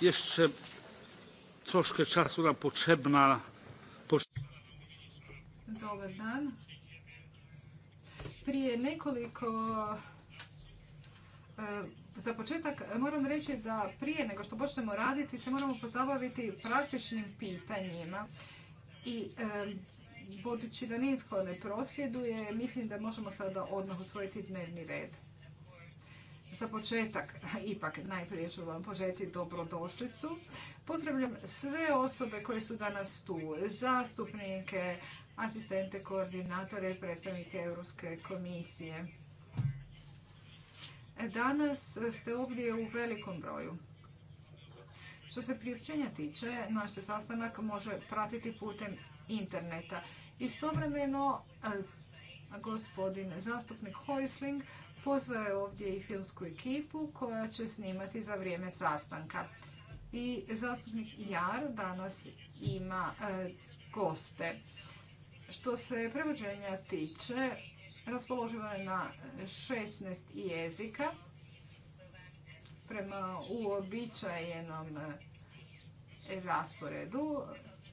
Jeszcze troszkę czasu nam potrzebna. Dobar dan. Prije nekoliko e, za početak moram reći da prije nego što počnemo raditi se moramo pozabaviti praktičnim pitanjima. I e, budući da nitko ne prosvjeduje, mislim da možemo sada odmah usvojiti dnevni red. Za početak, ipak najprije ću vam požeti dobrodošlicu. Pozdravljam sve osobe koje su danas tu, zastupnike, asistente, koordinatore i predstavnike Europske komisije. Danas ste ovdje u velikom broju. Što se priopćenja tiče, naš sastanak može pratiti putem interneta. Istovremeno, gospodin zastupnik Hoisling Pozvao je ovdje i filmsku ekipu koja će snimati za vrijeme sastanka. I zastupnik Jar danas ima e, goste. Što se prevođenja tiče, raspoloživo je na 16 jezika. Prema uobičajenom e, rasporedu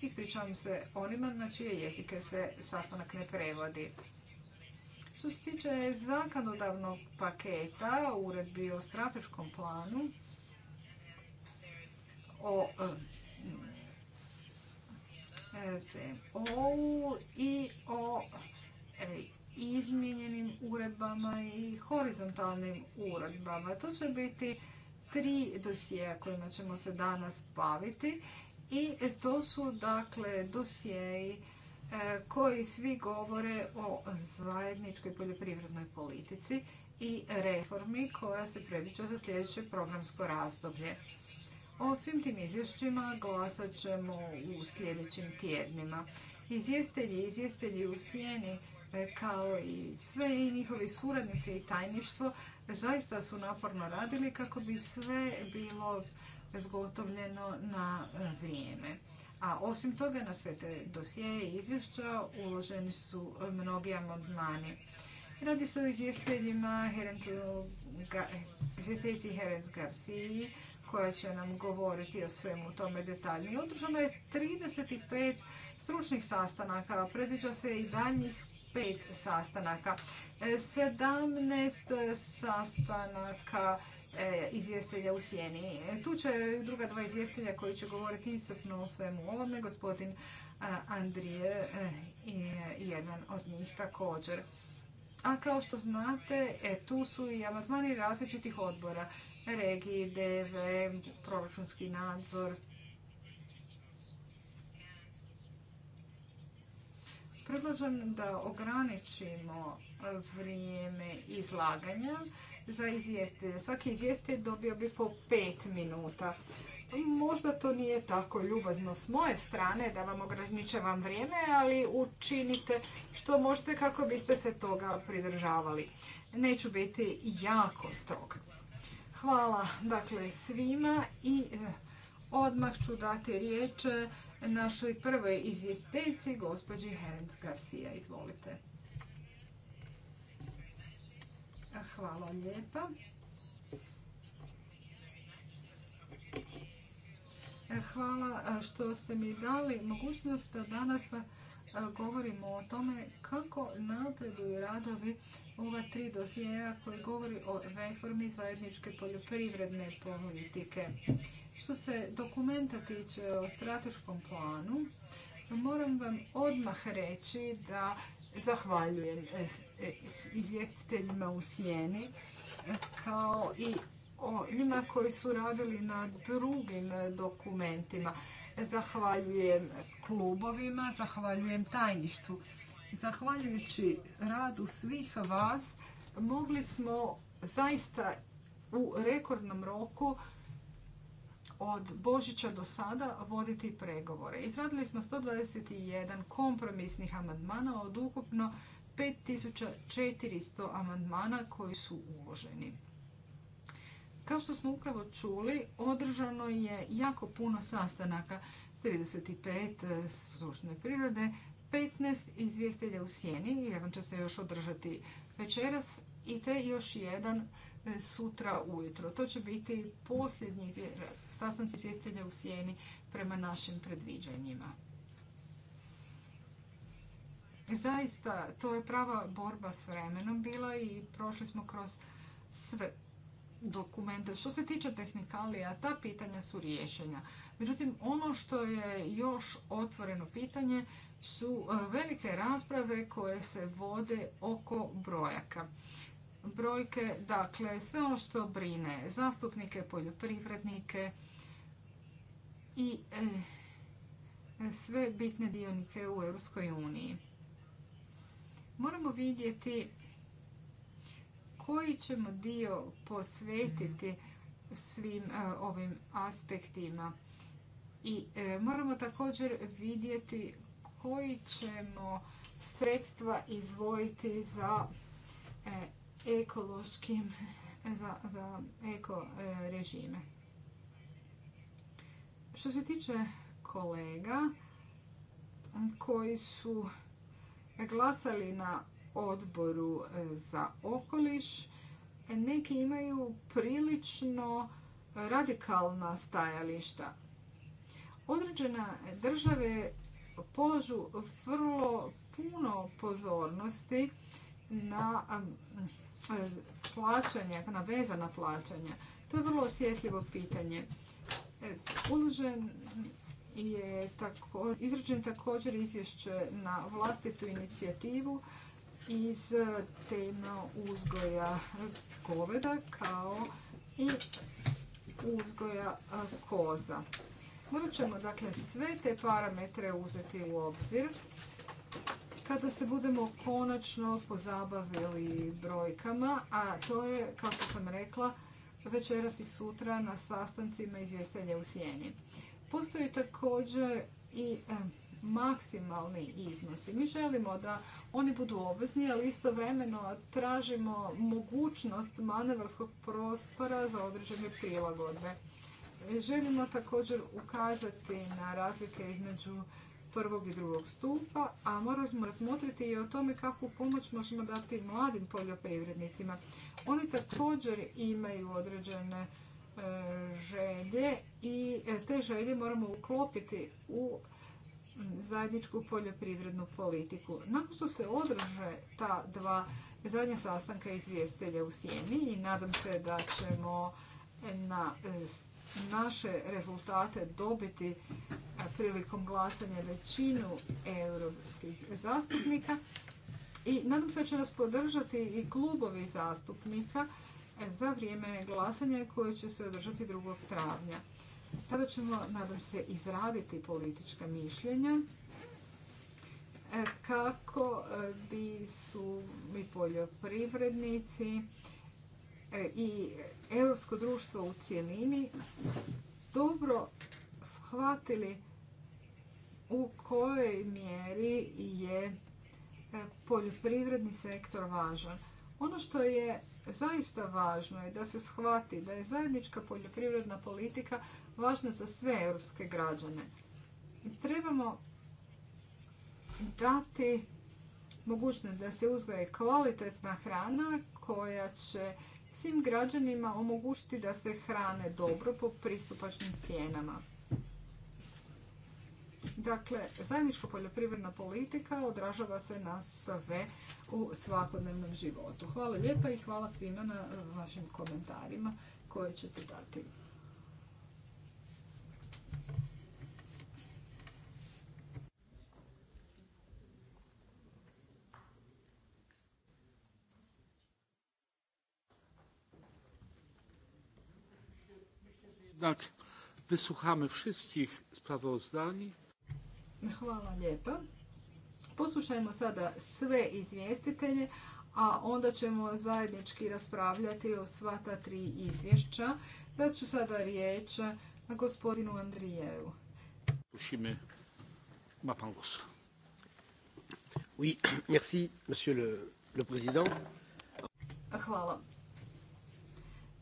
ispričavam se onima na čije jezike se sastanak ne prevodi. Što se tiče zakonodavnog paketa uredbi o strateškom planu, o e, e, CMO i o e, izmijenjenim uredbama i horizontalnim uredbama. To će biti tri dosije kojima ćemo se danas baviti i to su dakle dosijeji E, koji svi govore o zajedničkoj poljoprivrednoj politici i reformi koja se predviđa za sljedeće programsko razdoblje. O svim tim izvješćima glasat ćemo u sljedećim tjednima. Izvjestelji i izvjestelji u sjeni e, kao i sve i njihovi suradnici i tajništvo zaista su naporno radili kako bi sve bilo zgotovljeno na vrijeme. A osim toga na sve te dosije i izvješća uloženi su mnogi amandmani. Radi se o izvjestiteljima izvjestiteljici Herenc Garciji koja će nam govoriti o svemu tome detaljnije. Održano je 35 stručnih sastanaka, predviđa se i daljnjih pet sastanaka, 17 sastanaka E, izvjestelja u sjeni. E, tu će druga dva izvjestelja koji će govoriti iscrpno o svemu ovome, gospodin Andrije je jedan od njih također. A kao što znate, e, tu su i amatmani različitih odbora, regiji, DV, proračunski nadzor. Predlažem da ograničimo vrijeme izlaganja za izvjestitelje. Svaki izvjestitelj dobio bi po pet minuta. Možda to nije tako ljubazno s moje strane da vam ograničavam vrijeme, ali učinite što možete kako biste se toga pridržavali. Neću biti jako strog. Hvala dakle svima i eh, odmah ću dati riječ eh, našoj prvoj izvjestiteljici, gospođi Herenc Garcia. Izvolite. Hvala lijepa. E, hvala e, što ste mi dali mogućnost da danas e, govorimo o tome kako napreduju radovi ova tri dosjeja koji govori o reformi zajedničke poljoprivredne politike. Što se dokumenta tiče o strateškom planu, moram vam odmah reći da Zahvaljujem e, e, izvjestiteljima u Sijeni kao i onima koji su radili na drugim dokumentima. Zahvaljujem klubovima, zahvaljujem tajništvu. Zahvaljujući radu svih vas mogli smo zaista u rekordnom roku od Božića do sada voditi pregovore. Izradili smo 121 kompromisnih amandmana od ukupno 5400 amandmana koji su uloženi. Kao što smo upravo čuli, održano je jako puno sastanaka, 35 stručne prirode, 15 izvjestelja u sjeni, jedan će se još održati večeras i te još jedan E, sutra ujutro. To će biti posljednji sastanci izvjestitelja u sjeni prema našim predviđanjima. Zaista, to je prava borba s vremenom bila i prošli smo kroz sve dokumente. Što se tiče tehnikalija, ta pitanja su rješenja. Međutim, ono što je još otvoreno pitanje su e, velike rasprave koje se vode oko brojaka brojke, dakle sve ono što brine zastupnike, poljoprivrednike i e, sve bitne dionike u Europskoj uniji. Moramo vidjeti koji ćemo dio posvetiti svim e, ovim aspektima. I e, moramo također vidjeti koji ćemo sredstva izvojiti za ekološkim, za, eko e, režime. Što se tiče kolega koji su glasali na odboru e, za okoliš, neki imaju prilično radikalna stajališta. Određene države polažu vrlo puno pozornosti na E, plaćanja, na vezana plaćanja. To je vrlo osjetljivo pitanje. E, uložen je izrađen također izvješće na vlastitu inicijativu iz e, tema uzgoja goveda kao i uzgoja koza. Morat ćemo dakle sve te parametre uzeti u obzir kada se budemo konačno pozabavili brojkama, a to je, kao što sam rekla, večeras i sutra na sastancima izvjestelja u sjeni. Postoji također i eh, maksimalni iznosi. Mi želimo da oni budu obvezni, ali istovremeno tražimo mogućnost manevarskog prostora za određene prilagodbe. Želimo također ukazati na razlike između prvog i drugog stupa, a moramo razmotriti i o tome kakvu pomoć možemo dati mladim poljoprivrednicima. Oni također imaju određene e, želje i e, te želje moramo uklopiti u zajedničku poljoprivrednu politiku. Nakon što se održe ta dva zadnja sastanka izvijestelja u Sjeni i nadam se da ćemo na e, naše rezultate dobiti e, prilikom glasanja većinu europskih zastupnika. I nadam se da će nas podržati i klubovi zastupnika e, za vrijeme glasanja koje će se održati 2. travnja. Tada ćemo, nadam se, izraditi politička mišljenja e, kako bi su mi poljoprivrednici i europsko društvo u cijelini dobro shvatili u kojoj mjeri je e, poljoprivredni sektor važan. Ono što je zaista važno je da se shvati da je zajednička poljoprivredna politika važna za sve europske građane. Trebamo dati mogućnost da se uzgoje kvalitetna hrana koja će svim građanima omogućiti da se hrane dobro po pristupačnim cijenama. Dakle, zajednička poljoprivredna politika odražava se na sve u svakodnevnom životu. Hvala lijepa i hvala svima na vašim komentarima koje ćete dati. jednak wysłuchamy wszystkich sprawozdań. Hvala lijepa. Poslušajmo sada sve izvjestitelje, a onda ćemo zajednički raspravljati o sva ta tri izvješća. Da ću sada riječ na gospodinu Andrijevu. Prosimy, ma pan głos. Oui, merci, monsieur le, le président. Hvala.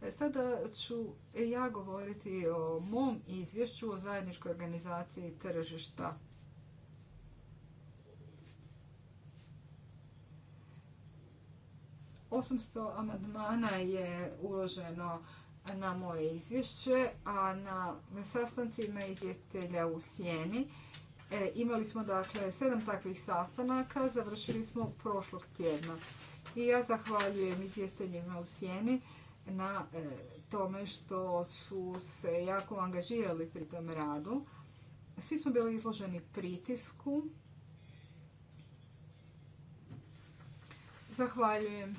E, sada ću e, ja govoriti o mom izvješću o zajedničkoj organizaciji tržišta. Osamsto amandmana je uloženo na moje izvješće, a na sastancima izvjestitelja u Sjeni e, imali smo dakle sedam takvih sastanaka, završili smo prošlog tjedna. I ja zahvaljujem izvjestiteljima u Sjeni na e, tome što su se jako angažirali pri tom radu. Svi smo bili izloženi pritisku. Zahvaljujem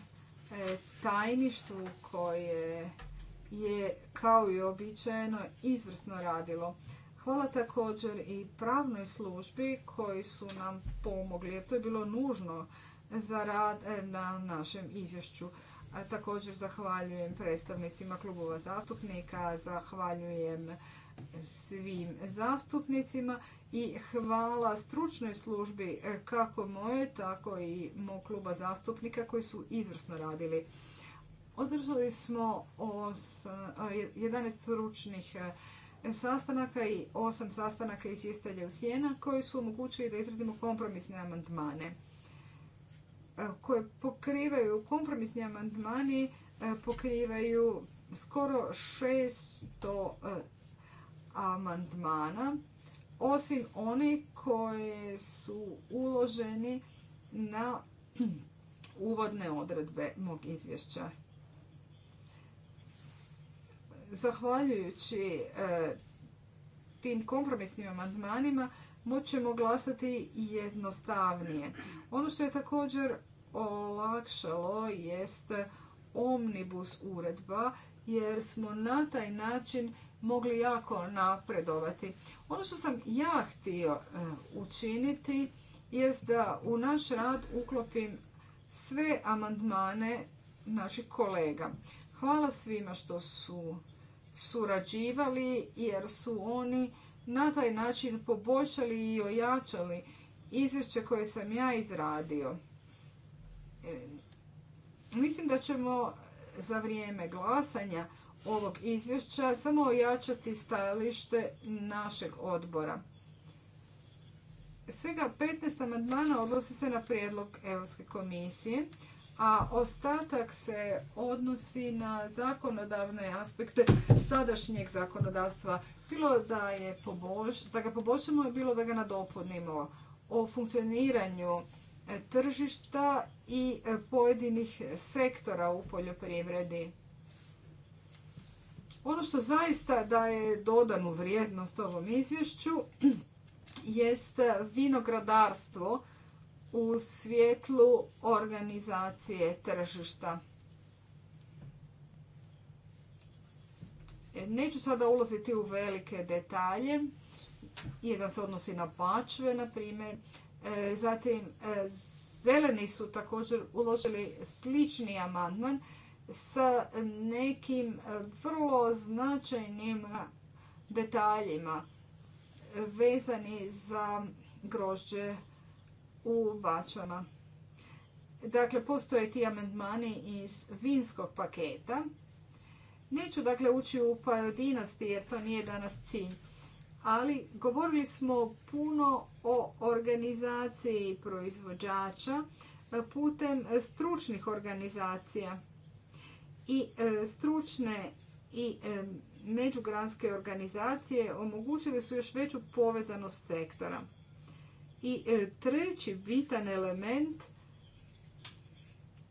e, tajništvu koje je kao i običajeno izvrsno radilo. Hvala također i pravnoj službi koji su nam pomogli, to je bilo nužno za rad e, na našem izvješću. Također zahvaljujem predstavnicima klubova zastupnika, zahvaljujem svim zastupnicima i hvala stručnoj službi kako moje, tako i mog kluba zastupnika koji su izvrsno radili. Održali smo 11 stručnih sastanaka i 8 sastanaka izvjestelja u Sijena koji su omogućili da izradimo kompromisne amandmane koje pokrivaju kompromisni amandmani e, pokrivaju skoro 600 e, amandmana osim oni koje su uloženi na uvodne odredbe mog izvješća. Zahvaljujući e, tim kompromisnim amandmanima moćemo glasati jednostavnije. Ono što je također olakšalo jest omnibus uredba jer smo na taj način mogli jako napredovati. Ono što sam ja htio e, učiniti jest da u naš rad uklopim sve amandmane naših kolega. Hvala svima što su surađivali jer su oni na taj način poboljšali i ojačali izvješće koje sam ja izradio. E, mislim da ćemo za vrijeme glasanja ovog izvješća samo ojačati stajalište našeg odbora. Svega 15 amandmana odnosi se na prijedlog Europske komisije, a ostatak se odnosi na zakonodavne aspekte sadašnjeg zakonodavstva. Bilo da, je da ga poboljšamo, bilo da ga nadopunimo o funkcioniranju e, tržišta i e, pojedinih sektora u poljoprivredi. Ono što zaista daje dodanu vrijednost ovom izvješću jest vinogradarstvo u svjetlu organizacije tržišta. E, neću sada ulaziti u velike detalje. Jedan se odnosi na bačve, na primjer. E, zatim, e, zeleni su također uložili slični amandman sa nekim vrlo značajnim detaljima vezani za grožđe u Bačama. Dakle, postoje ti amandmani iz vinskog paketa. Neću dakle ući u pojedinosti jer to nije danas cilj, ali govorili smo puno o organizaciji proizvođača e, putem stručnih organizacija i e, stručne i e, međugranske organizacije omogućili su još veću povezanost sektora. I e, treći bitan element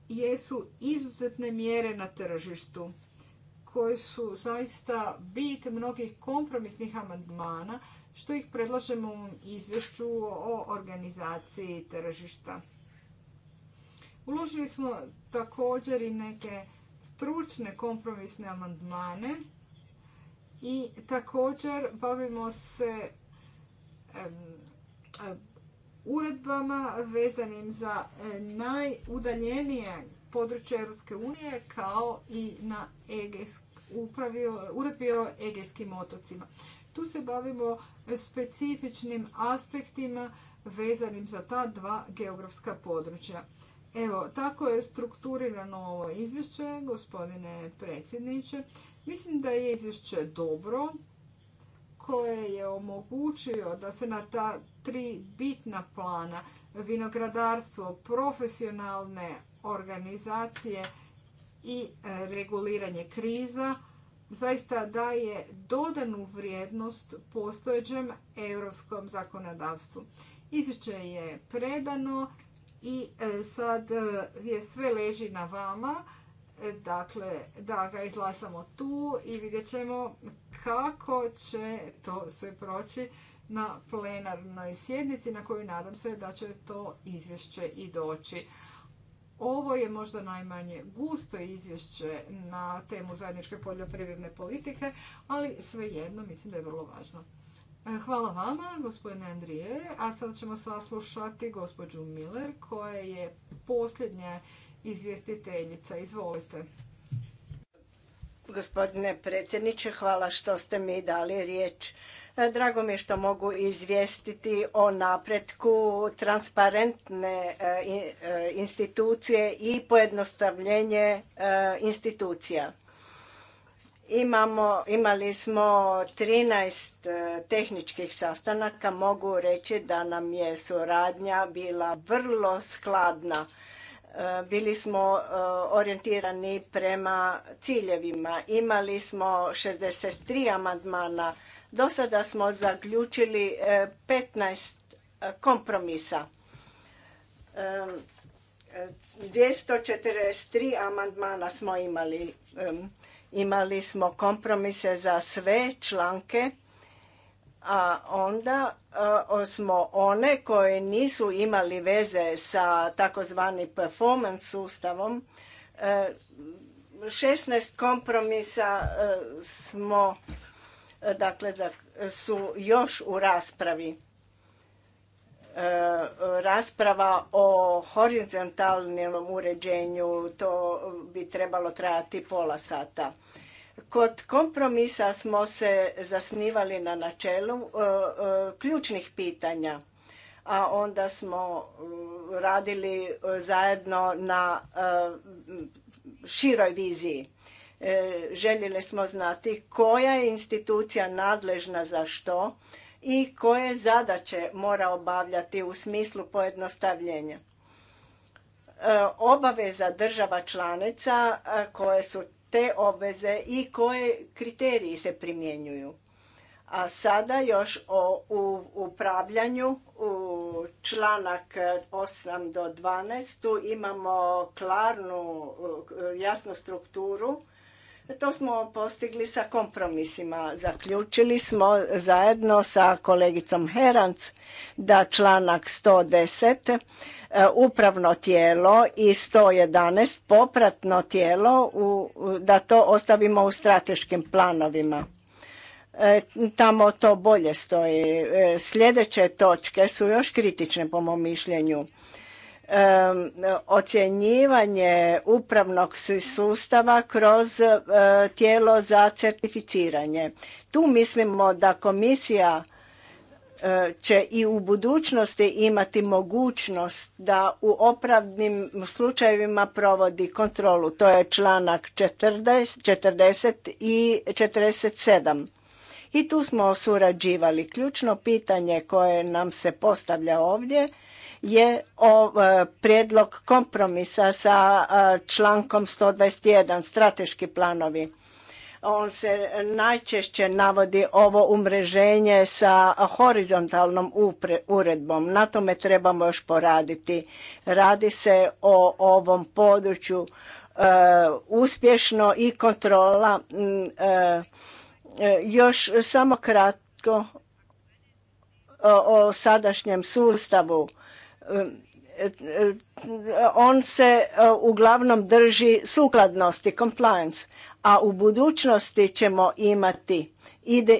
jesu izuzetne mjere na tržištu koje su zaista bit mnogih kompromisnih amandmana što ih predlažemo u izvješću o organizaciji tržišta. Uložili smo također i neke stručne kompromisne amandmane i također bavimo se uredbama vezanim za e, najudaljenije područje Europske unije kao i na uredbi o Egejskim otocima. Tu se bavimo specifičnim aspektima vezanim za ta dva geografska područja. Evo, tako je strukturirano ovo izvješće, gospodine predsjedniče. Mislim da je izvješće dobro, koje je omogućio da se na ta tri bitna plana vinogradarstvo, profesionalne organizacije i e, reguliranje kriza zaista daje dodanu vrijednost postojećem europskom zakonodavstvu. Izvješće je predano i e, sad e, je sve leži na vama E, dakle da ga izglasamo tu i vidjet ćemo kako će to sve proći na plenarnoj sjednici na koju nadam se da će to izvješće i doći. Ovo je možda najmanje gusto izvješće na temu zajedničke poljoprivredne politike, ali svejedno mislim da je vrlo važno. E, hvala vama, gospodine Andrije. A sada ćemo saslušati gospođu Miller, koja je posljednja izvjestiteljica. Izvolite. Gospodine predsjedniče, hvala što ste mi dali riječ. E, drago mi je što mogu izvijestiti o napretku transparentne e, e, institucije i pojednostavljenje institucija. Imamo, imali smo 13 tehničkih sastanaka. Mogu reći da nam je suradnja bila vrlo skladna bili smo e, orijentirani prema ciljevima. Imali smo 63 amandmana. Do sada smo zaključili 15 e, e, kompromisa. 243 amandmana smo imali. Imali smo kompromise za sve članke a onda e, smo one koje nisu imali veze sa takozvani performance sustavom, 16 e, kompromisa e, smo, dakle, su još u raspravi. Rasprava o horizontalnom uređenju, to bi trebalo trajati pola sata. Kod kompromisa smo se zasnivali na načelu e, e, ključnih pitanja, a onda smo e, radili zajedno na široj viziji. Željeli smo znati koja je institucija nadležna za što i koje zadaće mora obavljati u smislu pojednostavljenja obaveza država članica koje su te obveze i koje kriteriji se primjenjuju. A sada još o u upravljanju u članak 8 do 12. Tu imamo klarnu, jasnu strukturu. To smo postigli sa kompromisima. Zaključili smo zajedno sa kolegicom Heranc da članak 110 E, upravno tijelo i 111 popratno tijelo da to ostavimo u strateškim planovima. E, tamo to bolje stoji. E, sljedeće točke su još kritične po mom mišljenju. ocjenjivanje upravnog sustava kroz tijelo za certificiranje. Tu mislimo da komisija će i u budućnosti imati mogućnost da u opravnim slučajevima provodi kontrolu. To je članak 40, 40 i 47. I tu smo surađivali. Ključno pitanje koje nam se postavlja ovdje je o e, prijedlog kompromisa sa e, člankom 121, strateški planovi on se najčešće navodi ovo umreženje sa horizontalnom uredbom. Na tome trebamo još poraditi. Radi se o ovom području e, uspješno i kontrola. E, e, još samo kratko o, sadašnjem sustavu on se e, uglavnom drži sukladnosti, compliance, a u budućnosti ćemo imati,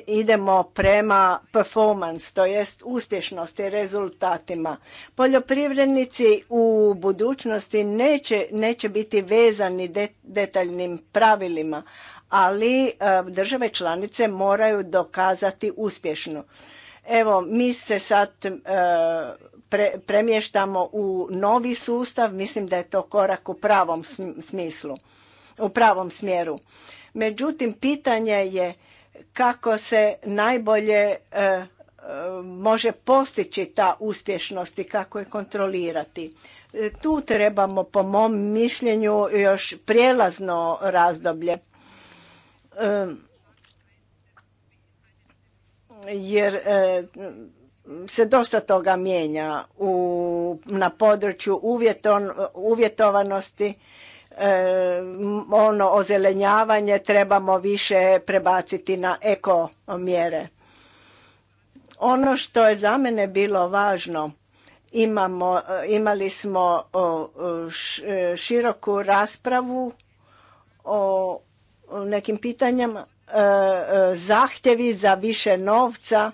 idemo prema performance, to jest uspješnosti, rezultatima. Poljoprivrednici u budućnosti neće, neće biti vezani detaljnim pravilima, ali e, države članice moraju dokazati uspješno. Evo, mi se sad e, premještamo u novi sustav, mislim da je to korak u pravom smislu, u pravom smjeru. Međutim, pitanje je kako se najbolje e, e, može postići ta uspješnost i kako je kontrolirati. E, tu trebamo, po mom mišljenju, još prijelazno razdoblje. Jer se dosta toga mijenja u, na području uvjeton, uvjetovanosti, e, ono ozelenjavanje trebamo više prebaciti na eko mjere. Ono što je za mene bilo važno, imamo, imali smo e, široku raspravu o nekim pitanjima. E, zahtjevi za više novca,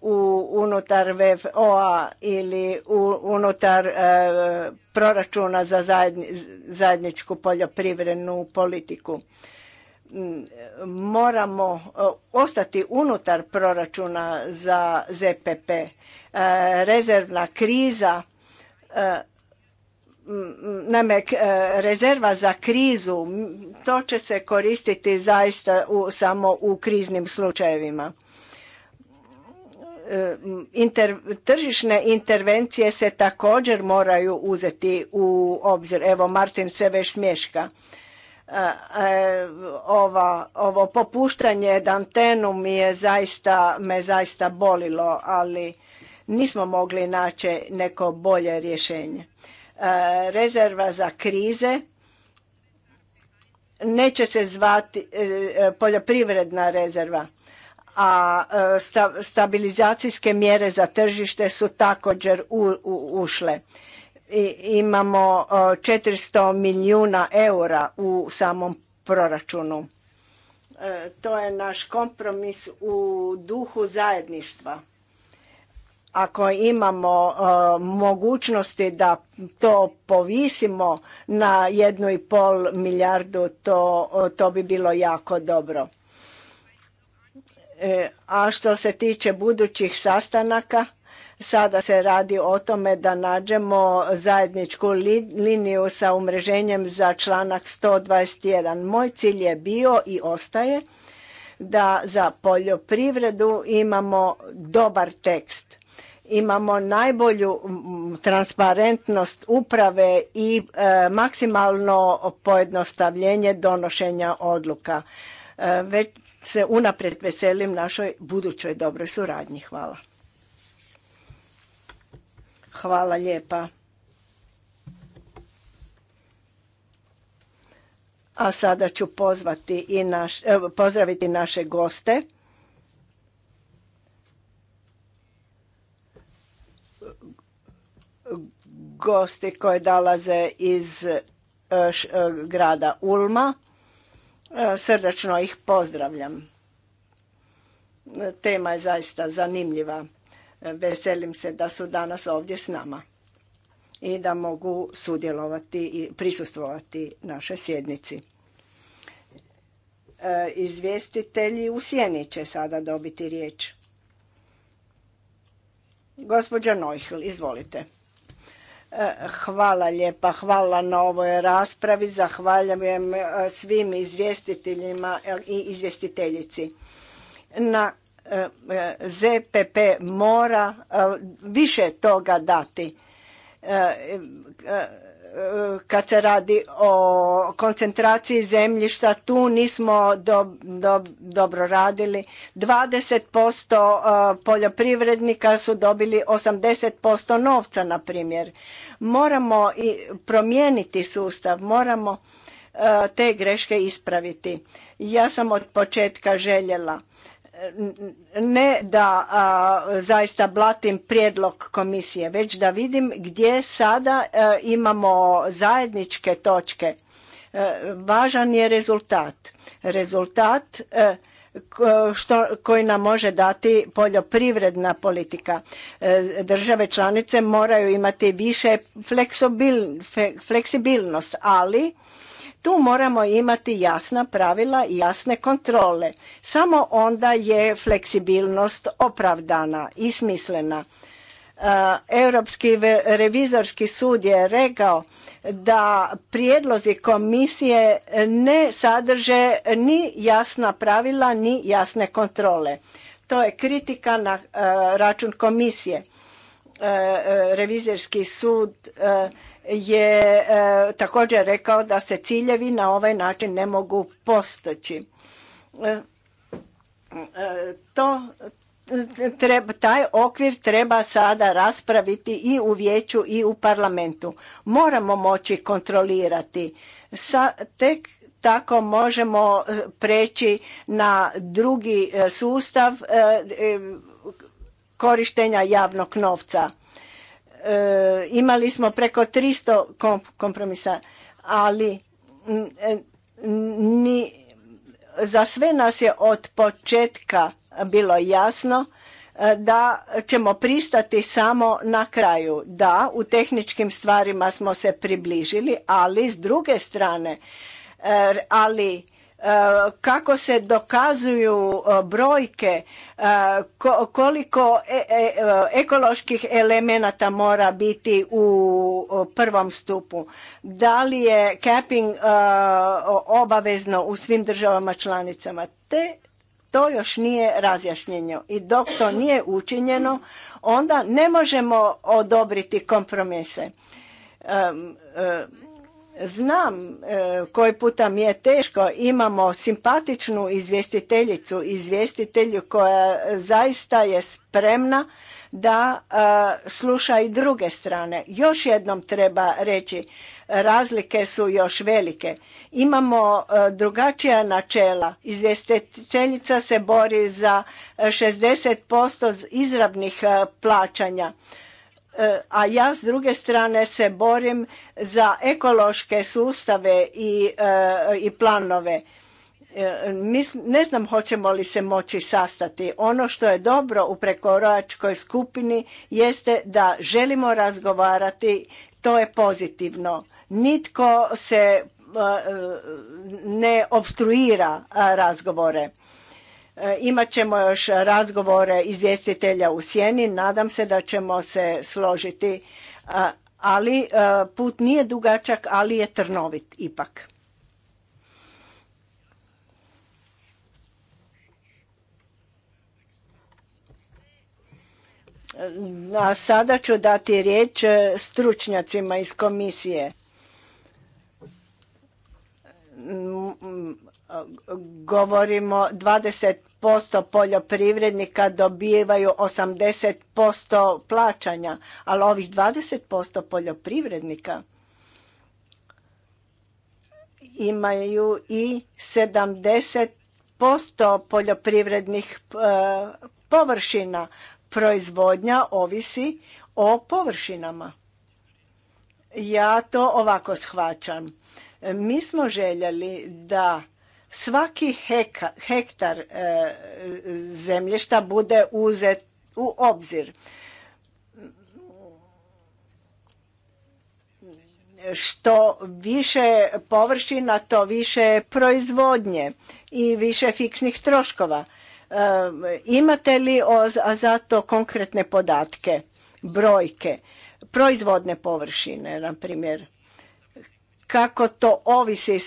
u unutar vfo ili u, unutar e, proračuna za zajedni, zajedničku poljoprivrednu politiku. Mm, moramo e, ostati unutar proračuna za ZPP. E, rezervna kriza mm, e, rezerva za krizu to će se koristiti zaista samo u kriznim slučajevima E, inter, tržišne intervencije se također moraju uzeti u obzir. Evo, Martin se već smješka. E, e, ovo, ovo popuštanje Dantenu mi je zaista, me zaista bolilo, ali nismo mogli naći neko bolje rješenje. Rezerva za krize neće se zvati poljoprivredna rezerva a e, stabilizacijske mjere za tržište su također ušle. I, imamo 400 e, milijuna eura u samom proračunu. E, to je naš kompromis u duhu zajedništva. Ako imamo mogućnosti da to povisimo na 1,5 milijardu, to bi bilo jako dobro. E, a što se tiče budućih sastanaka, sada se radi o tome da nađemo zajedničku liniju sa umreženjem za članak 121. Moj cilj je bio i ostaje da za poljoprivredu imamo dobar tekst. Imamo najbolju transparentnost uprave i e, maksimalno pojednostavljenje donošenja odluka. E, već se unaprijed veselim našoj budućoj dobroj suradnji. Hvala. Hvala lijepa. A sada ću pozvati i naš, e, pozdraviti naše goste. Gosti koje dolaze iz e, e, grada Ulma. E, srdačno ih pozdravljam. Tema je zaista zanimljiva. E, veselim se da su danas ovdje s nama i da mogu sudjelovati i prisustvovati našoj sjednici. E, izvjestitelji u sjeni će sada dobiti riječ. Gospođa Nojhl, izvolite. Hvala lijepa, hvala na ovoj raspravi, zahvaljujem e, svim izvjestiteljima e, i izvjestiteljici. Na e, ZPP mora više toga dati kad se radi o koncentraciji zemljišta, tu nismo do, do, dobro radili. 20% e, poljoprivrednika su dobili 80% novca, na primjer. Moramo i promijeniti sustav, moramo e, te greške ispraviti. Ja sam od početka željela ne da zaista blatim prijedlog komisije, već da vidim gdje sada e, imamo zajedničke točke. E, važan je rezultat. Rezultat e, koji nam može dati poljoprivredna politika. Države članice moraju imati više fleksibilnost, ali tu moramo imati jasna pravila i jasne kontrole. Samo onda je fleksibilnost opravdana i smislena. E, Europski revizorski sud je rekao da prijedlozi komisije ne sadrže ni jasna pravila ni jasne kontrole. To je kritika na e, račun komisije. E, revizorski sud je e, također rekao da se ciljevi na ovaj način ne mogu postići. E, e, to treba, taj okvir treba sada raspraviti i u vijeću i u parlamentu. Moramo moći kontrolirati. Sa, tek tako možemo preći na drugi sustav korištenja javnog novca E, imali smo preko 300 kompromisa, ali e, ni, za sve nas je od početka bilo jasno e, da ćemo pristati samo na kraju. Da, u tehničkim stvarima smo se približili, ali s druge strane, ali kako se dokazuju e, brojke, e, koliko e, ekoloških elemenata mora biti u prvom stupu, da li je capping obavezno u svim državama članicama, te to još nije razjašnjeno i dok to nije učinjeno, onda ne možemo odobriti kompromise. Znam e, koji puta mi je teško, imamo simpatičnu izvjestiteljicu, izvjestitelju koja zaista je spremna da e, sluša i druge strane. Još jednom treba reći, razlike su još velike. Imamo e, drugačija načela. Izvjestiteljica se bori za 60% izravnih plaćanja E, a ja s druge strane se borim za ekološke sustave i, e, i planove. E, ne znam hoćemo li se moći sastati. Ono što je dobro u prekoračkoj skupini jeste da želimo razgovarati, to je pozitivno. Nitko se ne obstruira razgovore. E, imat ćemo još razgovore izvjestitelja u sjeni, nadam se da ćemo se složiti, e, ali e, put nije dugačak, ali je trnovit ipak. A sada ću dati riječ stručnjacima iz komisije. Govorimo posto poljoprivrednika dobivaju 80% plaćanja, ali ovih 20% poljoprivrednika imaju i 70% poljoprivrednih e, površina. Proizvodnja ovisi o površinama. Ja to ovako shvaćam. Mi smo željeli da svaki hektar e, zemljišta bude uzet u obzir. Što više površina, to više proizvodnje i više fiksnih troškova. E, imate li o, za to konkretne podatke, brojke, proizvodne površine, na primjer? kako to ovisi e,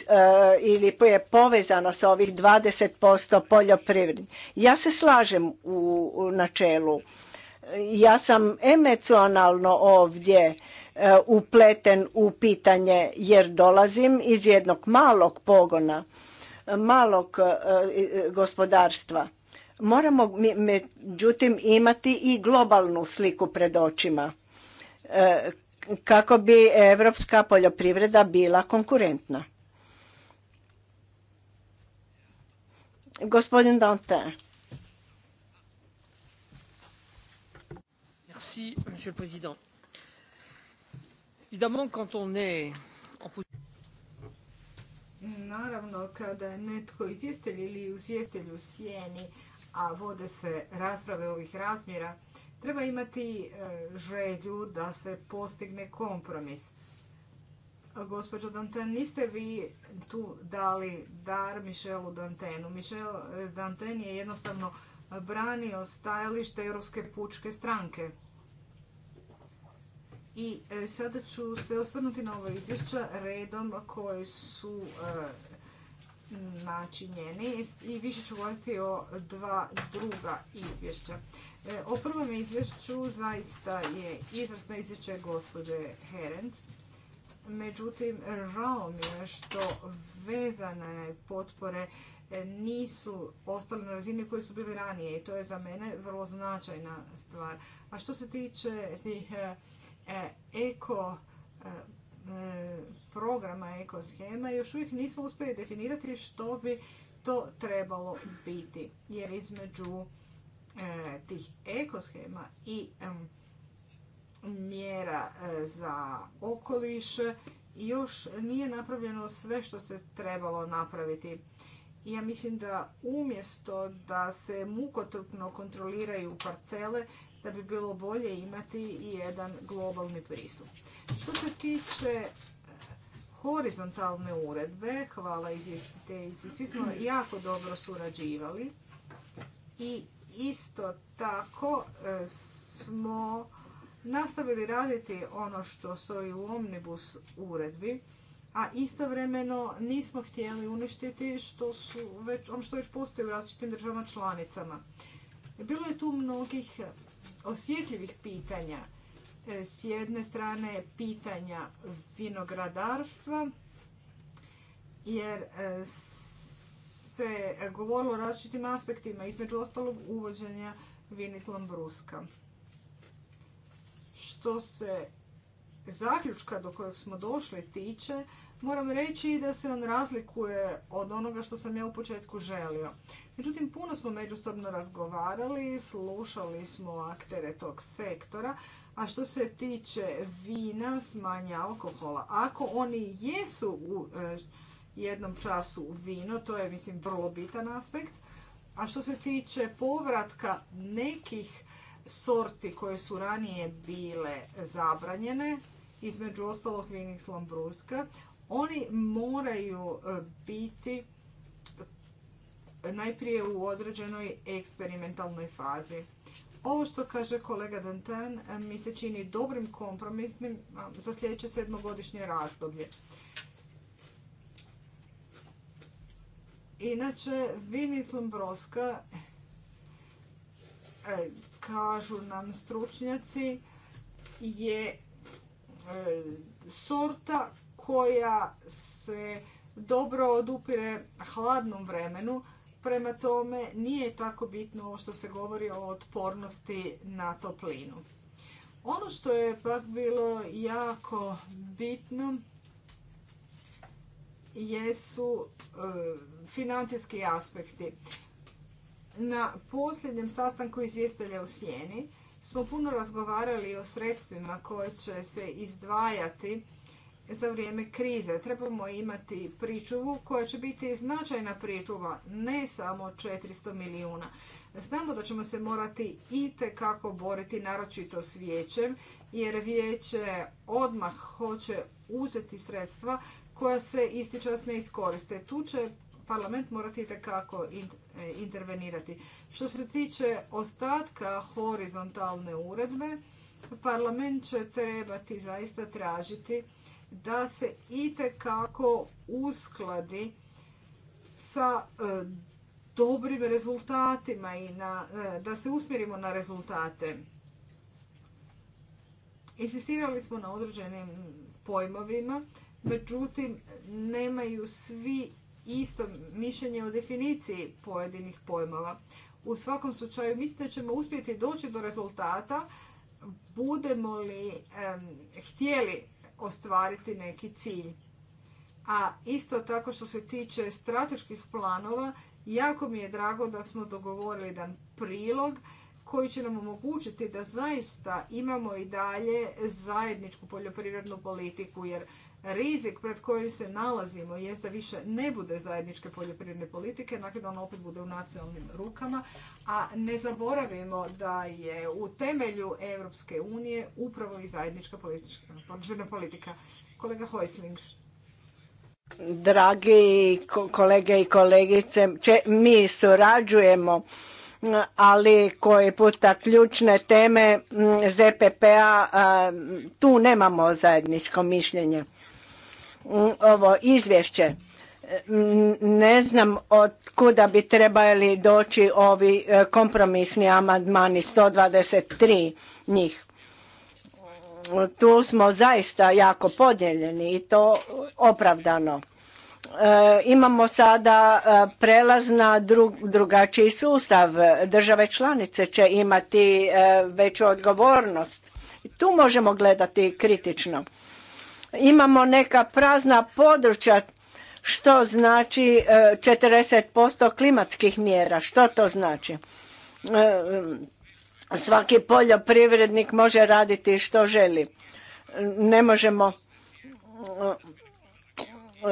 ili je povezano sa ovih 20% poljoprivredni. Ja se slažem u, u načelu. Ja sam emocionalno ovdje e, upleten u pitanje jer dolazim iz jednog malog pogona, malog e, gospodarstva. Moramo međutim imati i globalnu sliku pred očima kako bi europska poljoprivreda bila konkurentna. Gospodin Dante. Merci, monsieur le président. quand on est en Naravno, kada netko izvjestelj ili izvjestelj u sjeni, a vode se rasprave ovih razmjera, Treba imati e, želju da se postigne kompromis. Gospođo Danten, niste vi tu dali dar Michelu Dantenu. Mišel Danten je jednostavno branio stajalište Europske pučke stranke. I e, sada ću se osvrnuti na ovo izvješća redom koje su e, načinjeni i više ću govoriti o dva druga izvješća. E, o prvom izvješću zaista je izvrsno izvješće gospođe Herenc. Međutim, žao mi je što vezane potpore e, nisu ostale na razini koje su bili ranije i to je za mene vrlo značajna stvar. A što se tiče tih e, eko programa ekoshema još uvijek nismo uspjeli definirati što bi to trebalo biti. Jer između e, tih ekoshema i mjera e, za okoliš još nije napravljeno sve što se trebalo napraviti. Ja mislim da umjesto da se mukotrpno kontroliraju parcele, da bi bilo bolje imati i jedan globalni pristup. Što se tiče e, horizontalne uredbe, hvala izvjestiteljici, svi smo jako dobro surađivali i isto tako e, smo nastavili raditi ono što stoji u Omnibus uredbi, a istovremeno nismo htjeli uništiti što ono što već postoji u različitim državama članicama. Bilo je tu mnogih osjetljivih pitanja. E, s jedne strane pitanja vinogradarstva, jer e, se govorilo o različitim aspektima, između ostalog uvođenja Vinislam Bruska. Što se zaključka do kojeg smo došli tiče, moram reći da se on razlikuje od onoga što sam ja u početku želio. Međutim, puno smo međusobno razgovarali, slušali smo aktere tog sektora, a što se tiče vina s alkohola, ako oni jesu u e, jednom času vino, to je mislim vrlo bitan aspekt, a što se tiče povratka nekih sorti koje su ranije bile zabranjene, između ostalog Vinix Lombruska, oni moraju e, biti e, najprije u određenoj eksperimentalnoj fazi. Ovo što kaže kolega Dantan e, mi se čini dobrim kompromisnim za sljedeće sedmogodišnje razdoblje. Inače, Vinis Lombroska, kažu nam stručnjaci, je sorta koja se dobro odupire hladnom vremenu, prema tome nije tako bitno ovo što se govori o otpornosti na toplinu. Ono što je pak bilo jako bitno jesu e, financijski aspekti. Na posljednjem sastanku izvjestelja u Sjeni smo puno razgovarali o sredstvima koje će se izdvajati za vrijeme krize. Trebamo imati pričuvu koja će biti značajna pričuva, ne samo 400 milijuna. Znamo da ćemo se morati i kako boriti, naročito s vijećem, jer vijeće odmah hoće uzeti sredstva koja se ističas ne iskoriste. Tu će parlament morati itekako eh, intervenirati. Što se tiče ostatka horizontalne uredbe, parlament će trebati zaista tražiti da se itekako uskladi sa eh, dobrim rezultatima i eh, da se usmjerimo na rezultate. Insistirali smo na određenim pojmovima, međutim nemaju svi isto mišljenje o definiciji pojedinih pojmova. U svakom slučaju mislim da ćemo uspjeti doći do rezultata budemo li htjeli ostvariti neki cilj. A isto tako što se tiče strateških planova, jako mi je drago da smo dogovorili jedan prilog koji će nam omogućiti da zaista imamo i dalje zajedničku poljoprivrednu politiku, jer rizik pred kojim se nalazimo jest da više ne bude zajedničke poljoprivredne politike, nakon dakle da ona opet bude u nacionalnim rukama, a ne zaboravimo da je u temelju Europske unije upravo i zajednička poljoprivredna politika. Kolega Hojsling. Dragi kolege i kolegice, mi surađujemo ali koji puta ključne teme ZPP-a tu nemamo zajedničko mišljenje ovo izvješće. Ne znam od kuda bi trebali doći ovi e, kompromisni amandmani 123 njih. Tu smo zaista jako podijeljeni i to opravdano. E, imamo sada e, prelaz na drugačiji sustav. Države članice će imati veću odgovornost. Tu možemo gledati kritično imamo neka prazna područja što znači 40% e, klimatskih mjera. Što to znači? E, svaki poljoprivrednik može raditi što želi. Ne možemo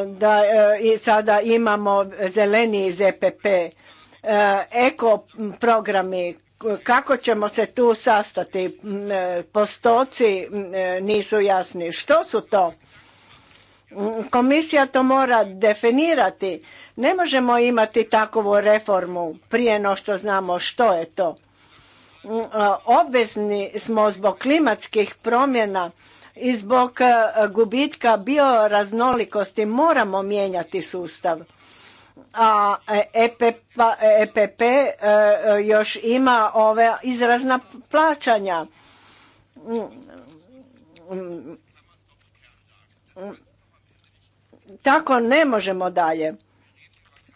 da e, i sada imamo zeleni ZPP, eko programi kako ćemo se tu sastati? E, postoci e, nisu jasni. Što su to? Komisija to mora definirati. Ne možemo imati takovu reformu prije no što znamo što je to. E, obvezni smo zbog klimatskih promjena i zbog gubitka bioraznolikosti moramo mijenjati sustav a EPP, e e e, još ima ove izrazna plaćanja. Tako ne možemo dalje.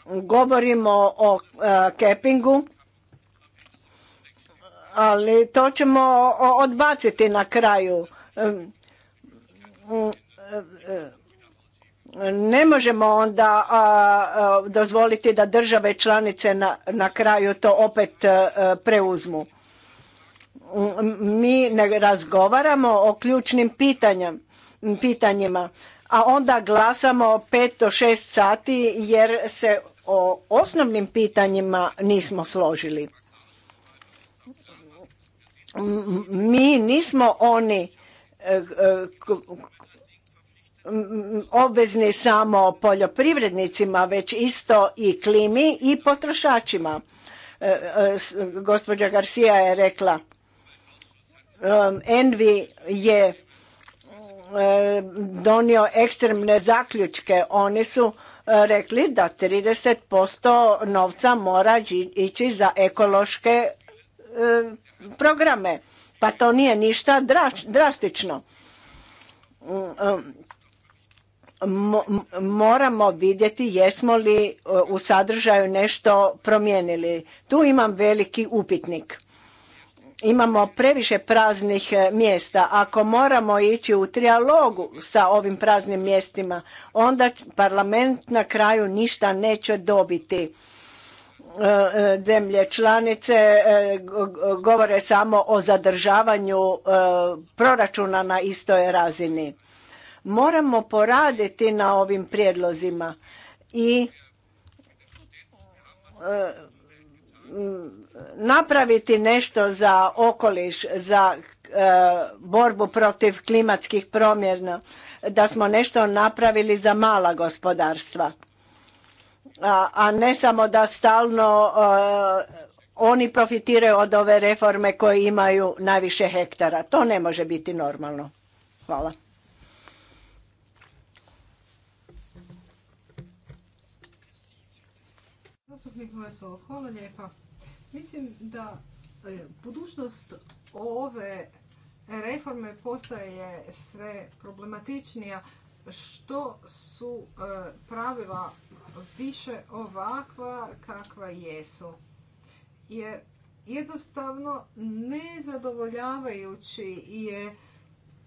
Govorimo o kepingu, ali to ćemo odbaciti na kraju ne možemo onda dozvoliti da države članice na, kraju to opet e, preuzmu mi ne razgovaramo o ključnim pitanjima a onda glasamo pet do šest sati jer se o osnovnim pitanjima nismo složili mi nismo oni e, e, obvezni samo poljoprivrednicima, već isto i klimi i potrošačima. E, e, gospođa Garcia je rekla, um, Envi je e, donio ekstremne zaključke. Oni su rekli da 30% novca mora ići za ekološke programe. Pa to nije ništa drastično. Mm, um, moramo vidjeti jesmo li e, u sadržaju nešto promijenili. Tu imam veliki upitnik. Imamo previše praznih e, mjesta. Ako moramo ići u trialogu sa ovim praznim mjestima, onda parlament na kraju ništa neće dobiti e, zemlje članice govore samo o zadržavanju proračuna na istoj razini. Moramo poraditi na ovim prijedlozima i e, napraviti nešto za okoliš, za e, borbu protiv klimatskih promjena, da smo nešto napravili za mala gospodarstva. A ne samo da stalno e, oni profitiraju od ove reforme koje imaju najviše hektara. To ne može biti normalno. Hvala. zastupnik Hvala lijepa. Mislim da e, budućnost ove reforme postaje sve problematičnija što su e, pravila više ovakva kakva jesu. Jer jednostavno nezadovoljavajući je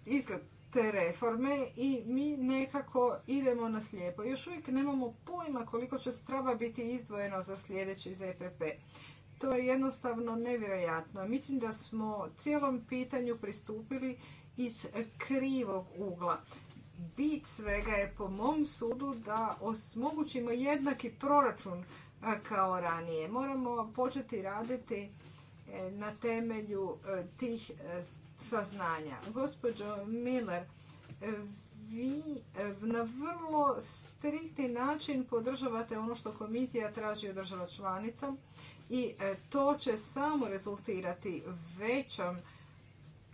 izgled te reforme i mi nekako idemo na slijepo. Još uvijek nemamo pojma koliko će strava biti izdvojeno za sljedeći ZPP. E to je jednostavno nevjerojatno. Mislim da smo cijelom pitanju pristupili iz krivog ugla. Bit svega je po mom sudu da osmogućimo jednaki proračun kao ranije. Moramo početi raditi e, na temelju e, tih saznanja. Gospođo Miller, vi e, na vrlo striktni način podržavate ono što komisija traži od država članica i e, to će samo rezultirati većom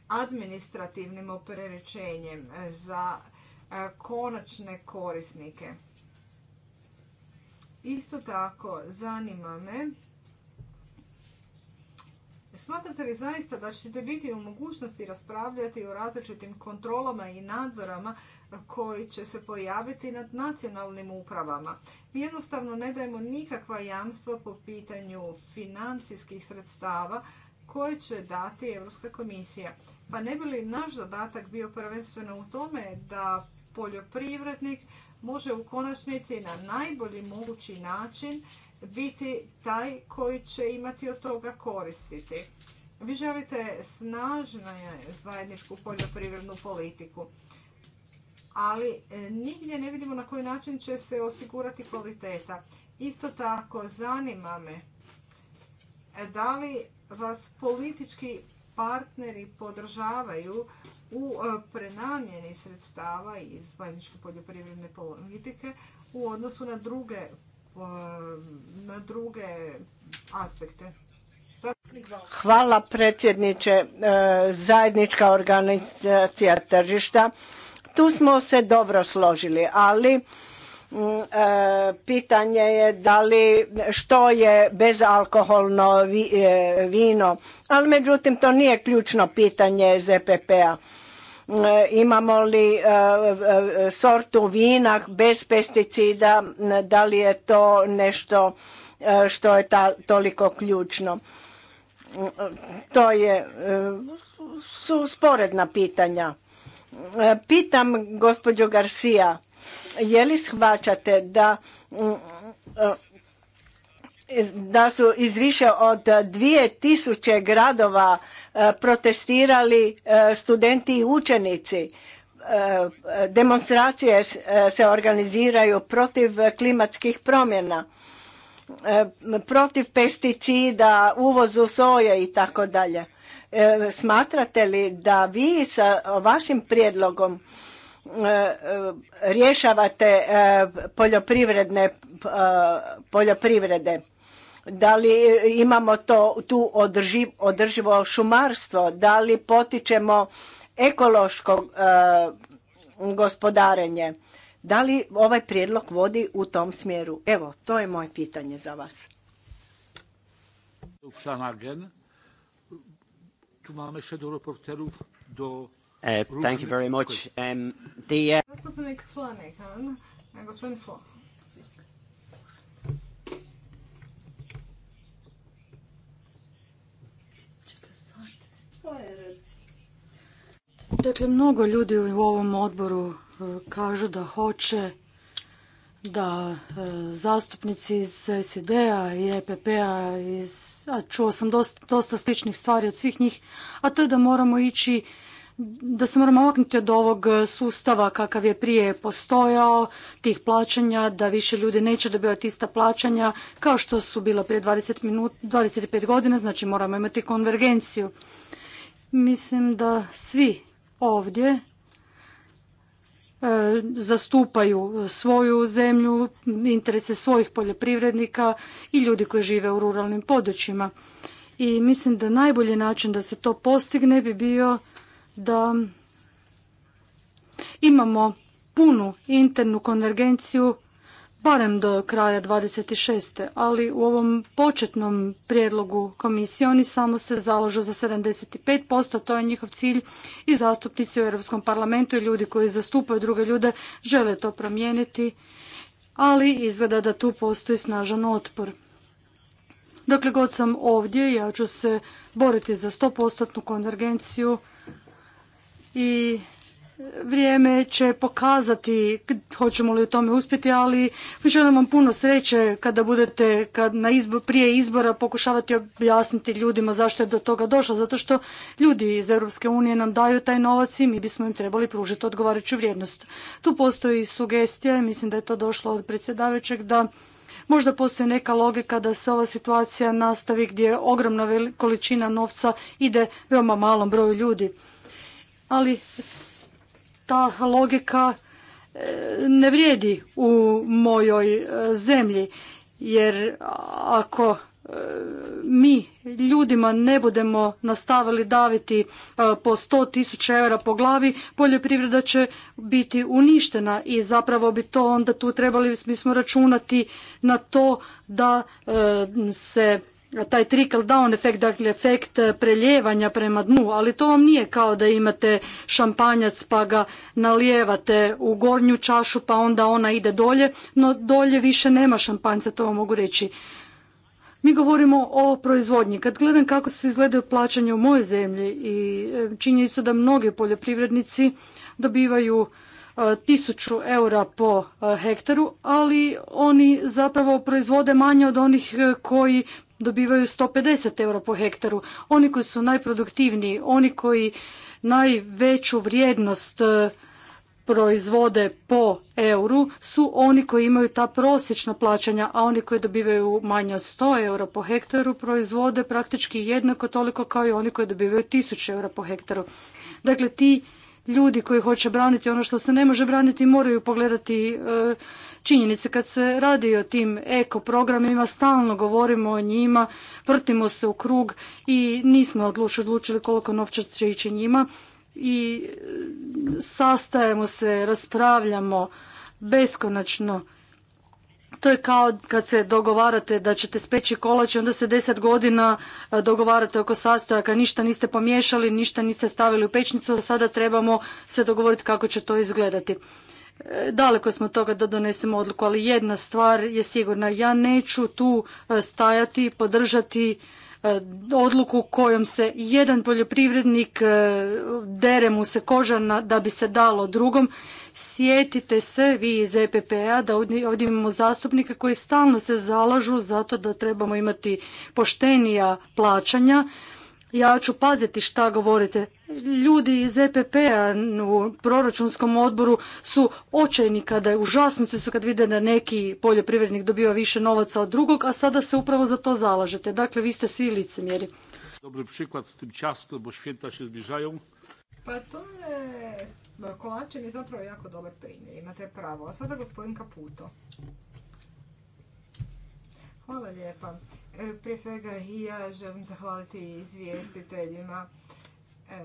administrativnim operečenjem e, za konačne korisnike. Isto tako zanima me Smatrate li zaista da ćete biti u mogućnosti raspravljati o različitim kontrolama i nadzorama e, koji će se pojaviti nad nacionalnim upravama? Mi jednostavno ne dajemo nikakva jamstva po pitanju financijskih sredstava koje će dati Europska komisija. Pa ne bi li naš zadatak bio prvenstveno u tome da poljoprivrednik može u konačnici na najbolji mogući način biti taj koji će imati od toga koristiti. Vi želite snažnu zajedničku poljoprivrednu politiku, ali e, nigdje ne vidimo na koji način će se osigurati kvaliteta. Isto tako, zanima me da li vas politički partneri podržavaju u e, prenamjeni sredstava iz zajedničke poljoprivredne politike u odnosu na druge Eh, na druge aspekte. Hvala predsjedniče. Eh, zajednička organizacija tržišta. Tu smo se dobro složili, ali mm, eh, pitanje je da li što je bezalkoholno vino, ali međutim to nije ključno pitanje ZPP-a. E, imamo li e, e, sortu vina bez pesticida, da li je to nešto što je ta, toliko ključno. To je, su sporedna pitanja. Pitam gospođo Garcia, je li shvaćate da da su iz više od tisuće gradova e, protestirali e, studenti i učenici. E, demonstracije se organiziraju protiv klimatskih promjena, protiv pesticida, uvozu soje i tako dalje. Smatrate li da vi sa vašim prijedlogom rješavate poljoprivredne poljoprivrede da li imamo to, tu održivo šumarstvo, da li potičemo ekološko eh, gospodarenje. Da li ovaj prijedlog vodi u tom smjeru? Evo, to je moje pitanje za vas. Eh, thank you very much. Um, the, eh, gospodin Dakle, mnogo ljudi u ovom odboru e, kažu da hoće da e, zastupnici iz SID-a i EPP-a, a čuo sam dosta, sličnih stvari od svih njih, a to je da moramo ići da se moramo oknuti od ovog sustava kakav je prije postojao, tih plaćanja, da više ljudi neće dobivati ista plaćanja kao što su bila prije 25 godina, znači moramo imati konvergenciju. Mislim da svi ovdje e, zastupaju svoju zemlju, interese svojih poljoprivrednika i ljudi koji žive u ruralnim područjima. I mislim da najbolji način da se to postigne bi bio da imamo punu internu konvergenciju barem do kraja 26. ali u ovom početnom prijedlogu komisije oni samo se zalažu za 75%, to je njihov cilj i zastupnici u Europskom parlamentu i ljudi koji zastupaju druge ljude žele to promijeniti, ali izgleda da tu postoji snažan otpor. Dokle god sam ovdje, ja ću se boriti za 100% konvergenciju i vrijeme će pokazati hoćemo li u tome uspjeti, ali želim vam puno sreće kada budete kad na prije izbora pokušavati objasniti ljudima zašto je do toga došlo, zato što ljudi iz Europske unije nam daju taj novac i mi bismo im trebali pružiti odgovarajuću vrijednost. Tu postoji sugestija, mislim da je to došlo od predsjedavajućeg, da Možda postoji neka logika da se ova situacija nastavi gdje ogromna količina novca ide veoma malom broju ljudi. Ali ta logika e, ne vrijedi u mojoj e, zemlji jer ako e, mi ljudima ne budemo nastavili daviti po 100.000 eura po glavi, poljoprivreda će biti uništena i zapravo bi to onda tu trebali bismo računati na to da se taj trickle down efekt, dakle efekt e, preljevanja prema dnu, ali to vam nije kao da imate šampanjac pa ga nalijevate u gornju čašu pa onda ona ide dolje, no dolje više nema šampanjca, to vam mogu reći. Mi govorimo o proizvodnji. Kad gledam kako se izgledaju plaćanje u mojoj zemlji i su e, da mnogi poljoprivrednici dobivaju e, tisuću eura po hektaru, ali oni zapravo proizvode manje od onih koji dobivaju 150 euro po hektaru. Oni koji su najproduktivniji, oni koji najveću vrijednost e, proizvode po euru su oni koji imaju ta prosječna plaćanja, a oni koji dobivaju manje od 100 euro po hektaru proizvode praktički jednako toliko kao i oni koji dobivaju 1000 euro po hektaru. Dakle, ti ljudi koji hoće braniti ono što se ne može braniti moraju pogledati e, činjenice. Kad se radi o tim eko programima, stalno govorimo o njima, vrtimo se u krug i nismo odlučili koliko novca će ići njima i e, sastajemo se, raspravljamo beskonačno. To je kao kad se dogovarate da ćete speći kolač i onda se deset godina e, dogovarate oko sastojaka, ništa niste pomiješali, ništa niste stavili u pečnicu, sada trebamo se dogovoriti kako će to izgledati. E, daleko smo od toga da donesemo odluku, ali jedna stvar je sigurna. Ja neću tu e, stajati, podržati e, odluku kojom se jedan poljoprivrednik dere mu se koža da bi se dalo drugom. Sjetite se vi iz EPP-a da ovdje imamo zastupnike koji stalno se zalažu zato da trebamo imati poštenija plaćanja, ja ću paziti šta govorite. Ljudi iz EPP-a u proračunskom odboru su očajni kada, užasnici su kad vide da neki poljoprivrednik dobiva više novaca od drugog, a sada se upravo za to zalažete. Dakle, vi ste svi licemjeri. Dobri priklad s tim častom, bo švjeta se zbližaju. Pa to je, kolačev je zapravo jako dobar primjer, imate pravo. A sada gospodin Kaputo. Hvala lijepa. E, prije svega i ja želim zahvaliti izvjestiteljima e,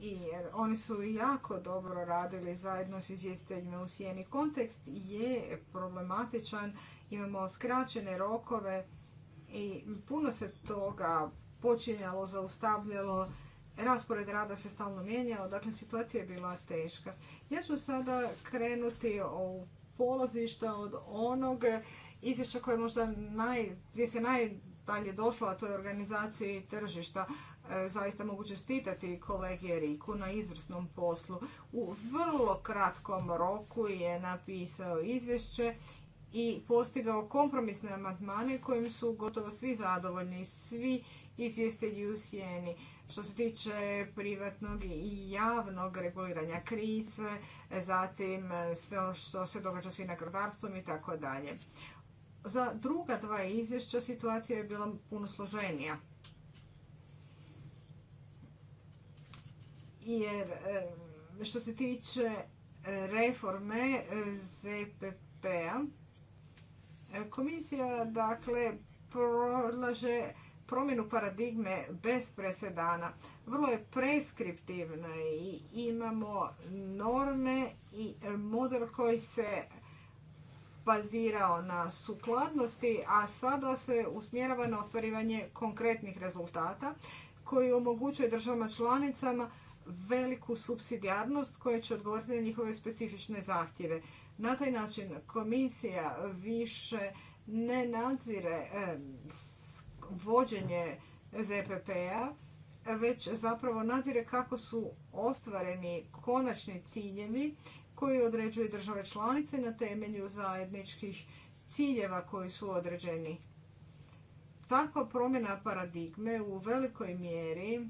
jer oni su jako dobro radili zajedno s izvjestiteljima u sjeni. Kontekst je problematičan, imamo skraćene rokove i puno se toga počinjalo, zaustavljalo, raspored rada se stalno mijenjao, dakle situacija je bila teška. Ja ću sada krenuti u polazišta od onog izvješća koje možda naj, gdje se najdalje došlo, a to je organizaciji tržišta. E, zaista mogu čestitati kolegi Riku na izvrsnom poslu. U vrlo kratkom roku je napisao izvješće i postigao kompromisne amandmane kojim su gotovo svi zadovoljni, svi izvjestelji u sjeni. Što se tiče privatnog i javnog reguliranja krize, zatim sve ono što se događa s vinogradarstvom i tako dalje. Za druga dva izvješća situacija je bila puno složenija. Jer eh, što se tiče eh, reforme eh, ZPP-a, komisija dakle prolaže promjenu paradigme bez presedana. Vrlo je preskriptivna i imamo norme i model koji se bazirao na sukladnosti, a sada se usmjerava na ostvarivanje konkretnih rezultata koji omogućuje državama članicama veliku subsidijarnost koja će odgovoriti na njihove specifične zahtjeve. Na taj način komisija više ne nadzire vođenje ZPP-a, već zapravo nadzire kako su ostvareni konačni ciljevi koju određuju države članice na temelju zajedničkih ciljeva koji su određeni. Takva promjena paradigme u velikoj mjeri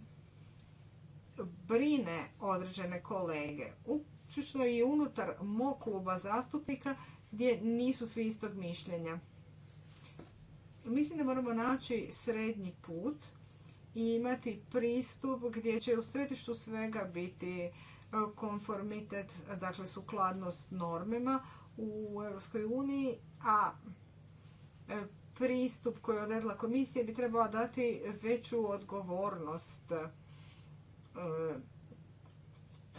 brine određene kolege, uključno i unutar mog kluba zastupnika gdje nisu svi istog mišljenja. Mislim da moramo naći srednji put i imati pristup gdje će u središtu svega biti konformitet, dakle sukladnost normima u Europskoj uniji, a e, pristup koji je odredila komisija bi trebala dati veću odgovornost e,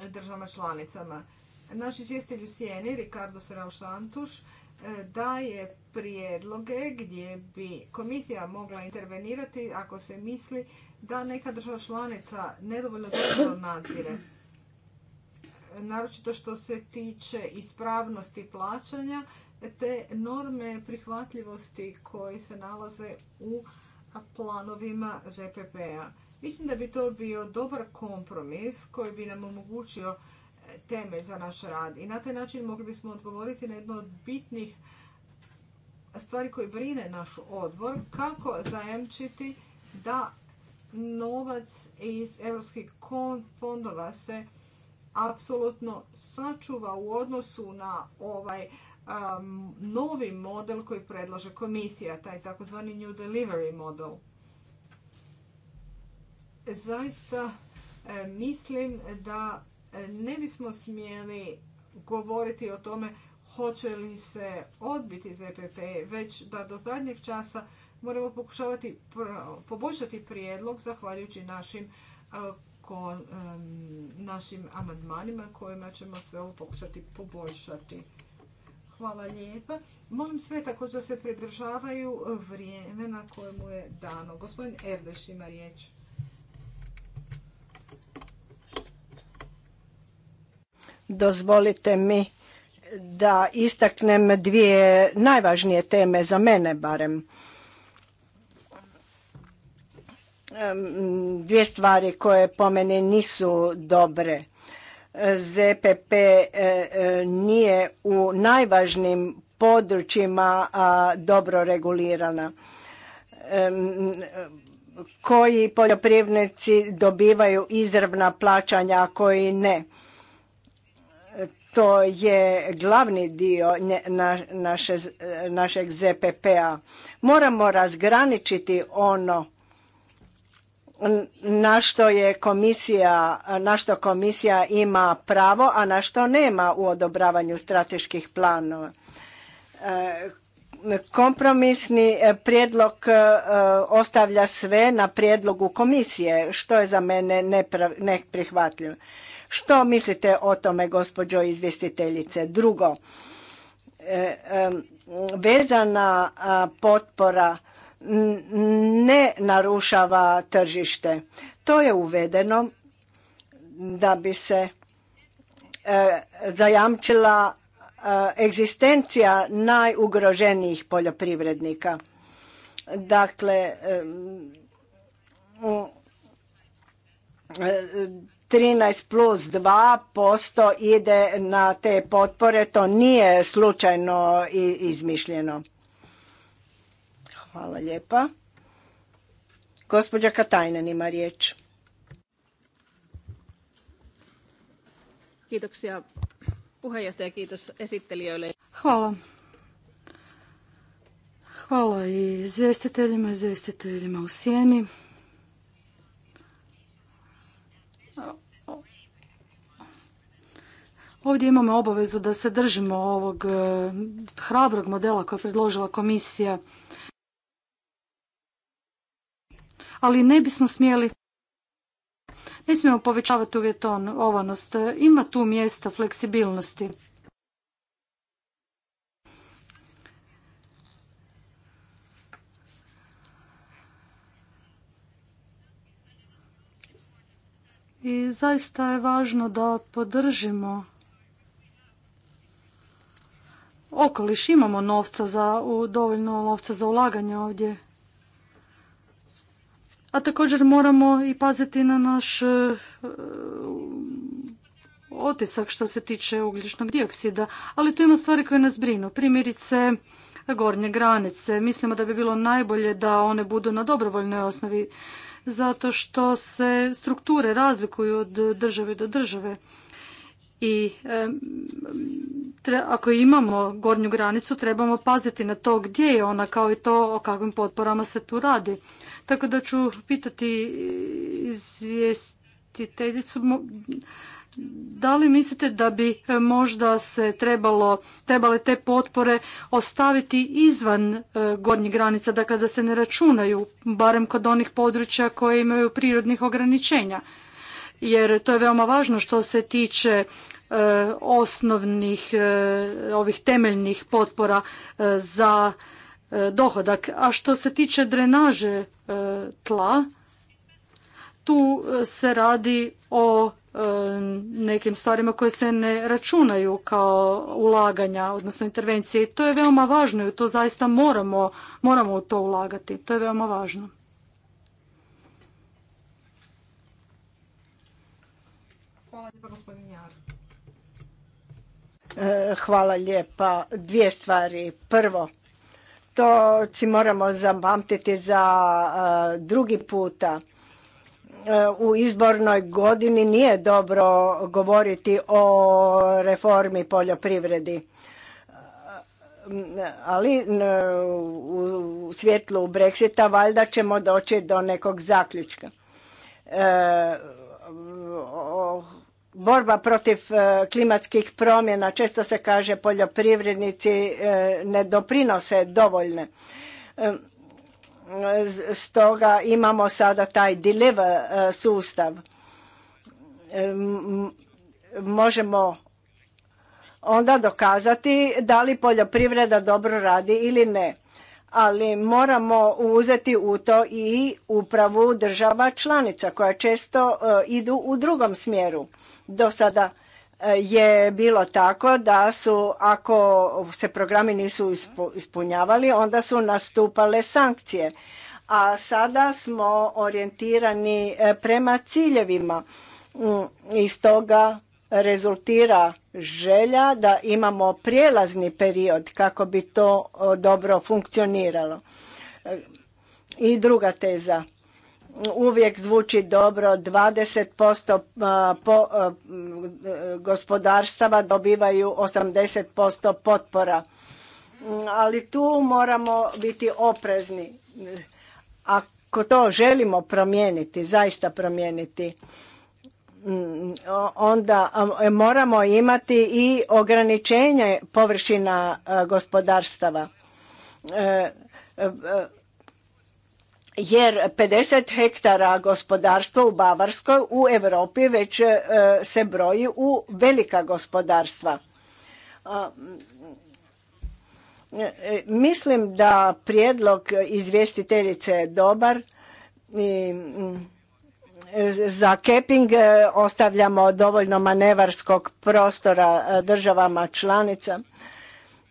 državama članicama. Naši čestelj u Sijeni, Ricardo Antuš, e, daje prijedloge gdje bi komisija mogla intervenirati ako se misli da neka država članica nedovoljno dobro nadzire naročito što se tiče ispravnosti plaćanja, te norme prihvatljivosti koji se nalaze u planovima ZPP-a. Mislim da bi to bio dobar kompromis koji bi nam omogućio e, temelj za naš rad i na taj način mogli bismo odgovoriti na jedno od bitnih stvari koje brine naš odbor, kako zajemčiti da novac iz europskih fondova se apsolutno sačuva u odnosu na ovaj novi model koji predlaže komisija, taj takozvani new delivery model. Zaista e, mislim da e, ne bismo smjeli govoriti o tome hoće li se odbiti ZPP, e već da do zadnjeg časa moramo pokušavati poboljšati prijedlog zahvaljujući našim ko, našim amandmanima kojima ćemo sve ovo pokušati poboljšati. Hvala lijepa. Molim sve također da se pridržavaju e, vrijeme na kojemu je dano. Gospodin Erdeš ima riječ. Dozvolite mi da istaknem dvije najvažnije teme za mene barem dvije stvari koje po meni nisu dobre. ZPP e, e, nije u najvažnim područjima dobro regulirana. Koji poljoprivrednici dobivaju izravna plaćanja, a koji ne. To je glavni dio e, našeg ZPP-a. Moramo razgraničiti ono na što je komisija, na što komisija ima pravo, a na što nema u odobravanju strateških planova. E, kompromisni e, prijedlog e, ostavlja sve na prijedlogu komisije, što je za mene neprihvatljivo. Što mislite o tome, gospođo izvjestiteljice? Drugo, vezana potpora ne narušava tržište. To je uvedeno da bi se e, zajamčila e, egzistencija najugroženijih poljoprivrednika. Dakle, 13 e, plus 2 posto ide na te potpore, to nije slučajno izmišljeno. Hvala lijepa. Gospođa Katajnen ima riječ. Kiitoksia puheenjohtaja, kiitos esittelijöille. Hvala. Hvala i izvjestiteljima i izvjestiteljima u sjeni. Ovdje imamo obavezu da se držimo ovog eh, hrabrog modela koji je predložila komisija ali ne bismo smjeli ne smijemo povećavati uvjetovanost. Ima tu mjesta fleksibilnosti. I zaista je važno da podržimo okoliš. Imamo novca za, dovoljno novca za ulaganje ovdje a također moramo i paziti na naš e, otisak što se tiče ugljičnog dioksida, ali tu ima stvari koje nas brinu. Primjerice, gornje granice. Mislimo da bi bilo najbolje da one budu na dobrovoljnoj osnovi, zato što se strukture razlikuju od države do države i ako imamo gornju granicu trebamo paziti na to gdje je ona kao i to o kakvim potporama se tu radi. Tako da ću pitati izvjestiteljicu da li mislite da bi možda se trebalo, trebale te potpore ostaviti izvan gornjih granica, dakle da se ne računaju, barem kod onih područja koje imaju prirodnih ograničenja? Jer to je veoma važno što se tiče E, osnovnih e, ovih temeljnih potpora e, za dohodak. A što se tiče drenaže tla, tu se radi o nekim stvarima koje se ne računaju kao ulaganja, odnosno intervencije. I to je veoma važno i to zaista moramo, u to ulagati. To je veoma važno. Hvala gospodin E, hvala lijepa. Dvije stvari. Prvo, to si moramo zapamtiti za e, drugi puta. E, u izbornoj godini nije dobro govoriti o reformi poljoprivredi. Ali u svjetlu Brexita valjda ćemo doći do nekog zaključka borba protiv e, klimatskih promjena, često se kaže poljoprivrednici e, ne doprinose dovoljne. E, stoga imamo sada taj deliver sustav. Možemo onda dokazati da li poljoprivreda dobro radi ili ne ali moramo uzeti u to i upravu država članica koja često e, idu u drugom smjeru. Do sada e, je bilo tako da su ako se programi nisu ispunjavali onda su nastupale sankcije. A sada smo orijentirani e, prema ciljevima mm, iz toga rezultira želja da imamo prijelazni period kako bi to dobro funkcioniralo. I druga teza. Uvijek zvuči dobro, 20% gospodarstava dobivaju 80% potpora. Ali tu moramo biti oprezni. Ako to želimo promijeniti, zaista promijeniti, Mm, onda um, e, moramo imati i ograničenje površina e, gospodarstava. E, jer 50 hektara gospodarstva u Bavarskoj u Europi već se broji u velika gospodarstva. Mm, mislim da prijedlog izvjestiteljice je dobar i mm, za keping e, ostavljamo dovoljno manevarskog prostora e, državama članica.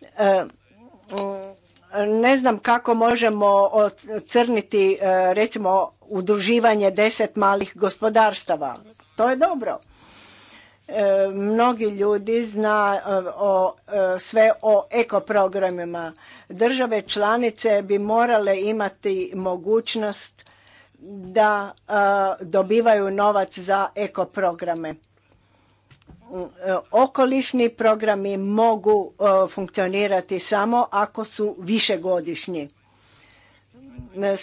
E, mm, ne znam kako možemo ocrniti recimo udruživanje deset malih gospodarstava. To je dobro. Mnogi ljudi zna o, sve o ekoprogramima. Države članice bi morale imati mogućnost da dobivaju novac za ekoprograme. E, okolišni programi mogu e, funkcionirati samo ako su višegodišnji. E,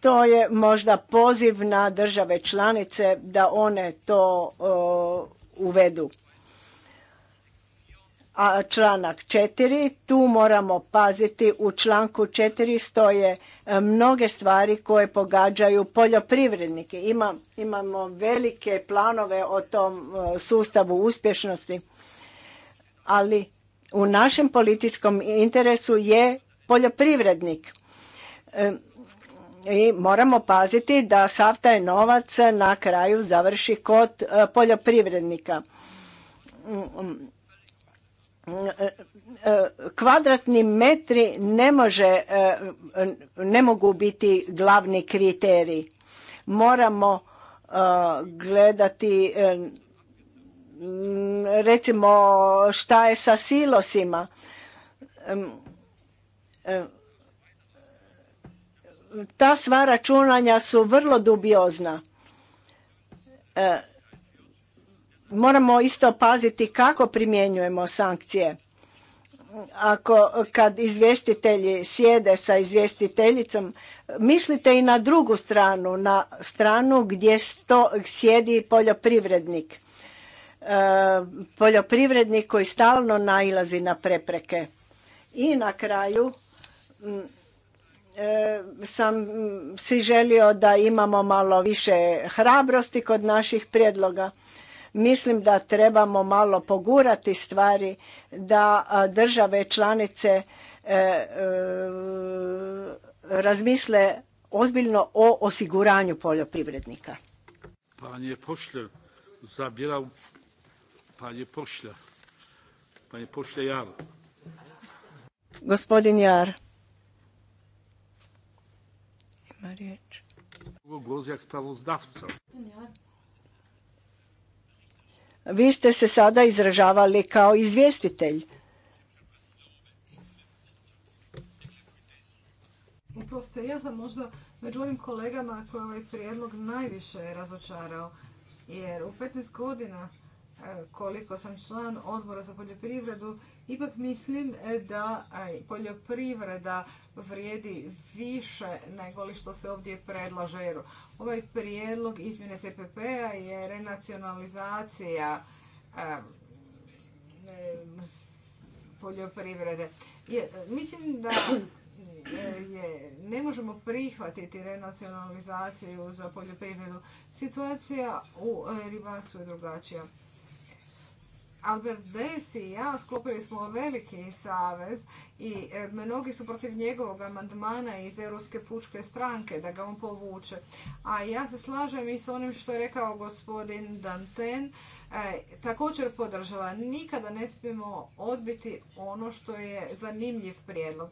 to je možda poziv na države članice da one to uvedu. A članak 4, tu moramo paziti, u članku 4 stoje E, mnoge stvari koje pogađaju poljoprivrednike. imamo velike planove o tom e, sustavu uspješnosti, ali u našem političkom interesu je poljoprivrednik. E, I moramo paziti da sav taj novac na kraju završi kod poljoprivrednika. E, e, kvadratni metri ne, može, e, ne mogu biti glavni kriterij. Moramo gledati recimo šta je sa silosima. Ta sva računanja su vrlo dubiozna moramo isto paziti kako primjenjujemo sankcije. Ako kad izvjestitelji sjede sa izvjestiteljicom, mislite i na drugu stranu, na stranu gdje sto, sjedi poljoprivrednik. E, poljoprivrednik koji stalno nailazi na prepreke. I na kraju e, sam si želio da imamo malo više hrabrosti kod naših prijedloga. Mislim da trebamo malo pogurati stvari da države članice e, e, razmisle ozbiljno o osiguranju poljoprivrednika. Panje pośle, zabirao, panje pośle. Panie pośle Jar. Gospodin Jar. Ima riječ. Głos jak vi ste se sada izražavali kao izvjestitelj. Proste, ja sam možda među onim kolegama koji ovaj prijedlog najviše razočarao. Jer u 15 godina koliko sam član odbora za poljoprivredu, ipak mislim e, da poljoprivreda vrijedi više nego li što se ovdje predlaže. ovaj prijedlog izmjene CPP-a je renacionalizacija e, poljoprivrede. Mislim da e, je, ne možemo prihvatiti renacionalizaciju za poljoprivredu. Situacija u ribarstvu je drugačija. Albert Desi i ja sklopili smo veliki savez i e, mnogi su protiv njegovog amandmana iz Europske pučke stranke da ga on povuče. A ja se slažem i s onim što je rekao gospodin Danten. E, također podržava. Nikada ne smijemo odbiti ono što je zanimljiv prijedlog.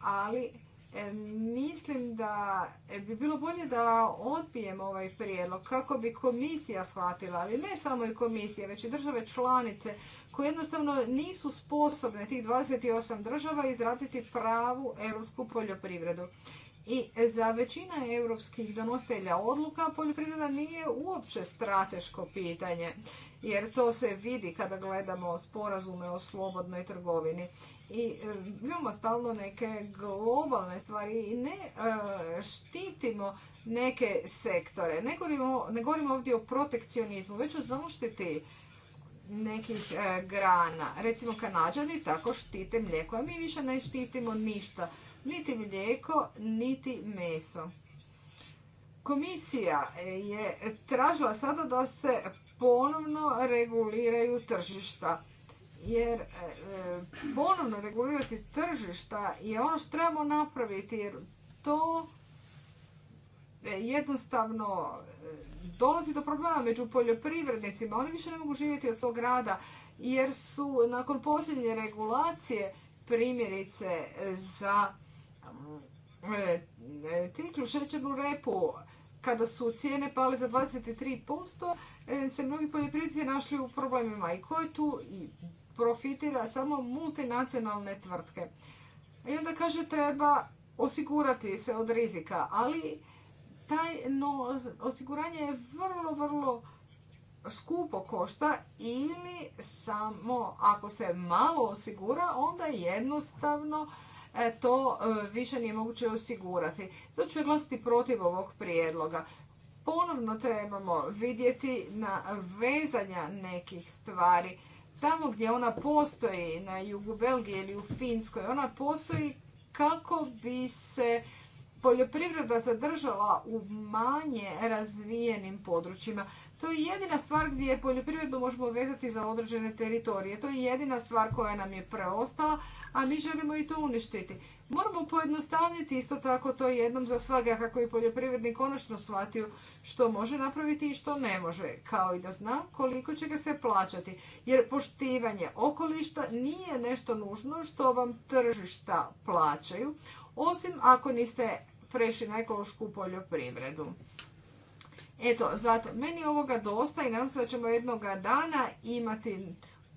Ali E, mislim da e, bi bilo bolje da odbijem ovaj prijedlog kako bi komisija shvatila, ali ne samo i komisija, već i države članice koje jednostavno nisu sposobne tih 28 država izraditi pravu europsku poljoprivredu. I za većina europskih donostelja odluka poljoprivreda nije uopće strateško pitanje, jer to se vidi kada gledamo sporazume o slobodnoj trgovini. I e, imamo stalno neke globalne stvari i ne e, štitimo neke sektore. Ne govorimo, ovdje o protekcionizmu, već o zaštiti nekih e, grana. Recimo kanađani tako štite mlijeko, a mi više ne štitimo ništa niti mlijeko, niti meso. Komisija je tražila sada da se ponovno reguliraju tržišta. Jer e, e, ponovno regulirati tržišta je ono što trebamo napraviti jer to e, jednostavno dolazi do problema među poljoprivrednicima. Oni više ne mogu živjeti od svog rada jer su nakon posljednje regulacije primjerice za ciklu ehm, e, šećernu repu kada su cijene pale za 23%, e, se mnogi poljoprivrednici našli u problemima. I ko tu i profitira samo multinacionalne tvrtke. I onda kaže treba osigurati se od rizika, ali taj no, osiguranje je vrlo, vrlo skupo košta ili samo ako se malo osigura, onda jednostavno E, to e, više nije moguće osigurati. Zato ću glasati protiv ovog prijedloga. Ponovno trebamo vidjeti na vezanja nekih stvari. Tamo gdje ona postoji, na jugu Belgije ili u Finskoj, ona postoji kako bi se poljoprivreda zadržala u manje razvijenim područjima. To je jedina stvar gdje poljoprivredu možemo vezati za određene teritorije. To je jedina stvar koja nam je preostala, a mi želimo i to uništiti. Moramo pojednostavniti isto tako to jednom za svaga kako je poljoprivrednik konačno shvatio što može napraviti i što ne može, kao i da zna koliko će ga se plaćati. Jer poštivanje okolišta nije nešto nužno što vam tržišta plaćaju, osim ako niste prešli na ekološku poljoprivredu. Eto, zato meni ovoga dosta i nadam se da ćemo jednoga dana imati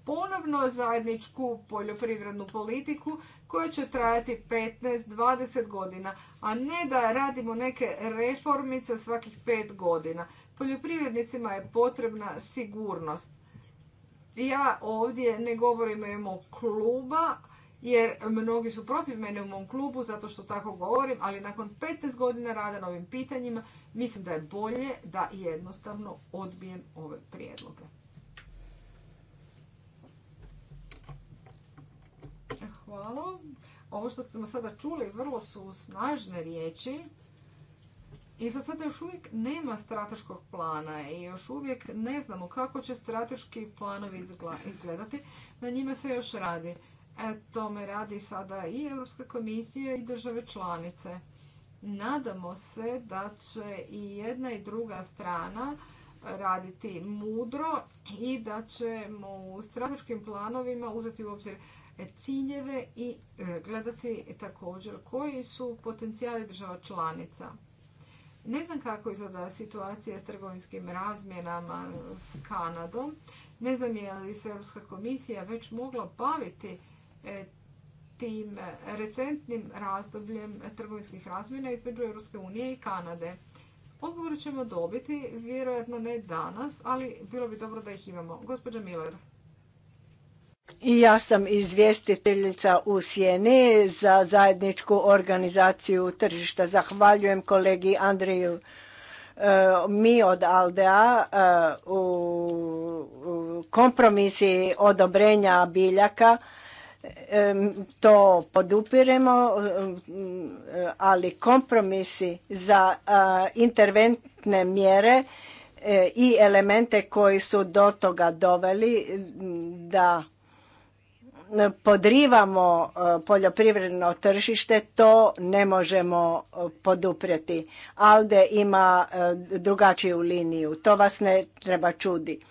ponovno zajedničku poljoprivrednu politiku koja će trajati 15-20 godina, a ne da radimo neke reformice svakih 5 godina. Poljoprivrednicima je potrebna sigurnost. Ja ovdje ne govorim o kluba, jer mnogi su protiv mene u mom klubu zato što tako govorim, ali nakon 15 godina rada na ovim pitanjima mislim da je bolje da jednostavno odbijem ove prijedloge. Hvala. Ovo što smo sada čuli vrlo su snažne riječi. I za sada još uvijek nema strateškog plana i još uvijek ne znamo kako će strateški planovi izgledati. Na njima se još radi. E, tome radi sada i Europska komisija i države članice. Nadamo se da će i jedna i druga strana raditi mudro i da ćemo u strateškim planovima uzeti u obzir ciljeve i e, gledati također koji su potencijali država članica. Ne znam kako izgleda situacija s trgovinskim razmjenama s Kanadom. Ne znam je li se Europska komisija već mogla baviti E, tim recentnim razdobljem trgovinskih razmjena između Europske unije i Kanade. Odgovor ćemo dobiti, vjerojatno ne danas, ali bilo bi dobro da ih imamo. Gospođa Miller. I ja sam izvjestiteljica u Sjeni za zajedničku organizaciju tržišta. Zahvaljujem kolegi Andriju e, Mi od Aldea e, u kompromisi odobrenja biljaka to podupiremo, ali kompromisi za interventne mjere e, i elemente koji su do toga doveli da podrivamo e, poljoprivredno tržište, to ne možemo poduprijeti. ALDE ima e, drugačiju liniju, to vas ne treba čuditi.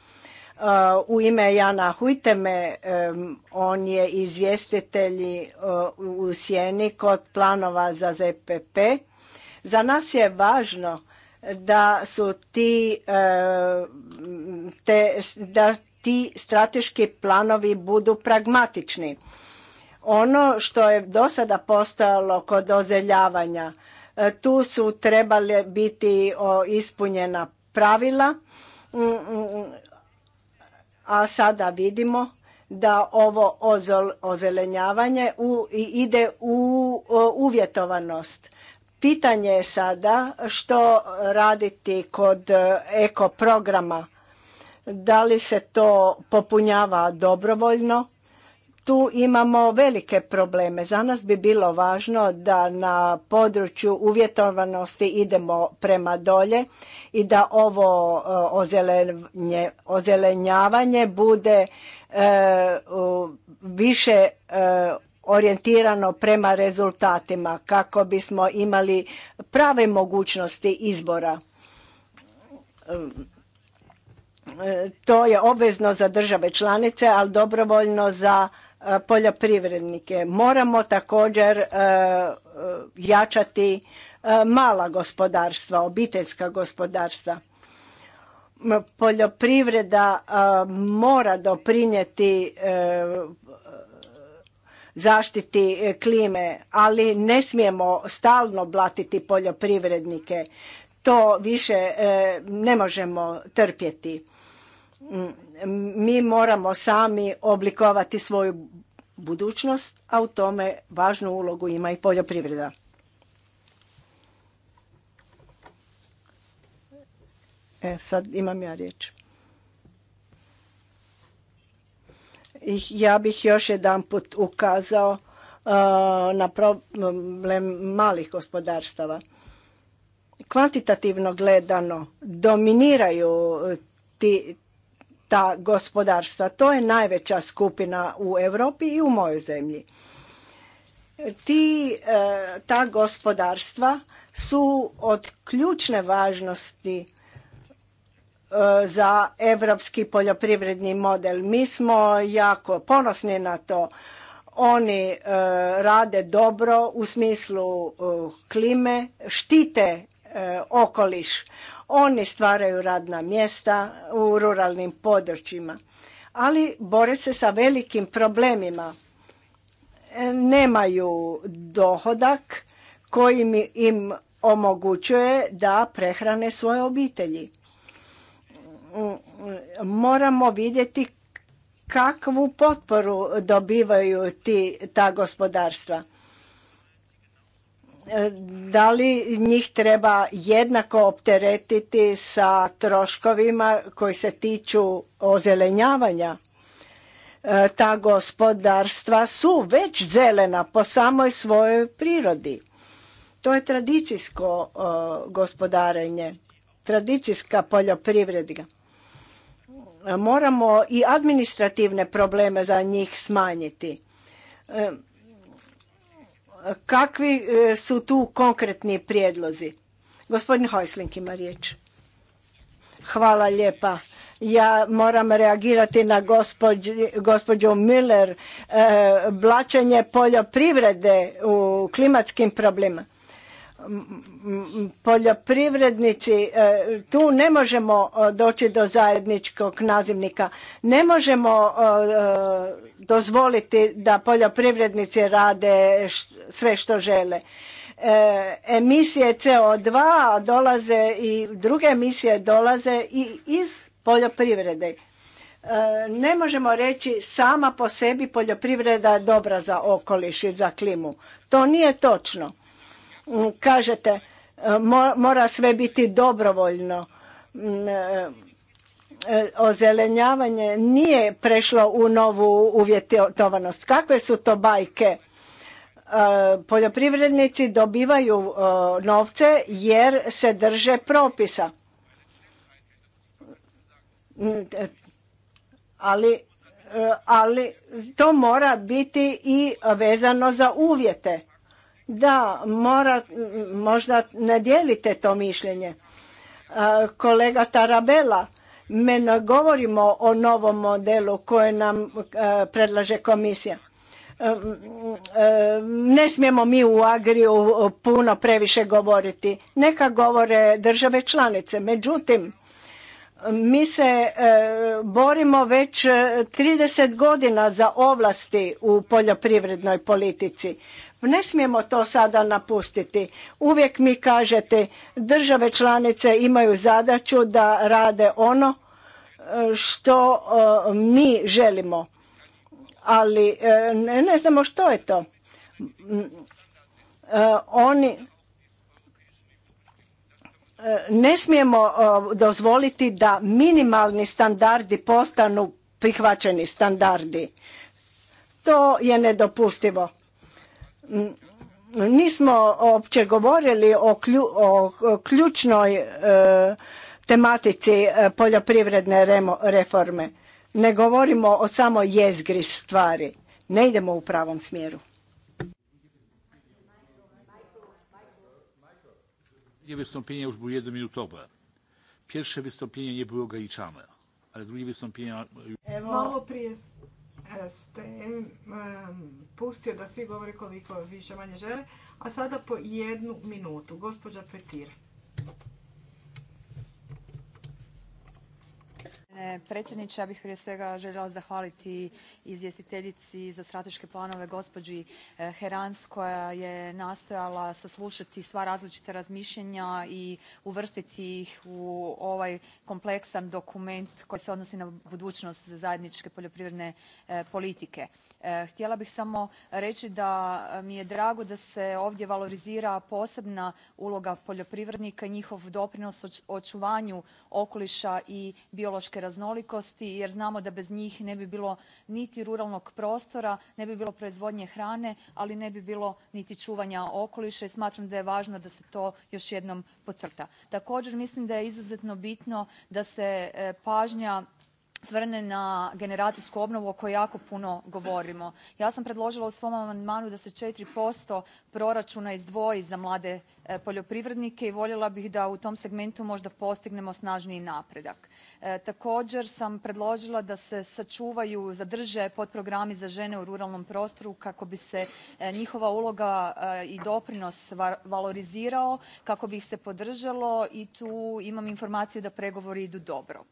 U ime Jana Hujteme, on je izvjestitelj e, u Sjeni kod planova za ZPP. Za nas je važno da su ti, te, da ti strateški planovi budu pragmatični. Ono što je do sada postojalo kod ozeljavanja, e, tu su trebale biti ispunjena pravila mm, mm, a sada vidimo da ovo ozelenjavanje u, ide u uvjetovanost. Pitanje je sada što raditi kod e, eko programa. Da li se to popunjava dobrovoljno tu imamo velike probleme. Za nas bi bilo važno da na području uvjetovanosti idemo prema dolje i da ovo e, ozelenjavanje bude e, više e, orijentirano prema rezultatima kako bismo imali prave mogućnosti izbora. To je obvezno za države članice, ali dobrovoljno za poljoprivrednike. Moramo također e, e, jačati e, mala gospodarstva, obiteljska gospodarstva. Poljoprivreda mora doprinijeti zaštiti klime, ali ne smijemo stalno blatiti poljoprivrednike. To više ne možemo trpjeti mi moramo sami oblikovati svoju budućnost, a u tome važnu ulogu ima i poljoprivreda. E, sad imam ja riječ. ja bih još jedan put ukazao e, na problem malih gospodarstava. Kvantitativno gledano dominiraju ti, ta gospodarstva. To je najveća skupina u Europi i u mojoj zemlji. Ti, e, ta gospodarstva su od ključne važnosti e, za evropski poljoprivredni model. Mi smo jako ponosni na to. Oni e, rade dobro u smislu klime, štite okoliš. Oni stvaraju radna mjesta u ruralnim područjima, ali bore se sa velikim problemima. E, nemaju dohodak koji im omogućuje da prehrane svoje obitelji. Moramo vidjeti kakvu potporu dobivaju ti, ta gospodarstva. E, da li njih treba jednako opteretiti sa troškovima koji se tiču ozelenjavanja? E, ta gospodarstva su već zelena po samoj svojoj prirodi. To je tradicijsko e, gospodarenje, tradicijska poljoprivreda. Moramo i administrativne probleme za njih smanjiti kakvi e, su tu konkretni prijedlozi? Gospodin Hojslink ima riječ. Hvala lijepa. Ja moram reagirati na gospođu, Müller Miller, e, blačenje poljoprivrede u klimatskim problemima poljoprivrednici, e, tu ne možemo e, doći do zajedničkog nazivnika. Ne možemo e, dozvoliti da poljoprivrednici rade sve što žele. Emisije CO2 dolaze i druge emisije dolaze i iz poljoprivrede. Ne možemo reći sama po sebi poljoprivreda je dobra za okoliš i za klimu. To nije točno Mm, kažete, e, mora sve biti dobrovoljno. Mm, e, e, ozelenjavanje nije prešlo u novu uvjetovanost. Kakve su to bajke? Poljoprivrednici dobivaju novce jer se drže propisa. Mm, ali, ali to mora biti i vezano za uvjete da, mora, možda ne dijelite to mišljenje. Kolega Tarabela, me govorimo o novom modelu koje nam predlaže komisija. Ne smijemo mi u Agriju puno previše govoriti. Neka govore države članice. Međutim, mi se e, borimo već 30 e, godina za ovlasti u poljoprivrednoj politici. Ne smijemo to sada napustiti. Uvijek mi kažete države članice imaju zadaću da rade ono e, što e, mi želimo. Ali e, ne znamo što je to. Oni ne smijemo dozvoliti da minimalni standardi postanu prihvaćeni standardi. To je nedopustivo. Mm, nismo opće govorili o, klju, o ključnoj e, tematici e, poljoprivredne remo, reforme. Ne govorimo o samo jezgri stvari. Ne idemo u pravom smjeru. Drugie wystąpienie już było jednominutowe. Pierwsze wystąpienie nie było ograniczane, ale drugie wystąpienia ste pustio da svi govore koliko više manje žele, a sada po jednu minutu. Gospođa Petir. E, predsjednie ja bih prije svega željela zahvaliti izvjestiteljici za strateške planove gospođi e, herranz koja je nastojala saslušati sva različita razmiljanja i uvrstiti ih u ovaj kompleksan dokument koji se odnosi na budunost zajedničke poljoprivredne e, politike. E, htjela bih samo reći da e, mi je drago da se ovdje valorizira posebna uloga poljoprivrednika i njihov doprinos očuvanju okoliša i biološke raznolikosti jer znamo da bez njih ne bi bilo niti ruralnog prostora ne bi bilo proizvodnje hrane ali ne bi bilo niti čuvanja okoliša i smatram da je važno da se to još jednom podcrta. također mislim da je izuzetno bitno da se e, pažnja svrne na generacijsku obnovu o kojoj jako puno govorimo. ja sam predložila u svom amandmanu da se four proračuna izdvoji za mlade E, poljoprivrednike i voljela bih da u tom segmentu možda postignemo snažniji napredak. E, također sam predložila da se sačuvaju, zadrže potprogrami za žene u ruralnom prostoru kako bi se e, njihova uloga i doprinos valorizirao, kako bi ih se podržalo i tu imam informaciju da pregovori idu dobro.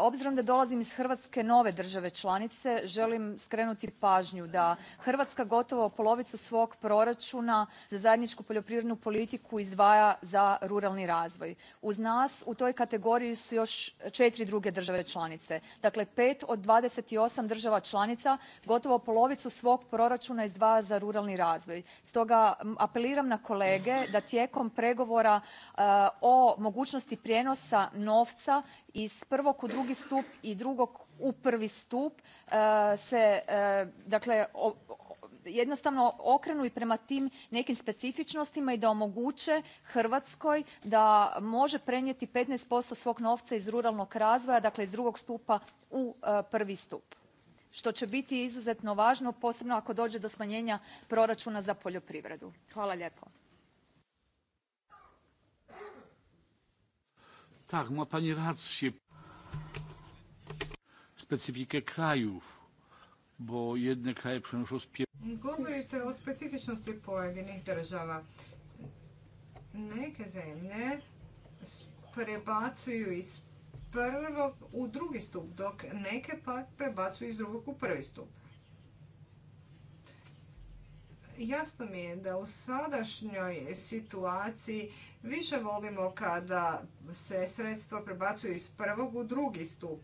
Obzirom da dolazim iz Hrvatske, nove države članice, želim skrenuti pažnju da Hrvatska gotovo polovicu svog proračuna za zajedničku poljoprivrednu politiku izdvaja za ruralni razvoj. Uz nas u toj kategoriji su još četiri druge države članice. Dakle, pet od 28 država članica gotovo polovicu svog proračuna izdvaja za ruralni razvoj. Stoga apeliram na kolege da tijekom pregovora eh, o mogućnosti prijenosa novca iz prvog u drugi stup i drugog u prvi stup eh, se eh, dakle jednostavno okrenu i prema tim nekim specifičnostima i da omoguće Hrvatskoj da može prenijeti 15% svog novca iz ruralnog razvoja, dakle iz drugog stupa u e, prvi stup što će biti izuzetno važno posebno ako dođe do smanjenja proračuna za poljoprivredu. Hvala lijepo. Tak, ma pani rację. Specyfikę krajów bo jedne Govorite o specifičnosti pojedinih država. Neke zemlje prebacuju iz prvog u drugi stup, dok neke pak prebacuju iz drugog u prvi stup. Jasno mi je da u sadašnjoj situaciji više volimo kada se sredstva prebacuju iz prvog u drugi stup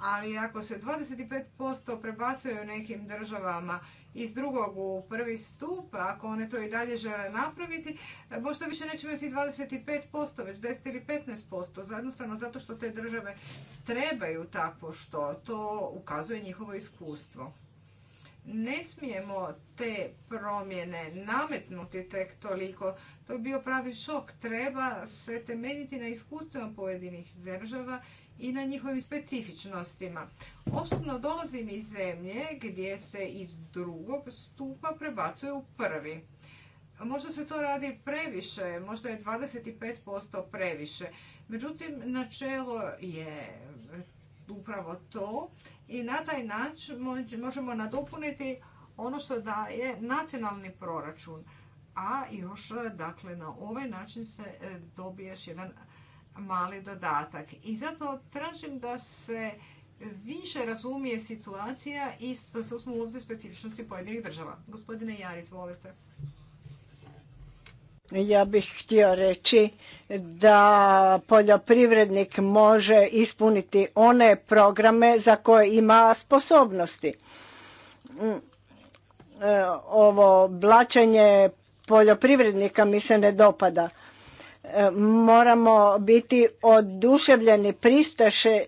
ali ako se 25% prebacuje u nekim državama iz drugog u prvi stup, ako one to i dalje žele napraviti, možda više neće imati 25%, već 10 ili 15%, zajednostavno zato što te države trebaju tako što, to ukazuje njihovo iskustvo. Ne smijemo te promjene nametnuti tek toliko, to bi bio pravi šok. Treba se temeljiti na iskustvima pojedinih država i na njihovim specifičnostima. Osobno dolazim iz zemlje gdje se iz drugog stupa prebacuje u prvi. Možda se to radi previše, možda je 25% previše. Međutim, načelo je upravo to i na taj način možemo nadopuniti ono što daje nacionalni proračun. A još, dakle, na ovaj način se e, dobiješ jedan mali dodatak. I zato tražim da se više razumije situacija i da se uzmu specifičnosti pojedinih država. Gospodine Jari, izvolite. Ja bih htio reći da poljoprivrednik može ispuniti one programe za koje ima sposobnosti. Mm, e, ovo blačanje poljoprivrednika mi se ne dopada E, moramo biti oduševljeni pristaše e,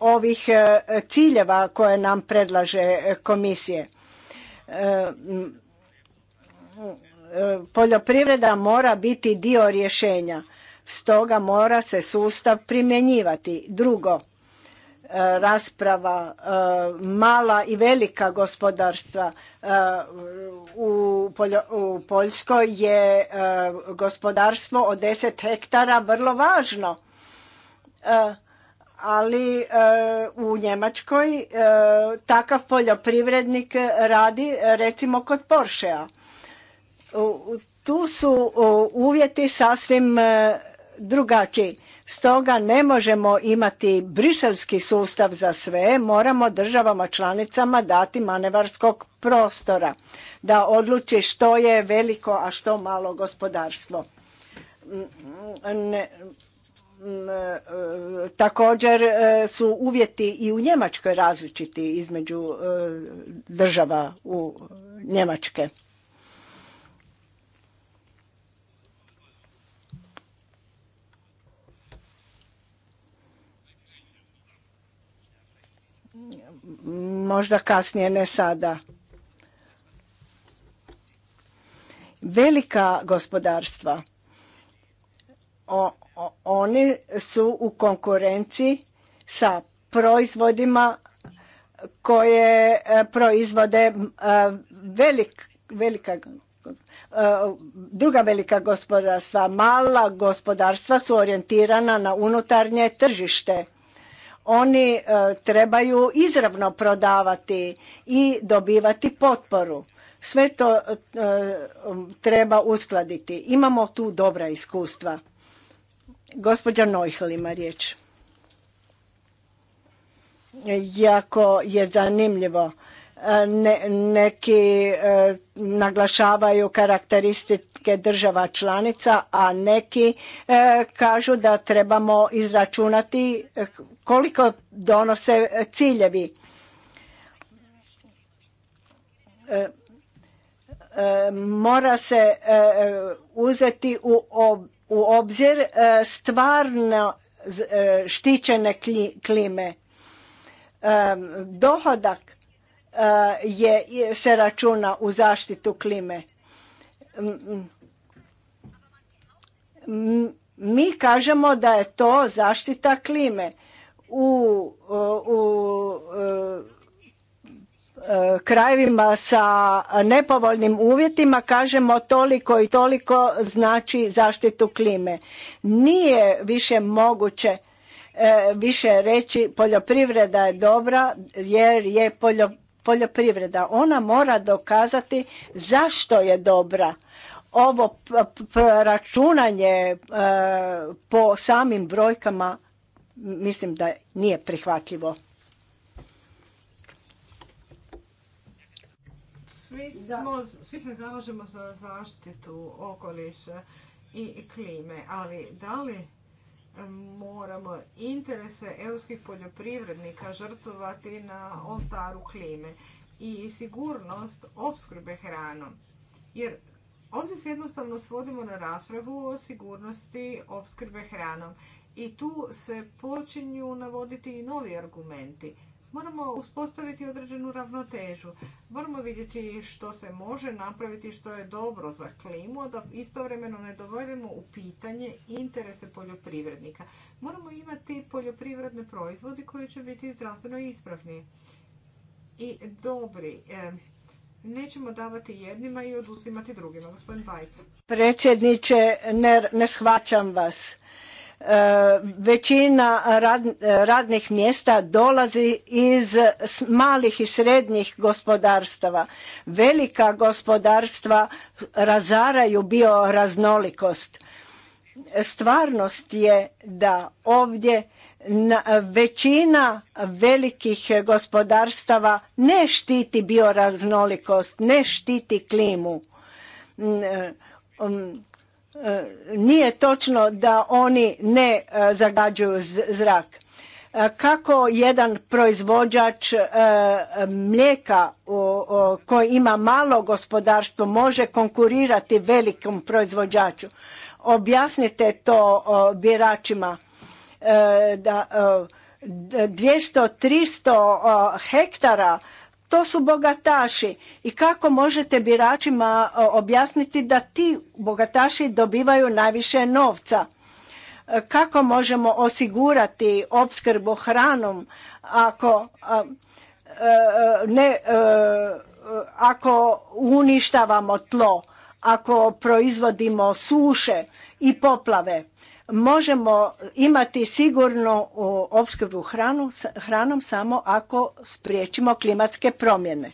ovih e, ciljeva koje nam predlaže komisije. Poljoprivreda mora biti dio rješenja, stoga mora se sustav primjenjivati. Drugo, E, rasprava e, mala i velika gospodarstva e, u Poljskoj je gospodarstvo od 10 hektara vrlo važno ali u Njemačkoj takav poljoprivrednik radi recimo kod Porschea tu su uvjeti sasvim drugačiji Stoga ne možemo imati briselski sustav za sve, moramo državama članicama dati manevarskog prostora da odluči što je veliko, a što malo gospodarstvo. Mm, mm, e, e, također e, su uvjeti i u Njemačkoj različiti između država u Njemačke. možda kasnije, ne sada. Velika gospodarstva, oni su u konkurenciji sa proizvodima koje e, proizvode e, velik, velika e, druga velika gospodarstva. Mala gospodarstva su orijentirana na unutarnje tržište oni e, trebaju izravno prodavati i dobivati potporu. Sve to e, treba uskladiti. Imamo tu dobra iskustva. Gospođa nojhel ima riječ. Jako je zanimljivo E, neki e, naglašavaju karakteristike država članica, a neki e, kažu da trebamo izračunati koliko donose ciljevi. mora se uzeti u, u obzir stvarno štićene klime. Dohodak Eh, je, se računa u zaštitu klime. Mi kažemo da je to zaštita klime. U, u, eh, eh, krajevima sa nepovoljnim uvjetima kažemo toliko i toliko znači zaštitu klime. Nije više moguće više reći poljoprivreda je dobra jer je poljoprivreda poljoprivreda. Ona mora dokazati zašto je dobra. Ovo računanje e, po samim brojkama mislim da nije prihvatljivo. Svi, svi se zalažemo za zaštitu okoliša i klime, ali da li moramo interese europskih poljoprivrednika žrtvovati na oltaru klime i sigurnost opskrbe hranom. Jer ovdje se jednostavno svodimo na raspravu o sigurnosti opskrbe hranom i tu se počinju navoditi i novi argumenti moramo uspostaviti određenu ravnotežu. Moramo vidjeti što se može napraviti, što je dobro za klimu, da istovremeno ne dovodimo u pitanje interese poljoprivrednika. Moramo imati poljoprivredne proizvode koji će biti zdravstveno ispravni i dobri. E, nećemo davati jednima i oduzimati drugima. Gospodin Bajc. Predsjedniče, ne shvaćam vas. E, većina radnih mjesta dolazi iz malih i srednjih gospodarstava. Velika gospodarstva razaraju bioraznolikost. Stvarnost je da ovdje većina velikih gospodarstava ne štiti bioraznolikost, ne štiti klimu mm, e, um, E, nije točno da oni ne e, zagađuju zrak. E, kako jedan proizvođač mlijeka koji ima malo gospodarstvo može konkurirati velikom proizvođaču? Objasnite to biračima da 200-300 hektara to su bogataši i kako možete biračima e, objasniti da ti bogataši dobivaju najviše novca? E, kako možemo osigurati opskrbu hranom ako e, ne ako uništavamo tlo, ako proizvodimo suše i poplave? možemo imati sigurnu opskrbu hranom samo ako spriječimo klimatske promjene.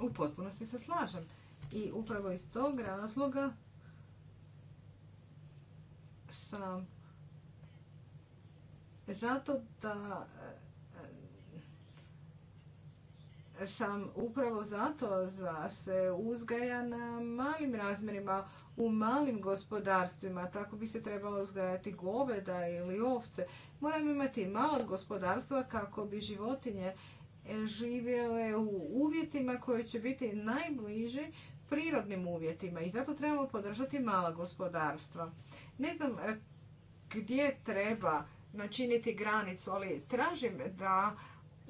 U potpunosti se slažem. I upravo iz tog razloga sam zato da sam upravo zato za se uzgaja na malim razmjerima u malim gospodarstvima. Tako bi se trebalo uzgajati goveda ili ovce. Moram imati mala gospodarstva kako bi životinje e, živjele u uvjetima koji će biti najbliži prirodnim uvjetima i zato trebamo podržati mala gospodarstva. Ne znam e, gdje treba načiniti granicu, ali tražim da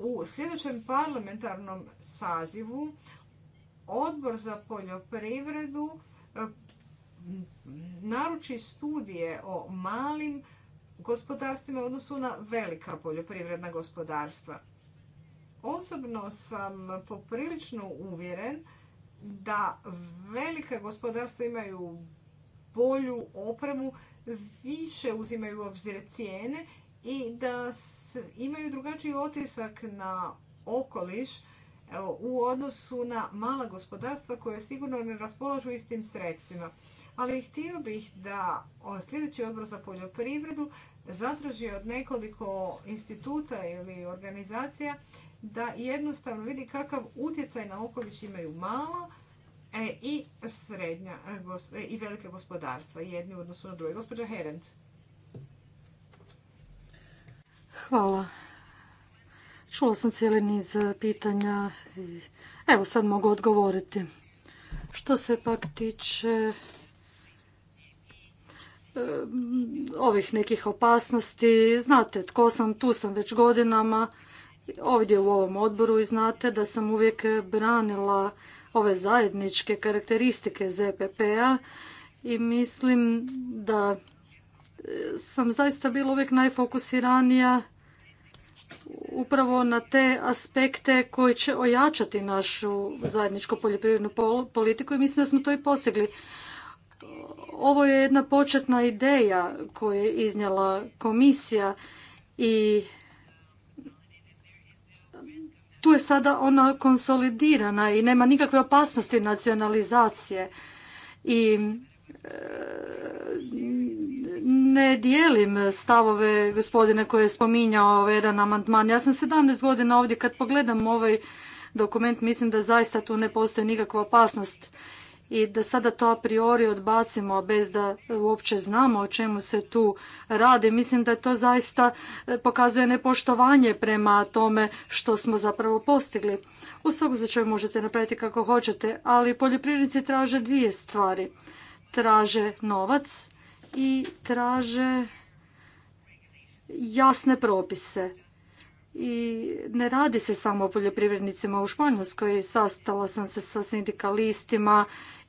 u sljedećem parlamentarnom sazivu odbor za poljoprivredu e, naruči studije o malim gospodarstvima u odnosu na velika poljoprivredna gospodarstva. Osobno sam poprilično uvjeren da velika gospodarstva imaju bolju opremu, više uzimaju u obzir cijene i da imaju drugačiji otisak na okoliš u odnosu na mala gospodarstva koje sigurno ne raspolažu istim sredstvima. Ali htio bih da sljedeći odbor za poljoprivredu zatraži od nekoliko instituta ili organizacija da jednostavno vidi kakav utjecaj na okoliš imaju mala e, i srednja e, e, i velike gospodarstva jedni u odnosu na druge. Gospođa Herenc. Hvala. Čula sam cijeli niz e, pitanja i evo sad mogu odgovoriti. Što se pak tiče e, ovih nekih opasnosti, znate tko sam, tu sam već godinama, ovdje u ovom odboru i znate da sam uvijek branila ove zajedničke karakteristike ZPP-a i mislim da sam zaista bila uvijek najfokusiranija upravo na te aspekte koji će ojačati našu zajedničku poljoprivrednu politiku i mislim da smo to i postigli. Ovo je jedna početna ideja koju je iznijela komisija i tu je sada ona konsolidirana i nema nikakve opasnosti nacionalizacije. I ne dijelim stavove gospodine koje je spominjao ovaj jedan amandman. Ja sam 17 godina ovdje kad pogledam ovaj dokument mislim da zaista tu ne postoji nikakva opasnost i da sada to a priori odbacimo bez da uopće znamo o čemu se tu radi. Mislim da to zaista e, pokazuje nepoštovanje prema tome što smo zapravo postigli. U svakom slučaju možete napraviti kako hoćete, ali poljoprivrednici traže dvije stvari traže novac i traže jasne propise. I ne radi se samo o poljoprivrednicima u Španjolskoj. Sastala sam se sa sindikalistima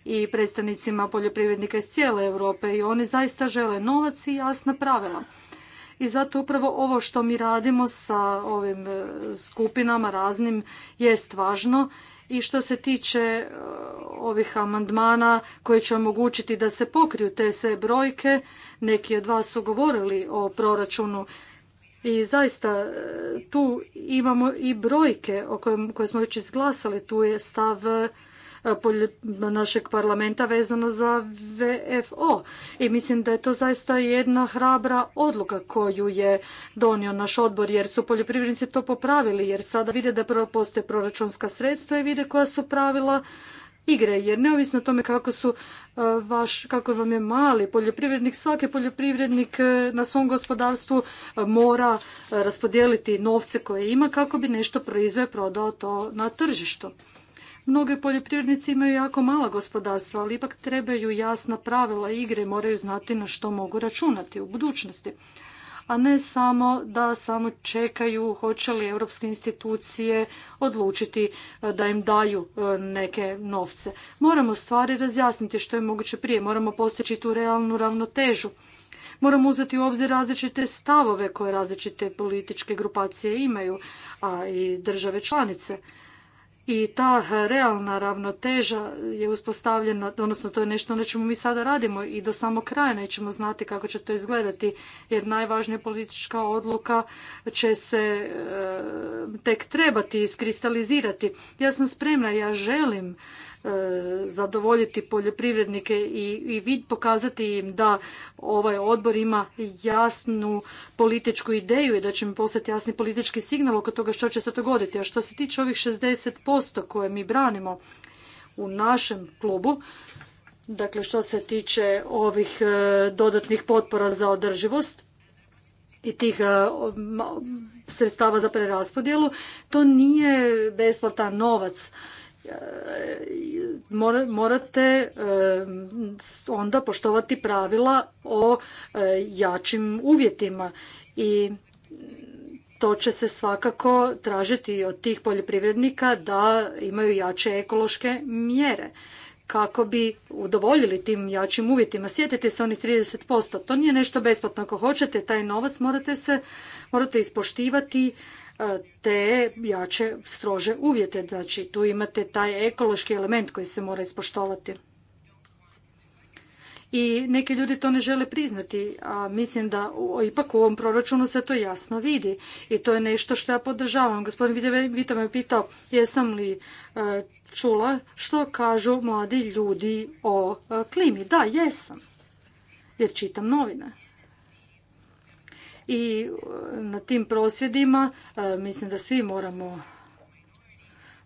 i predstavnicima poljoprivrednika iz cijele Europe i oni zaista žele novac i jasna pravila. I zato upravo ovo što mi radimo sa ovim e, skupinama raznim jest važno i što se tiče e, ovih amandmana koji će omogućiti da se pokriju te sve brojke, neki od vas su govorili o proračunu i zaista e, tu imamo i brojke o koje smo već izglasali, tu je stav E, našeg parlamenta vezano za VFO. I mislim da je to zaista jedna hrabra odluka koju je donio naš odbor jer su poljoprivrednici to popravili jer sada vide da postoje proračunska sredstva i vide koja su pravila igre jer neovisno o tome kako su e, vaš, kako vam je mali poljoprivrednik, svaki poljoprivrednik e, na svom gospodarstvu mora raspodijeliti novce koje ima kako bi nešto i prodao to na tržištu. Mnoge poljoprivrednici imaju jako mala gospodarstva, ali ipak trebaju jasna pravila igre, moraju znati na što mogu računati u budućnosti. A ne samo da samo čekaju hoće li europske institucije odlučiti e, da im daju e, neke novce. Moramo stvari razjasniti što je moguće prije, moramo postići tu realnu ravnotežu. Moramo uzeti u obzir različite stavove koje različite političke grupacije imaju, a i države članice i ta realna ravnoteža je uspostavljena, odnosno to je nešto na čemu mi sada radimo i do samog kraja nećemo znati kako će to izgledati jer najvažnija politička odluka će se e, tek trebati iskristalizirati. Ja sam spremna, ja želim zadovoljiti poljoprivrednike i vid pokazati im da ovaj odbor ima jasnu političku ideju i da će im poslati jasni politički signal oko toga što će se dogoditi. A što se tiče ovih 60% koje mi branimo u našem klubu, dakle što se tiče ovih e, dodatnih potpora za održivost i tih e, sredstava za preraspodjelu, to nije besplatan novac morate eh, onda poštovati pravila o eh, jačim uvjetima i to će se svakako tražiti od tih poljoprivrednika da imaju jače ekološke mjere kako bi udovoljili tim jačim uvjetima. Sjetite se onih 30%, to nije nešto besplatno. Ako hoćete taj novac morate, morate ispoštivati te jače, strože uvjete. Znači, tu imate taj ekološki element koji se mora ispoštovati. I neki ljudi to ne žele priznati, a mislim da ipak u ovom proračunu se to jasno vidi. I to je nešto što ja podržavam. Gospodin Vito me pitao jesam li čula što kažu mladi ljudi o klimi. Da, jesam, jer čitam novine i e, na tim prosvjedima e, mislim da svi moramo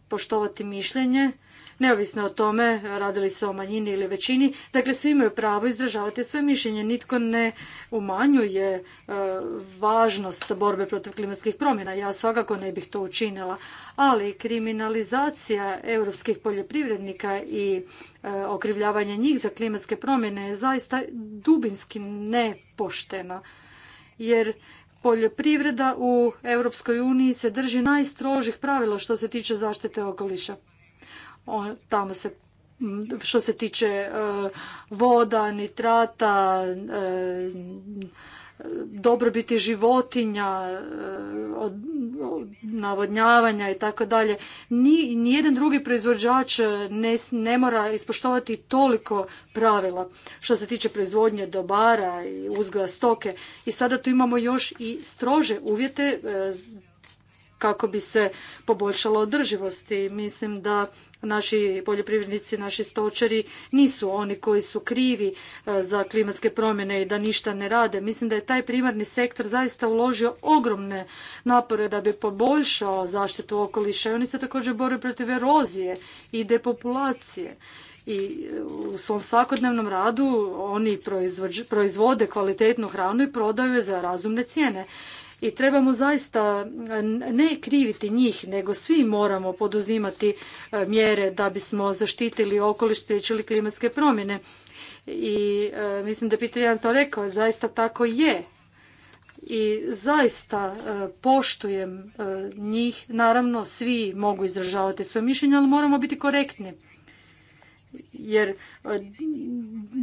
poštovati mišljenje neovisno o tome radili se o manjini ili većini. Dakle, svi imaju pravo izražavati svoje mišljenje. Nitko ne umanjuje e, važnost borbe protiv klimatskih promjena. Ja svakako ne bih to učinila. Ali kriminalizacija europskih poljoprivrednika i okrivljavanje njih za klimatske promjene je zaista dubinski nepoštena jer poljoprivreda u Europskoj uniji se drži najstrožih pravila što se tiče zaštite okoliša. Tamo se što se tiče e, voda, nitrata, e, dobrobiti životinja, e, od navodnjavanja i tako dalje. Nijedan drugi proizvođač ne, mora ispoštovati toliko pravila što se tiče proizvodnje dobara i uzgoja stoke. I sada tu imamo još i strože uvjete e, kako bi se poboljšala održivost i mislim da naši poljoprivrednici, naši stočari nisu oni koji su krivi e, za klimatske promjene i da ništa ne rade. Mislim da je taj primarni sektor zaista uložio ogromne napore da bi poboljšao zaštitu okoliša i oni se također bore protiv erozije i depopulacije i e, u svom svakodnevnom radu oni proizvode kvalitetnu hranu i prodaju je za razumne cijene i trebamo zaista e, ne kriviti njih, nego svi moramo poduzimati e, mjere da bismo zaštitili okoliš, spriječili klimatske promjene. I e, mislim da je Peter Jan to rekao, zaista tako je i zaista poštujem njih. Naravno, svi mogu izražavati svoje mišljenje, ali moramo biti korektni jer 2017.,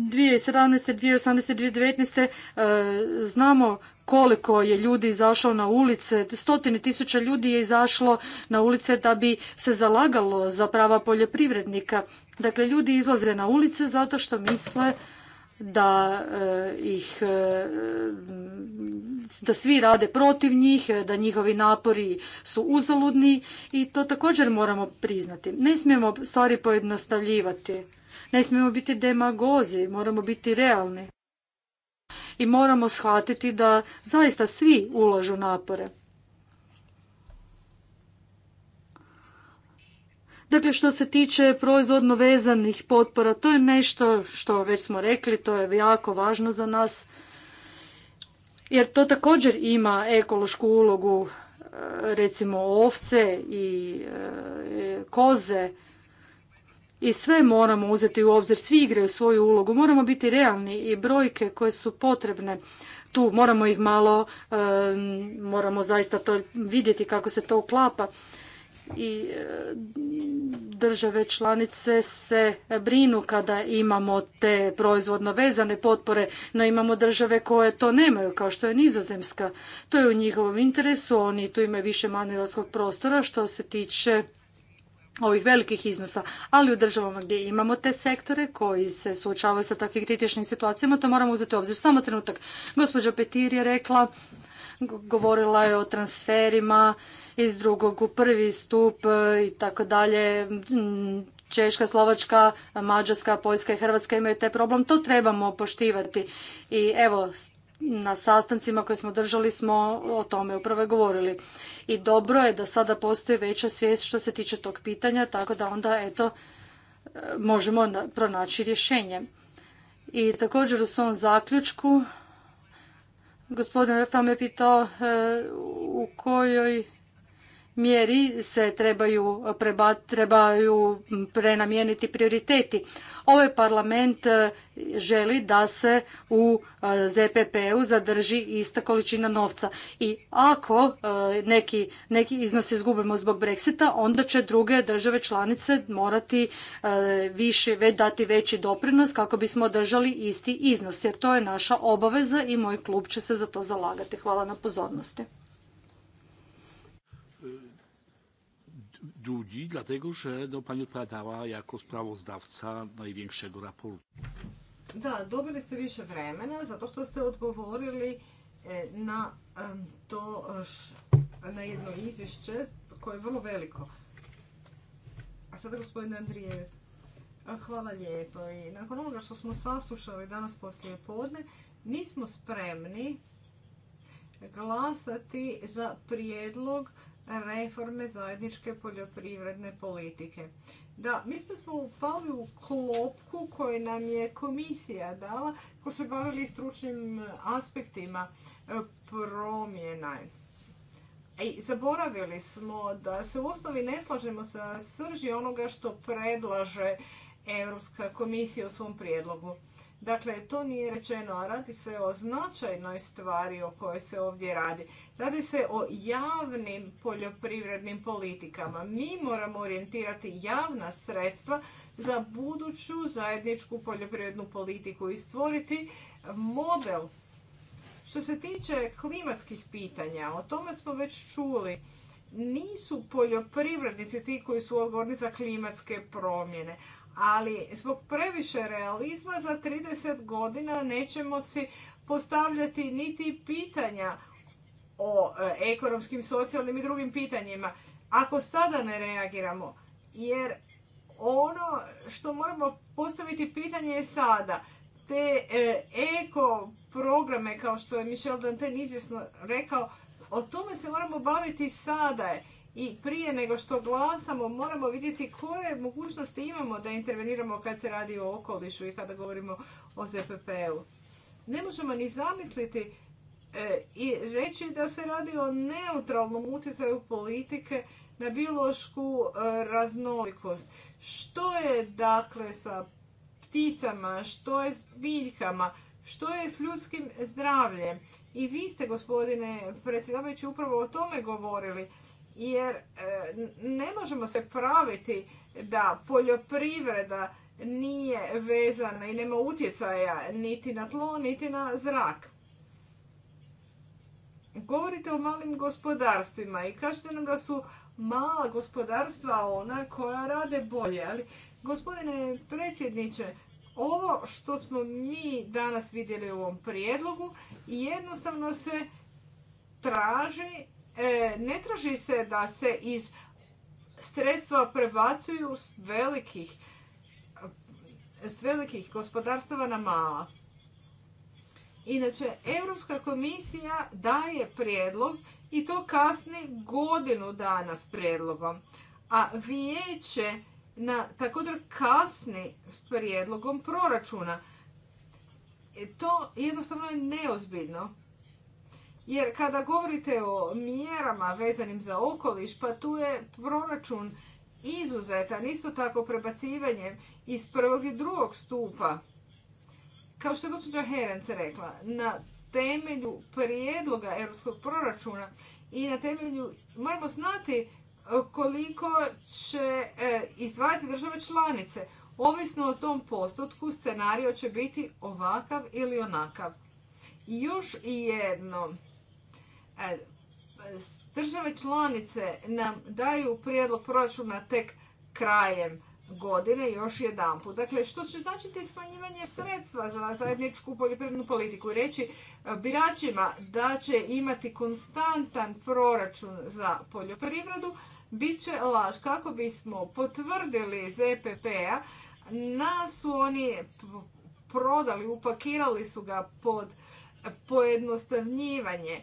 2018., 2019. znamo koliko je ljudi izašlo na ulice, stotine tisuća ljudi je izašlo na ulice da bi se zalagalo za prava poljoprivrednika. Dakle, ljudi izlaze na ulice zato što misle da eh, ih eh, da svi rade protiv njih, eh, da njihovi napori su uzaludni i to također moramo priznati. Ne smijemo stvari pojednostavljivati. Ne smijemo biti demagozi, moramo biti realni. I moramo shvatiti da zaista svi ulažu napore. Dakle, što se tiče proizvodno vezanih potpora, to je nešto što već smo rekli, to je jako važno za nas, jer to također ima ekološku ulogu, e, recimo ovce i e, koze, i sve moramo uzeti u obzir, svi igraju svoju ulogu, moramo biti realni i brojke koje su potrebne tu moramo ih malo, e, moramo zaista to vidjeti kako se to uklapa i e, države članice se brinu kada imamo te proizvodno vezane potpore, no imamo države koje to nemaju, kao što je Nizozemska. To je u njihovom interesu, oni tu imaju više manevarskog prostora što se tiče ovih velikih iznosa, ali u državama gdje imamo te sektore koji se suočavaju sa takvim kritičnim situacijama, to moramo uzeti u obzir. Samo trenutak. Gospođa Petir je rekla, govorila je o transferima iz drugog u prvi stup e, i tako dalje. Mm, Češka, Slovačka, Mađarska, Poljska i Hrvatska imaju taj problem. To trebamo poštivati. I evo, na sastancima koje smo držali smo o tome upravo govorili. I dobro je da sada postoji veća svijest što se tiče tog pitanja, tako da onda eto e, možemo pronaći rješenje. I također u svom zaključku gospodin Refa me pitao e, u kojoj mjeri se trebaju, trebaju prenamijeniti prioriteti. Ovaj parlament e, želi da se u e, ZPP-u zadrži ista količina novca i ako e, neki, neki iznos izgubimo zbog Brexita, onda će druge države članice morati više, dati veći doprinos kako bismo održali isti iznos, jer to je naša obaveza i moj klub će se za to zalagati. Hvala na pozornosti. Dudzi, dlatego że no, pani odpowiadała jako sprawozdawca największego raportu. Da, dobili ste više vremena zato što ste odgovorili e, na e, to na jedno izvješće koje je vrlo veliko. A sada gospodine andrije Hvala lijepo. I nakon onoga što smo saslušali danas poslije podne, nismo spremni glasati za prijedlog reforme zajedničke poljoprivredne politike. Da, mi smo upali u klopku koju nam je komisija dala, ko se bavili stručnim e, aspektima e, promjena. E, I zaboravili smo da se u osnovi ne slažemo sa srži onoga što predlaže Europska komisija u svom prijedlogu. Dakle, to nije rečeno, a radi se o značajnoj stvari o kojoj se ovdje radi. Radi se o javnim poljoprivrednim politikama. Mi moramo orijentirati javna sredstva za buduću zajedničku poljoprivrednu politiku i stvoriti model. Što se tiče klimatskih pitanja, o tome smo već čuli, nisu poljoprivrednici ti koji su odgovorni za klimatske promjene, ali zbog previše realizma za 30 godina nećemo si postavljati niti pitanja o e, ekonomskim, socijalnim i drugim pitanjima. Ako sada ne reagiramo, jer ono što moramo postaviti pitanje je sada. Te e, eko programe, kao što je Michel Danten izvjesno rekao, o tome se moramo baviti sada i prije nego što glasamo moramo vidjeti koje mogućnosti imamo da interveniramo kad se radi o okolišu i kada govorimo o ZPP-u. Ne možemo ni zamisliti e, i reći da se radi o neutralnom utjecaju politike na biološku e, raznolikost. Što je dakle sa pticama, što je s biljkama, što je s ljudskim zdravljem? I vi ste, gospodine predsjedavajući, upravo o tome govorili jer e, ne možemo se praviti da poljoprivreda nije vezana i nema utjecaja niti na tlo, niti na zrak. Govorite o malim gospodarstvima i kažete nam da su mala gospodarstva ona koja rade bolje, ali gospodine predsjedniče, ovo što smo mi danas vidjeli u ovom prijedlogu jednostavno se traži E, ne traži se da se iz sredstva prebacuju s velikih, s velikih gospodarstava na mala. Inače, Europska komisija daje prijedlog i to kasni godinu dana s prijedlogom. A vijeće na također kasni s prijedlogom proračuna. E, to jednostavno je neozbiljno. Jer kada govorite o mjerama vezanim za okoliš, pa tu je proračun izuzetan, isto tako prebacivanjem iz prvog i drugog stupa. Kao što je gospođa Herenc rekla, na temelju prijedloga europskog proračuna i na temelju, moramo znati koliko će e, izdvajati države članice. Ovisno o tom postotku, scenario će biti ovakav ili onakav. I još jedno, E, države članice nam daju prijedlog proračuna tek krajem godine još jedan put. Dakle, što će značiti smanjivanje sredstva za zajedničku poljoprivrednu politiku i reći e, biračima da će imati konstantan proračun za poljoprivredu, bit će laž. Kako bismo potvrdili ZPP-a, e nas su oni prodali, upakirali su ga pod pojednostavnjivanje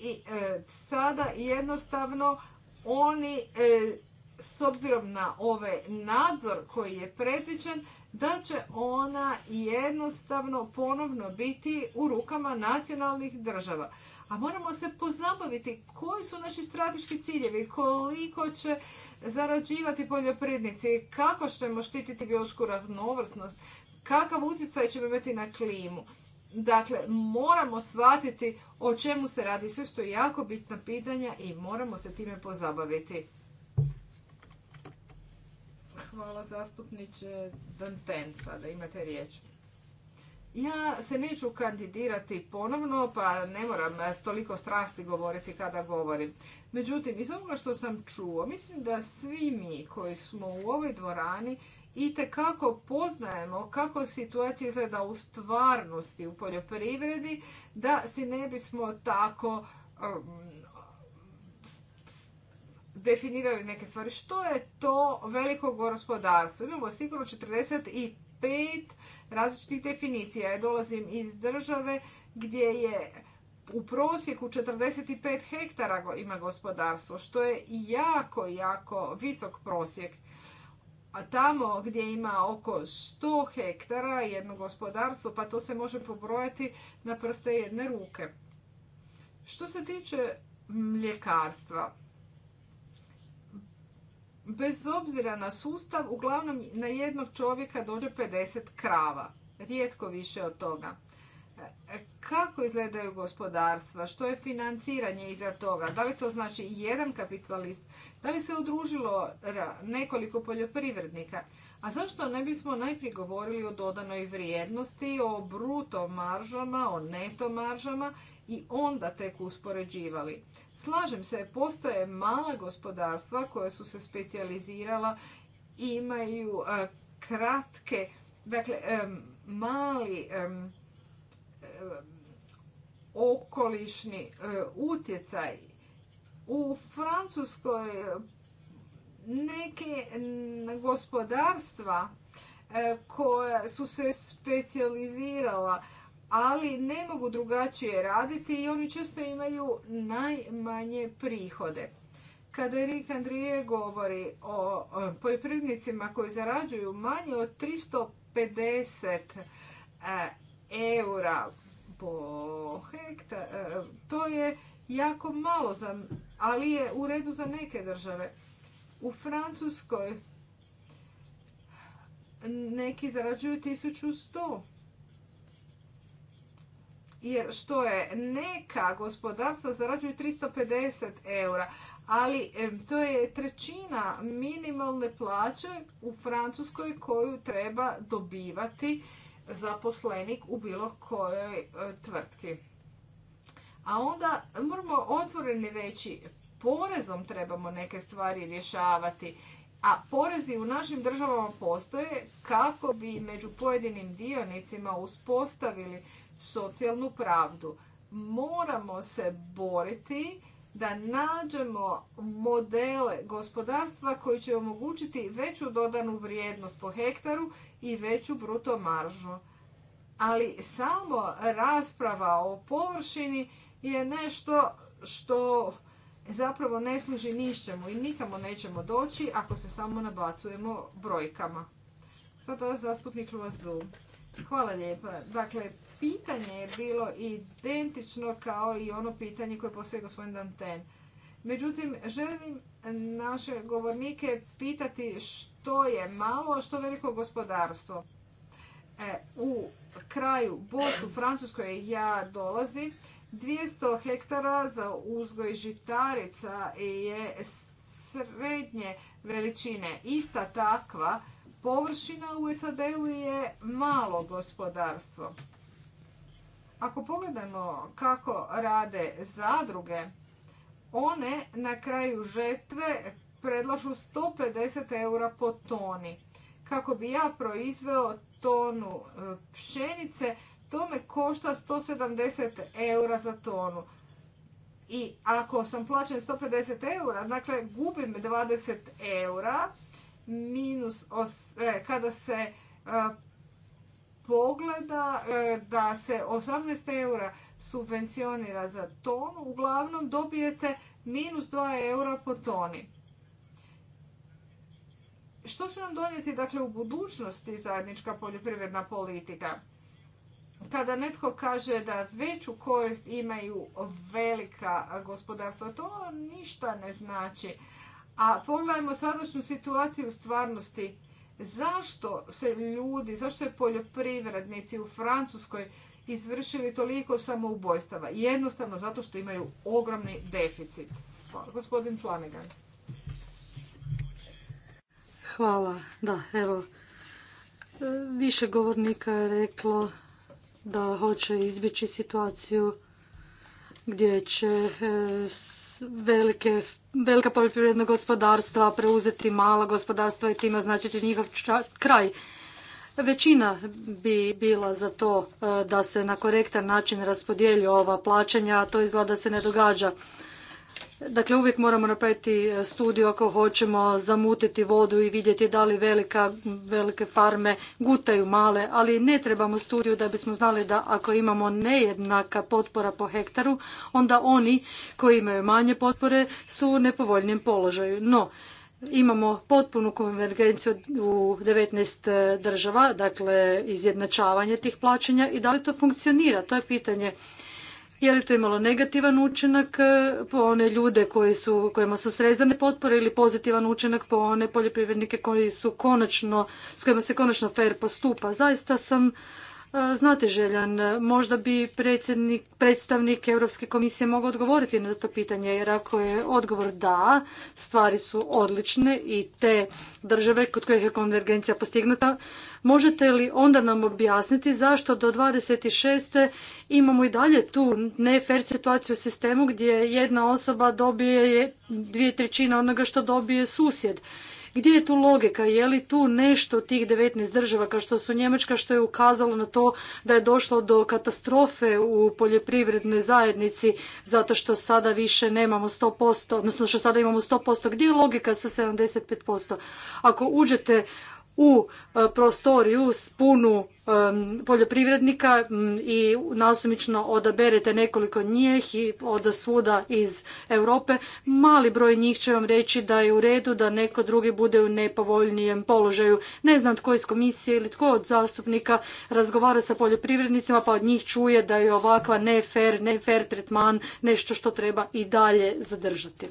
i e, sada jednostavno oni e, s obzirom na ovaj nadzor koji je predviđen, da će ona jednostavno ponovno biti u rukama nacionalnih država. A moramo se pozabaviti koji su naši strateški ciljevi, koliko će zarađivati poljoprivrednici, kako ćemo štititi biološku raznovrsnost, kakav utjecaj ćemo imati na klimu. Dakle, moramo shvatiti o čemu se radi. Sve što je jako bitna pitanja i moramo se time pozabaviti. Hvala zastupniče Dantensa da imate riječ. Ja se neću kandidirati ponovno, pa ne moram s toliko strasti govoriti kada govorim. Međutim, iz onoga što sam čuo, mislim da svi mi koji smo u ovoj dvorani i kako poznajemo kako situacija izgleda u stvarnosti u poljoprivredi, da si ne bismo tako um, definirali neke stvari. Što je to veliko gospodarstvo? Imamo sigurno 45 različitih definicija. Ja dolazim iz države gdje je u prosjeku 45 hektara ima gospodarstvo, što je jako, jako visok prosjek tamo gdje ima oko 100 hektara jedno gospodarstvo, pa to se može pobrojati na prste jedne ruke. Što se tiče mljekarstva, bez obzira na sustav, uglavnom na jednog čovjeka dođe 50 krava. Rijetko više od toga kako izgledaju gospodarstva, što je financiranje iza toga, da li to znači jedan kapitalist, da li se udružilo nekoliko poljoprivrednika, a zašto ne bismo najprije govorili o dodanoj vrijednosti, o bruto maržama, o neto maržama i onda tek uspoređivali. Slažem se, postoje mala gospodarstva koja su se specijalizirala, imaju eh, kratke, dakle, mali E, okolišni e, utjecaj. U Francuskoj neke gospodarstva e, koja su se specijalizirala, ali ne mogu drugačije raditi i oni često imaju najmanje prihode. Kada Erik Andrije govori o poljoprivrednicima koji zarađuju manje od 350 eura po hektar. E, to je jako malo, za, ali je u redu za neke države. U Francuskoj neki zarađuju 1100. Jer što je, neka gospodarstva zarađuju 350 eura, ali to je trećina minimalne plaće u Francuskoj koju treba dobivati zaposlenik u bilo kojoj e, tvrtki. A onda moramo otvoreni reći, porezom trebamo neke stvari rješavati, a porezi u našim državama postoje kako bi među pojedinim dionicima uspostavili socijalnu pravdu. Moramo se boriti da nađemo modele gospodarstva koji će omogućiti veću dodanu vrijednost po hektaru i veću bruto maržu. Ali samo rasprava o površini je nešto što zapravo ne služi nišćemu i nikamo nećemo doći ako se samo nabacujemo brojkama. Sada zastupnik Zoom. Hvala lijepa. Dakle, pitanje je bilo identično kao i ono pitanje koje postoje gospodin Danten. Međutim, želim naše govornike pitati što je malo, a što veliko gospodarstvo. E, u kraju Bosu, u Francuskoj ja dolazim, 200 hektara za uzgoj žitarica je srednje veličine. Ista takva površina u SAD-u je malo gospodarstvo. Ako pogledamo kako rade zadruge, one na kraju žetve predlažu 150 eura po toni. Kako bi ja proizveo tonu e, pšenice, to me košta 170 eura za tonu. I ako sam plaćen 150 eura, dakle gubim 20 eura minus e, kada se e, pogleda e, da se 18 eura subvencionira za tonu, uglavnom dobijete minus 2 eura po toni. Što će nam donijeti dakle, u budućnosti zajednička poljoprivredna politika? Kada netko kaže da veću korist imaju velika gospodarstva, to ništa ne znači. A pogledajmo sadašnju situaciju u stvarnosti Zašto se ljudi, zašto je poljoprivrednici u Francuskoj izvršili toliko samoubojstava? Jednostavno zato što imaju ogromni deficit. gospodin Flanagan. Hvala. Da, evo, e, više govornika je reklo da hoće izbjeći situaciju gdje će e, velike, velika poljoprivredna gospodarstva preuzeti mala gospodarstva i time označiti njihov kraj. Većina bi bila za to e, da se na korektan način raspodijelju ova plaćanja, a to izgleda da se ne događa. Dakle, uvijek moramo napraviti e, studiju ako hoćemo zamutiti vodu i vidjeti da li velika, velike farme gutaju male, ali ne trebamo studiju da bismo znali da ako imamo nejednaka potpora po hektaru, onda oni koji imaju manje potpore su u nepovoljnijem položaju. No, imamo potpunu konvergenciju u 19 e, država, dakle izjednačavanje tih plaćanja i da li to funkcionira, to je pitanje je li to imalo negativan učinak e, po one ljude koji su, kojima su srezane potpore ili pozitivan učinak po one poljoprivrednike koji su konačno, s kojima se konačno fair postupa? Zaista sam E, znate, Željan, Možda bi predsjednik, predstavnik Europske komisije mogao odgovoriti na to pitanje, jer ako je odgovor da, stvari su odlične i te države kod kojih je konvergencija postignuta, možete li onda nam objasniti zašto do 26. imamo i dalje tu nefer situaciju u sistemu gdje jedna osoba dobije dvije trećine onoga što dobije susjed? Gdje je tu logika? Je li tu nešto tih 19 država kao što su Njemačka što je ukazalo na to da je došlo do katastrofe u poljoprivrednoj zajednici zato što sada više nemamo 100%, odnosno što sada imamo 100%. Gdje je logika sa 75%? Ako uđete u e, prostoriju s punu e, poljoprivrednika i nasumično odaberete nekoliko njih i od svuda iz Europe, mali broj njih će vam reći da je u redu da neko drugi bude u nepovoljnijem položaju. Ne znam tko iz komisije ili tko od zastupnika razgovara sa poljoprivrednicima pa od njih čuje da je ovakva ne fair tretman nešto što treba i dalje zadržati.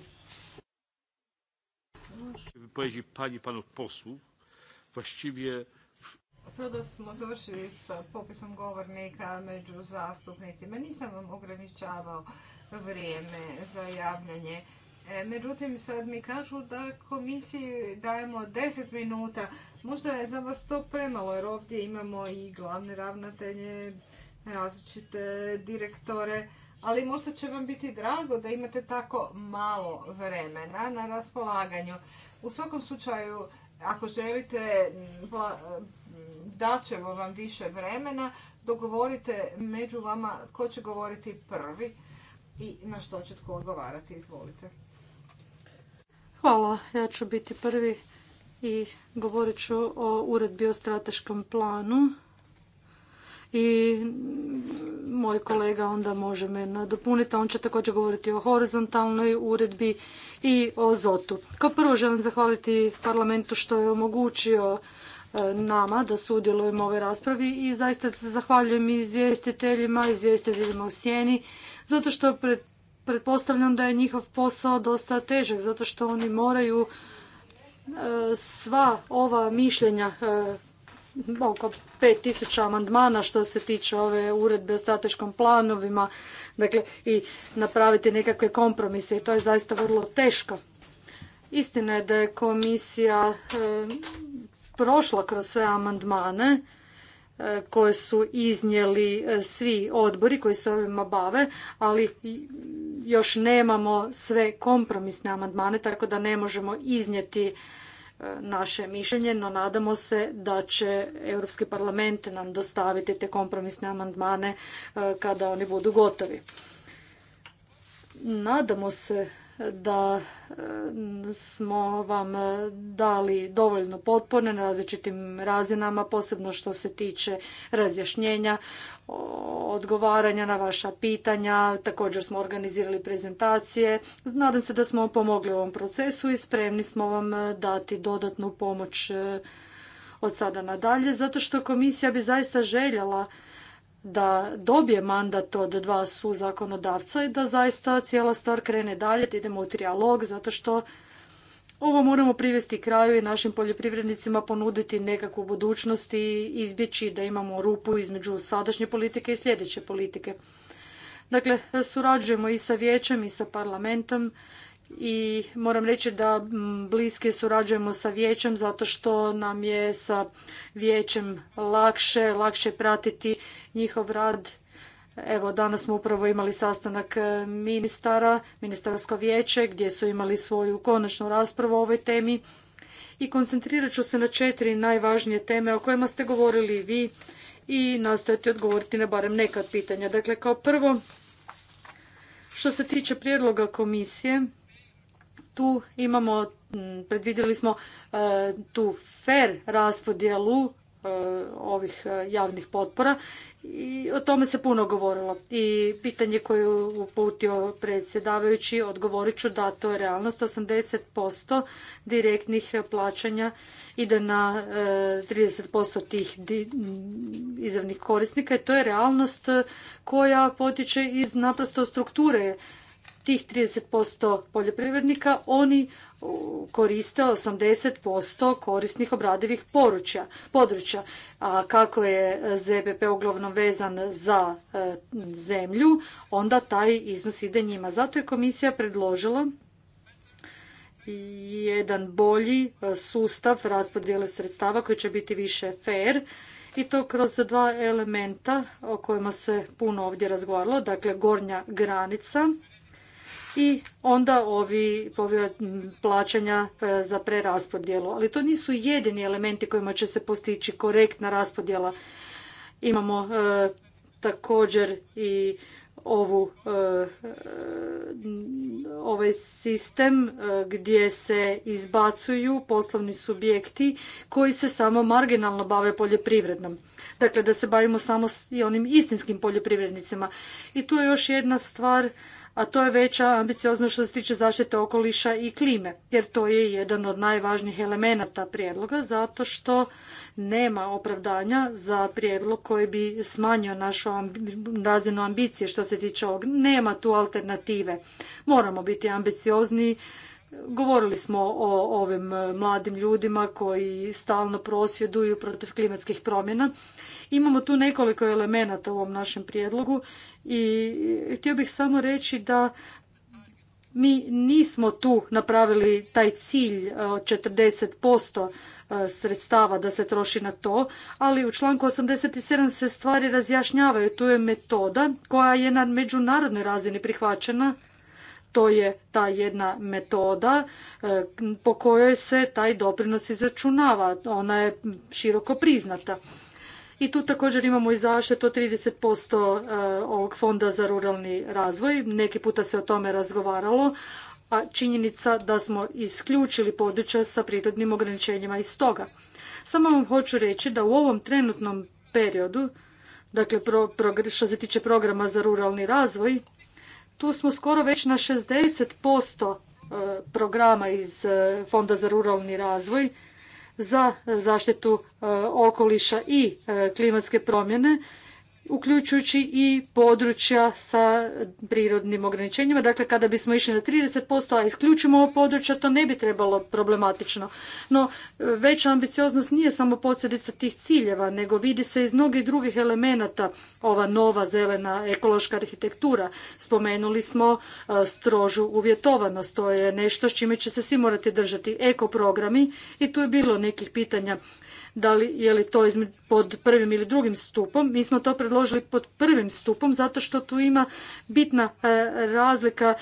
Sada smo završili s popisom govornika među zastupnicima. Nisam vam ograničavao vrijeme za javljanje. E, međutim, sad mi kažu da komisiji dajemo 10 minuta. Možda je za vas to premalo, jer ovdje imamo i glavne ravnatelje, različite direktore, ali možda će vam biti drago da imate tako malo vremena na raspolaganju. U svakom slučaju, ako želite, daćemo vam više vremena, dogovorite među vama ko će govoriti prvi i na što će tko odgovarati. Izvolite. Hvala, ja ću biti prvi i govorit ću o uredbi o strateškom planu i moj kolega onda može me nadopuniti, on će također govoriti o horizontalnoj uredbi i o ZOT-u. Kao prvo želim zahvaliti parlamentu što je omogućio e, nama da sudjelujemo u ovoj raspravi i zaista se zahvaljujem izvjestiteljima, izvjestiteljima u sjeni, zato što pretpostavljam da je njihov posao dosta težak, zato što oni moraju e, sva ova mišljenja e, oko 5000 amandmana što se tiče ove uredbe o strateškom planovima, dakle i napraviti nekakve kompromise i to je zaista vrlo teško. Istina je da je komisija e, prošla kroz sve amandmane e, koje su iznijeli e, svi odbori koji se ovima bave, ali još nemamo sve kompromisne amandmane, tako da ne možemo iznijeti naše mišljenje, no nadamo se da će Europski parlament nam dostaviti te kompromisne amandmane eh, kada oni budu gotovi. Nadamo se da e, smo vam dali dovoljno potpore na različitim razinama, posebno što se tiče razjašnjenja, odgovaranja na vaša pitanja. Također smo organizirali prezentacije. Nadam se da smo pomogli u ovom procesu i spremni smo vam dati dodatnu pomoć e, od sada nadalje, zato što komisija bi zaista željela da dobije mandat od dva su zakonodavca i da zaista cijela stvar krene dalje, da idemo u trijalog zato što ovo moramo privesti kraju i našim poljoprivrednicima ponuditi nekakvu budućnost i izbjeći da imamo rupu između sadašnje politike i sljedeće politike. Dakle, surađujemo i sa vijećem i sa parlamentom i moram reći da bliske surađujemo sa vijećem zato što nam je sa vijećem lakše, lakše pratiti njihov rad. Evo, danas smo upravo imali sastanak e, ministara, ministarsko vijeće, gdje su imali svoju konačnu raspravu o ovoj temi. I koncentrirat ću se na četiri najvažnije teme o kojima ste govorili vi i nastojati odgovoriti na barem neka pitanja. Dakle, kao prvo, što se tiče prijedloga komisije, tu imamo, predvidjeli smo e, tu fer raspodjelu e, ovih e, javnih potpora i o tome se puno govorilo. I pitanje koje je uputio predsjedavajući, odgovorit ću da to je realnost. 80% direktnih plaćanja ide na 30% tih izravnih korisnika i to je realnost koja potiče iz naprosto strukture tih 30% poljoprivrednika, oni koriste 80% korisnih obradivih područja. A kako je ZPP uglavnom vezan za e, zemlju, onda taj iznos ide njima. Zato je komisija predložila jedan bolji e, sustav raspodjele sredstava koji će biti više fair i to kroz dva elementa o kojima se puno ovdje razgovaralo, dakle gornja granica i onda ovi plaćanja e, za preraspodjelu. Ali to nisu jedini elementi kojima će se postići korektna raspodjela. Imamo e, također i ovu e, ovaj sistem gdje se izbacuju poslovni subjekti koji se samo marginalno bave poljoprivrednom. Dakle, da se bavimo samo i onim istinskim poljoprivrednicima. I tu je još jedna stvar a to je veća ambicioznost što se tiče zaštite okoliša i klime, jer to je jedan od najvažnijih elemenata prijedloga, zato što nema opravdanja za prijedlog koji bi smanjio našu razinu ambicije što se tiče ovog. Nema tu alternative. Moramo biti ambiciozniji, Govorili smo o ovim mladim ljudima koji stalno prosvjeduju protiv klimatskih promjena Imamo tu nekoliko elemenata u ovom našem prijedlogu i htio bih samo reći da mi nismo tu napravili taj cilj e, od 40% e, sredstava da se troši na to, ali u članku 87 se stvari razjašnjavaju. Tu je metoda koja je na međunarodnoj razini prihvaćena. To je ta jedna metoda e, po kojoj se taj doprinos izračunava. Ona je široko priznata. I tu također imamo i zaštitu 30% e, ovog fonda za ruralni razvoj. Neki puta se o tome razgovaralo, a činjenica da smo isključili područja sa prirodnim ograničenjima iz toga. Samo vam hoću reći da u ovom trenutnom periodu, dakle što se tiče programa za ruralni razvoj, tu smo skoro već na 60% e, programa iz e, Fonda za ruralni razvoj za zaštitu e, okoliša i e, klimatske promjene uključujući i područja sa prirodnim ograničenjima. Dakle, kada bismo išli na 30%, a isključimo ovo područja, to ne bi trebalo problematično. No, veća ambicioznost nije samo posljedica tih ciljeva, nego vidi se iz mnogih drugih elemenata ova nova zelena ekološka arhitektura. Spomenuli smo e, strožu uvjetovanost, to je nešto s čime će se svi morati držati Eko programi i tu je bilo nekih pitanja da li je li to između pod prvim ili drugim stupom. Mi smo to predložili pod prvim stupom zato što tu ima bitna e, razlika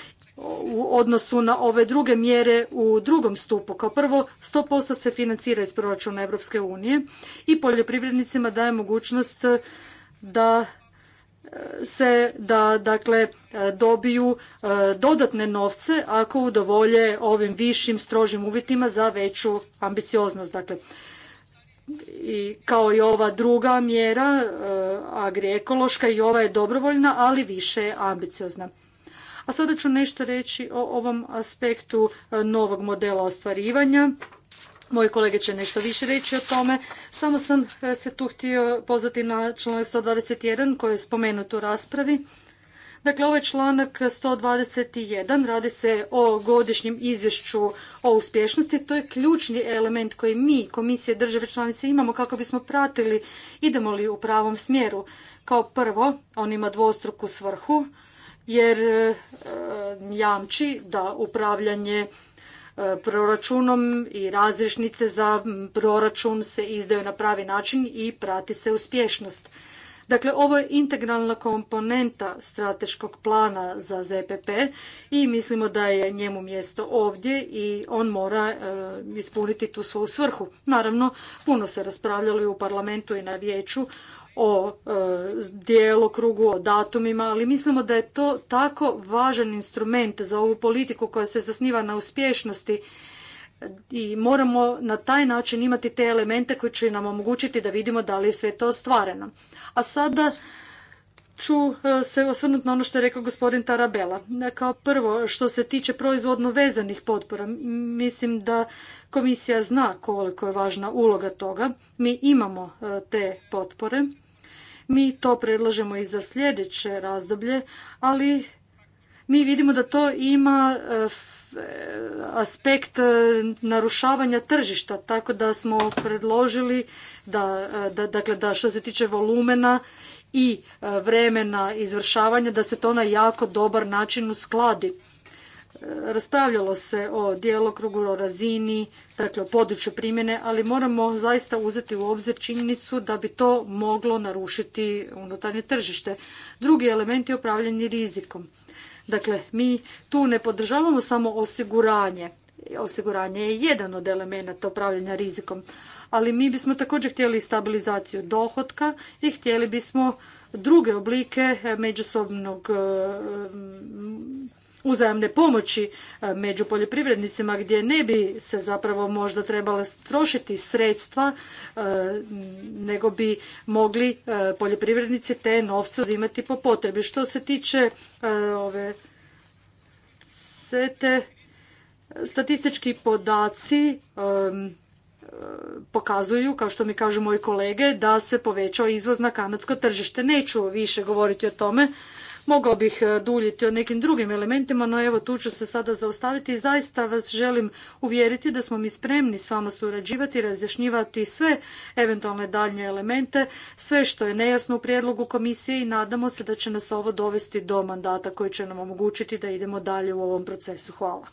u odnosu na ove druge mjere u drugom stupu. Kao prvo, 100% se financira iz proračuna Europske unije i poljoprivrednicima daje mogućnost da e, se da dakle e, dobiju dodatne novce ako udovolje ovim višim strožim uvjetima za veću ambicioznost. Dakle, i kao i ova druga mjera e, agriekološka i ova je dobrovoljna, ali više je ambiciozna. A sada ću nešto reći o ovom aspektu e, novog modela ostvarivanja. Moji kolege će nešto više reći o tome. Samo sam e, se tu htio pozvati na članak 121 koji je spomenut u raspravi Dakle, ovaj članak 121 radi se o godišnjem izvješću o uspješnosti. To je ključni element koji mi, komisije države članice, imamo kako bismo pratili idemo li u pravom smjeru. Kao prvo, on ima dvostruku svrhu jer e, jamči da upravljanje e, proračunom i razrišnice za proračun se izdaju na pravi način i prati se uspješnost. Dakle, ovo je integralna komponenta strateškog plana za ZPP i mislimo da je njemu mjesto ovdje i on mora e, ispuniti tu svoju svrhu. Naravno, puno se raspravljalo u parlamentu i na vijeću o e, krugu, o datumima, ali mislimo da je to tako važan instrument za ovu politiku koja se zasniva na uspješnosti i moramo na taj način imati te elemente koji će nam omogućiti da vidimo da li je sve to ostvareno. A sada ću e, se osvrnuti na ono što je rekao gospodin Tarabela. E, kao prvo, što se tiče proizvodno vezanih potpora, mislim da komisija zna koliko je važna uloga toga. Mi imamo e, te potpore. Mi to predlažemo i za sljedeće razdoblje, ali mi vidimo da to ima aspekt e, narušavanja tržišta, tako da smo predložili da, e, da, dakle, da što se tiče volumena i e, vremena izvršavanja, da se to na jako dobar način uskladi. Raspravljalo se o djelokrugu, o razini, dakle o području primjene, ali moramo zaista uzeti u obzir činjenicu da bi to moglo narušiti unutarnje tržište. Drugi element je upravljanje rizikom. Dakle, mi tu ne podržavamo samo osiguranje. Osiguranje je jedan od elemenata upravljanja rizikom, ali mi bismo također htjeli stabilizaciju dohotka i htjeli bismo druge oblike međusobnog uzajamne pomoći e, među poljoprivrednicima gdje ne bi se zapravo možda trebala trošiti sredstva e, nego bi mogli e, poljoprivrednici te novce uzimati po potrebi. Što se tiče ove sete, statistički podaci pokazuju, kao što mi kažu moji kolege, da se povećao izvoz na kanadsko tržište. Neću više govoriti o tome, Mogao bih e, duljiti o nekim drugim elementima, no evo tu ću se sada zaustaviti i zaista vas želim uvjeriti da smo mi spremni s vama surađivati, razjašnjivati sve eventualne daljnje elemente, sve što je nejasno u prijedlogu komisije i nadamo se da će nas ovo dovesti do mandata koji će nam omogućiti da idemo dalje u ovom procesu. Hvala.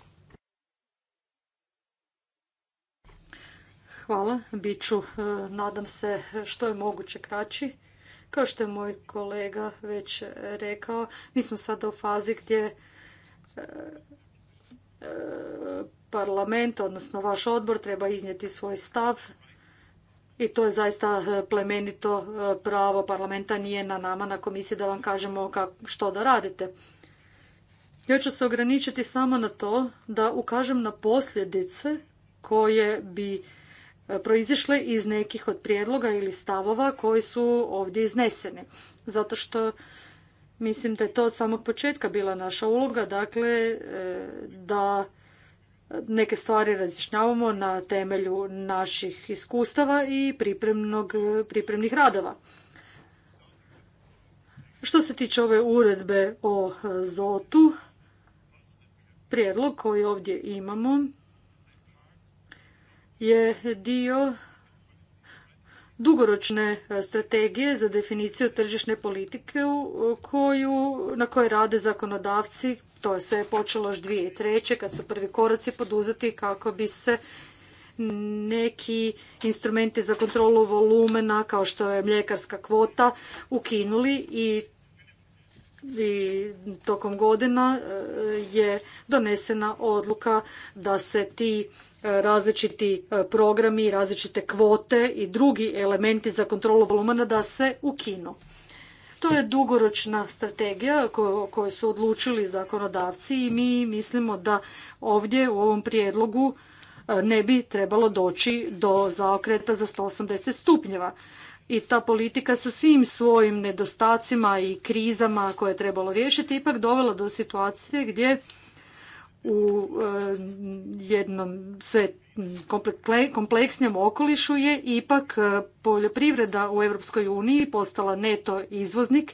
Hvala. E, nadam se, što je moguće kraći. Kao što je moj kolega već rekao, mi smo sada u fazi gdje e, e, parlament, odnosno vaš odbor, treba iznijeti svoj stav i to je zaista e, plemenito pravo parlamenta, nije na nama, na komisiji da vam kažemo što da radite. Ja ću se ograničiti samo na to da ukažem na posljedice koje bi E, proizišle iz nekih od prijedloga ili stavova koji su ovdje izneseni. Zato što mislim da je to od samog početka bila naša uloga, dakle e, da neke stvari razjašnjavamo na temelju naših iskustava i pripremnih radova. Što se tiče ove uredbe o e, zotu, prijedlog koji ovdje imamo je dio dugoročne e, strategije za definiciju tržišne politike e, koju, na kojoj rade zakonodavci. To je sve počelo još 2003. kad su prvi koraci poduzeti kako bi se neki instrumenti za kontrolu volumena kao što je mljekarska kvota ukinuli i i tokom godina e, je donesena odluka da se ti E, različiti e, programi, različite kvote i drugi elementi za kontrolu volumena da se ukinu. To je dugoročna strategija koju su odlučili zakonodavci i mi mislimo da ovdje u ovom prijedlogu e, ne bi trebalo doći do zaokreta za 180 stupnjeva. I ta politika sa svim svojim nedostacima i krizama koje je trebalo riješiti ipak dovela do situacije gdje u e, jednom sve kompleksnjem okolišu je ipak e, poljoprivreda u Europskoj uniji postala neto izvoznik.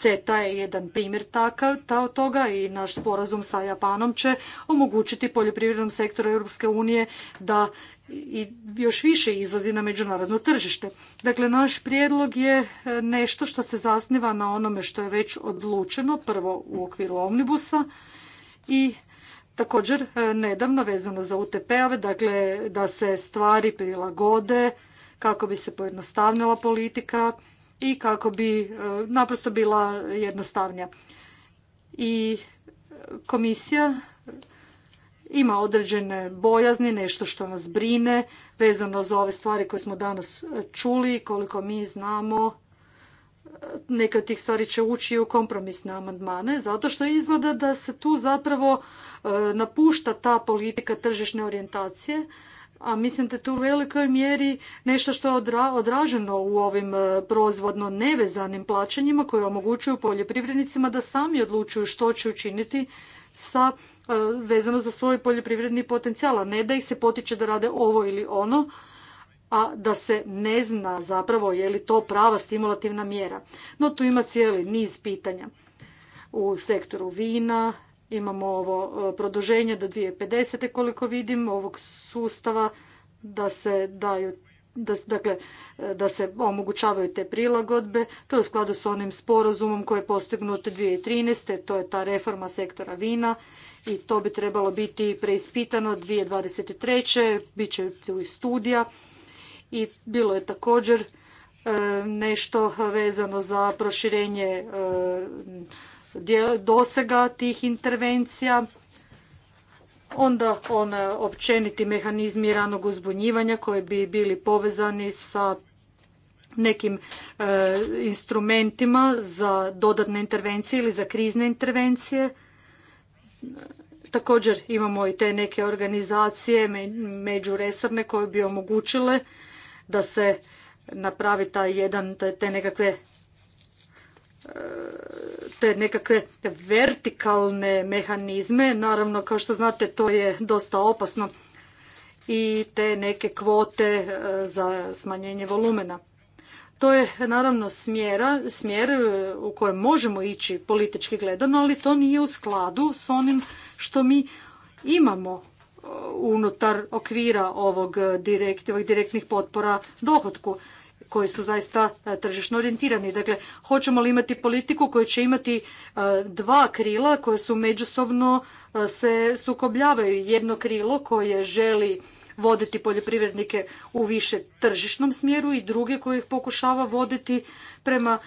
CETA je jedan primjer takav ta od toga i naš sporazum sa Japanom će omogućiti poljoprivrednom sektoru Europske unije da i još više izvozi na međunarodno tržište. Dakle, naš prijedlog je e, nešto što se zasniva na onome što je već odlučeno, prvo u okviru omnibusa i Također, e, nedavno vezano za UTP-ove, dakle da se stvari prilagode kako bi se pojednostavnila politika i kako bi e, naprosto bila jednostavnija. I komisija ima određene bojazni, nešto što nas brine, vezano za ove stvari koje smo danas e, čuli, koliko mi znamo, neke od tih stvari će ući u kompromisne amandmane, zato što izgleda da se tu zapravo e, napušta ta politika tržišne orijentacije, a mislim da je tu u velikoj mjeri nešto što je odraženo u ovim e, proizvodno nevezanim plaćanjima koje omogućuju poljoprivrednicima da sami odlučuju što će učiniti sa e, vezano za svoj poljoprivredni potencijal, a ne da ih se potiče da rade ovo ili ono, a da se ne zna zapravo je li to prava stimulativna mjera. No tu ima cijeli niz pitanja. U sektoru vina imamo ovo e, produženje do 2050. koliko vidim ovog sustava da se daju da, dakle, e, da se omogućavaju te prilagodbe. To je u skladu s onim sporazumom koji je postignut 2013. To je ta reforma sektora vina i to bi trebalo biti preispitano 2023. Biće tu i studija i bilo je također e, nešto vezano za proširenje e, dosega tih intervencija. Onda on e, općeniti mehanizmi ranog uzbunjivanja koji bi bili povezani sa nekim instrumentima za dodatne intervencije ili za krizne intervencije. Također imamo i te neke organizacije međuresorne koje bi omogućile da se napravi taj jedan, te nekakve e, te nekakve vertikalne mehanizme. Naravno, kao što znate, to je dosta opasno i te neke kvote e, za smanjenje volumena. To je naravno smjera, smjer e, u kojem možemo ići politički gledano, ali to nije u skladu s onim što mi imamo unutar okvira ovog direkt, ovih direktnih potpora dohotku koji su zaista e, tržišno orijentirani. Dakle, hoćemo li imati politiku koja će imati e, dva krila koje su međusobno e, se sukobljavaju. Jedno krilo koje želi voditi poljoprivrednike u više tržišnom smjeru i druge koje ih pokušava voditi prema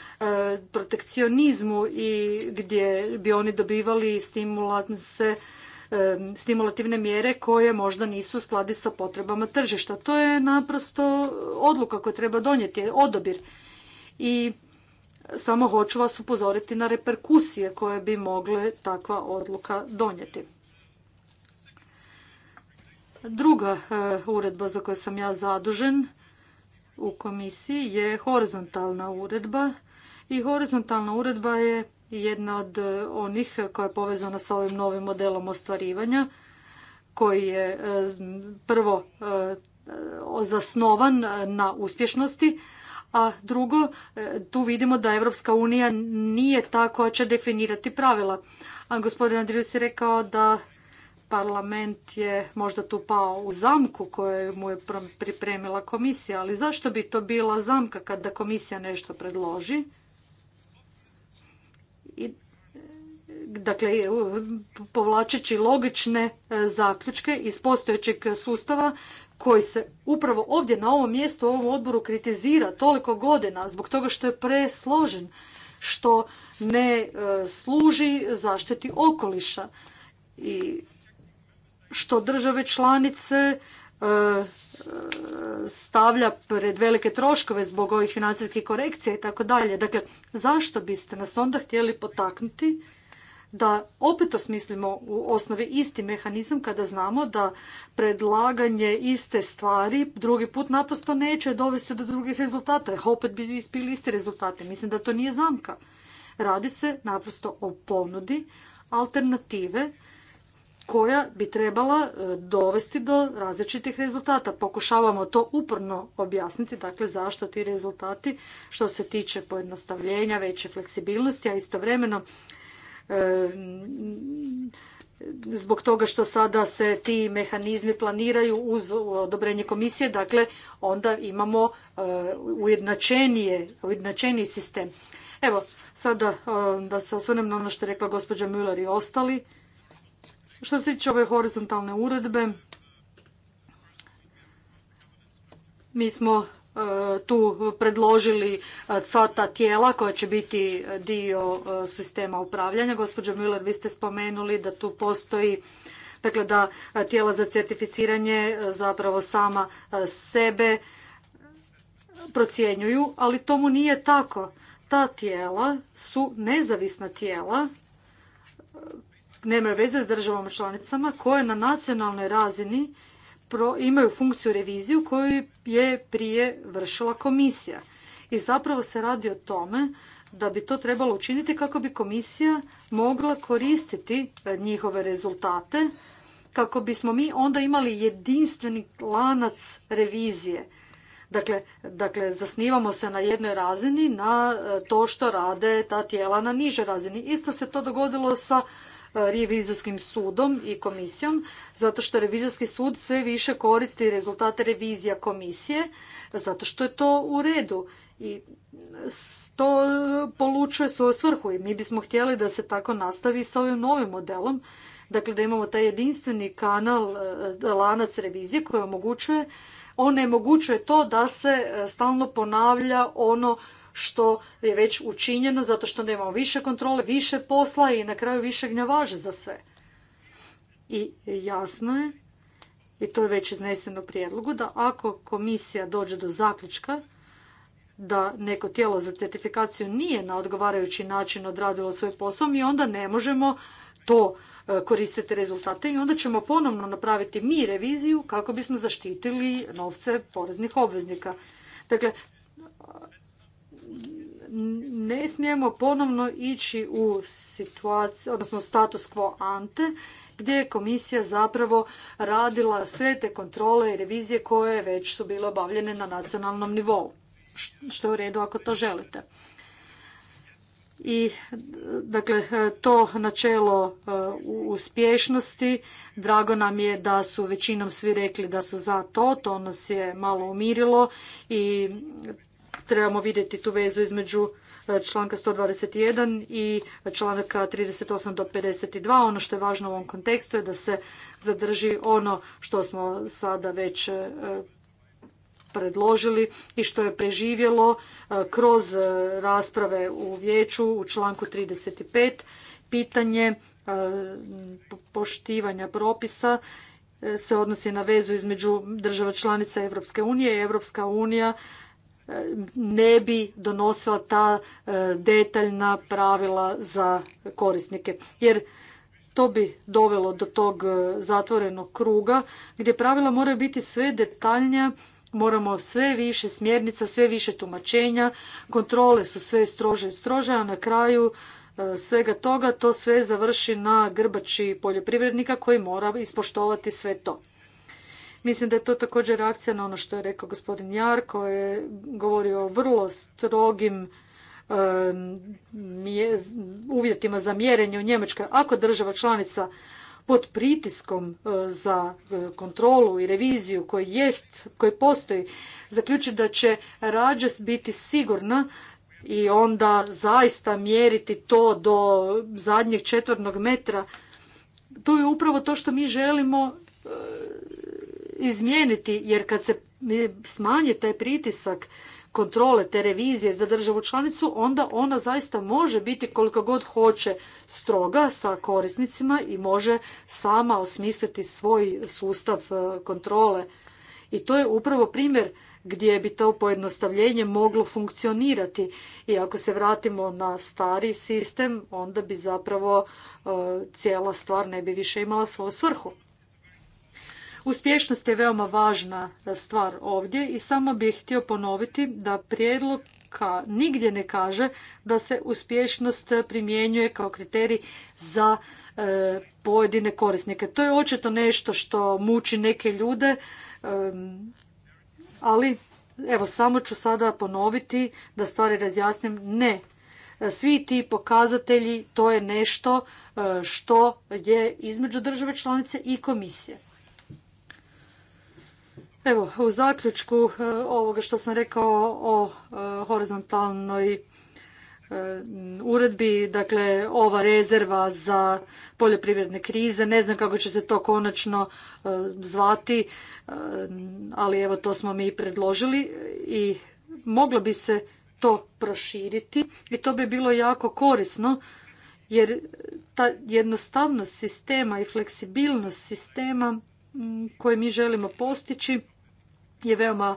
protekcionizmu i gdje bi oni dobivali stimulanse stimulativne mjere koje možda nisu skladi sa potrebama tržišta. To je naprosto odluka koju treba donijeti, odobir. I samo hoću vas upozoriti na reperkusije koje bi mogle takva odluka donijeti. Druga e, uredba za koju sam ja zadužen u komisiji je horizontalna uredba i horizontalna uredba je jedna od e, onih koja je povezana s ovim novim modelom ostvarivanja koji je e, prvo e, zasnovan na uspješnosti, a drugo, tu vidimo da Europska unija nije ta koja će definirati pravila. A gospodin Andrius je rekao da parlament je možda tu pao u zamku koju mu je pripremila komisija, ali zašto bi to bila zamka kada komisija nešto predloži? i dakle povlačeći logične e, zaključke iz postojećeg sustava koji se upravo ovdje na ovom mjestu, u ovom odboru kritizira toliko godina zbog toga što je presložen, što ne e, služi zaštiti okoliša i što države članice E, stavlja pred velike troškove zbog ovih financijskih korekcija i tako dalje. Dakle, zašto biste nas onda htjeli potaknuti da opet osmislimo u osnovi isti mehanizam kada znamo da predlaganje iste stvari drugi put naprosto neće dovesti do drugih rezultata, jer opet bi bili isti rezultate. Mislim da to nije zamka. Radi se naprosto o ponudi alternative koja bi trebala e, dovesti do različitih rezultata. Pokušavamo to uporno objasniti, dakle zašto ti rezultati što se tiče pojednostavljenja, veće fleksibilnosti, a istovremeno e, zbog toga što sada se ti mehanizmi planiraju uz odobrenje komisije, dakle onda imamo e, ujednačeniji sistem. Evo, sada da se osvrnem na ono što je rekla gospođa Müller i ostali što se tiče ove horizontalne uredbe, mi smo e, tu predložili e, ta tijela koja će biti dio e, sistema upravljanja. Gospodin Müller, vi ste spomenuli da tu postoji dakle da tijela za certificiranje zapravo sama sebe procjenjuju, ali tomu nije tako. Ta tijela su nezavisna tijela nemaju veze s državama članicama koje na nacionalnoj razini imaju funkciju reviziju koju je prije vršila komisija. I zapravo se radi o tome da bi to trebalo učiniti kako bi komisija mogla koristiti e, njihove rezultate, kako bismo mi onda imali jedinstveni lanac revizije. Dakle, dakle, zasnivamo se na jednoj razini na e, to što rade ta tijela na nižoj razini. Isto se to dogodilo sa E, revizorskim sudom i komisijom, zato što revizorski sud sve više koristi rezultate revizija komisije, zato što je to u redu i to polučuje svoju svrhu i mi bismo htjeli da se tako nastavi sa ovim novim modelom, dakle da imamo taj jedinstveni kanal, e, lanac revizije koji omogućuje, on omogućuje to da se e, stalno ponavlja ono što je već učinjeno zato što nemamo više kontrole, više posla i na kraju više gnjavaže za sve. I jasno je, i to je već izneseno u prijedlogu, da ako komisija dođe do zaključka da neko tijelo za certifikaciju nije na odgovarajući način odradilo svoj posao, mi onda ne možemo to e, koristiti rezultate i onda ćemo ponovno napraviti mi reviziju kako bismo zaštitili novce poreznih obveznika. Dakle, ne smijemo ponovno ići u situaciju, odnosno status quo ante, gdje je komisija zapravo radila sve te kontrole i revizije koje već su bile obavljene na nacionalnom nivou. Što je u redu ako to želite. I dakle, to načelo e, uspješnosti, drago nam je da su većinom svi rekli da su za to, to nas je malo umirilo i Trebamo vidjeti tu vezu između e, članka 121 i članka 38 do 52. Ono što je važno u ovom kontekstu je da se zadrži ono što smo sada već e, predložili i što je preživjelo e, kroz rasprave u vijeću u članku 35 pitanje poštivanja propisa se odnosi na vezu između država članica Europske unije i Evropska unija ne bi donosila ta e, detaljna pravila za korisnike. Jer to bi dovelo do tog e, zatvorenog kruga gdje pravila moraju biti sve detaljnija, moramo sve više smjernica, sve više tumačenja, kontrole su sve strože i strože, a na kraju e, svega toga to sve završi na grbači poljoprivrednika koji mora ispoštovati sve to. Mislim da je to također reakcija na ono što je rekao gospodin Jarko koji je govorio o vrlo strogim uvjetima za mjerenje u Njemačkoj. Ako država članica pod pritiskom e, za e, kontrolu i reviziju koji jest, koji postoji, zaključi da će rađe biti sigurna i onda zaista mjeriti to do zadnjeg četvrnog metra. To je upravo to što mi želimo e, izmijeniti jer kad se e, smanji taj pritisak kontrole te revizije za državu članicu, onda ona zaista može biti koliko god hoće stroga sa korisnicima i može sama osmisliti svoj sustav e, kontrole. I to je upravo primjer gdje bi to pojednostavljenje moglo funkcionirati. I ako se vratimo na stari sistem, onda bi zapravo e, cijela stvar ne bi više imala svoju svrhu. Uspješnost je veoma važna stvar ovdje i samo bih htio ponoviti da prijedlog nigdje ne kaže da se uspješnost primjenjuje kao kriterij za e, pojedine korisnike. To je očito nešto što muči neke ljude, e, ali evo samo ću sada ponoviti da stvari razjasnim. Ne, svi ti pokazatelji to je nešto e, što je između države članice i komisije. Evo, u zaključku e, ovoga što sam rekao o e, horizontalnoj e, uredbi, dakle ova rezerva za poljoprivredne krize, ne znam kako će se to konačno zvati, ali evo to smo mi predložili i moglo bi se to proširiti i to bi bilo jako korisno jer ta jednostavnost sistema i fleksibilnost sistema koje mi želimo postići je veoma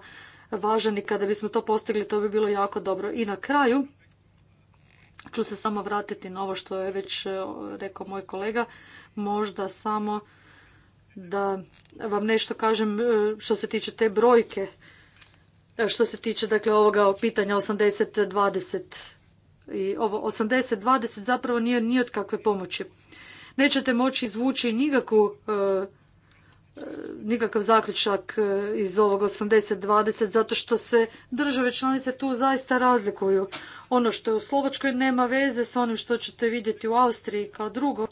važan i kada bismo to postigli to bi bilo jako dobro. I na kraju ću se samo vratiti na ovo što je već e, rekao moj kolega, možda samo da vam nešto kažem e, što se tiče te brojke, e, što se tiče dakle ovoga pitanja 80-20 i ovo 80-20 zapravo nije ni od kakve pomoći. Nećete moći izvući nikakvu nikakav zaključak e, iz ovog 80-20 zato što se države članice tu zaista razlikuju. Ono što je u Slovačkoj nema veze s onim što ćete vidjeti u Austriji kao drugo.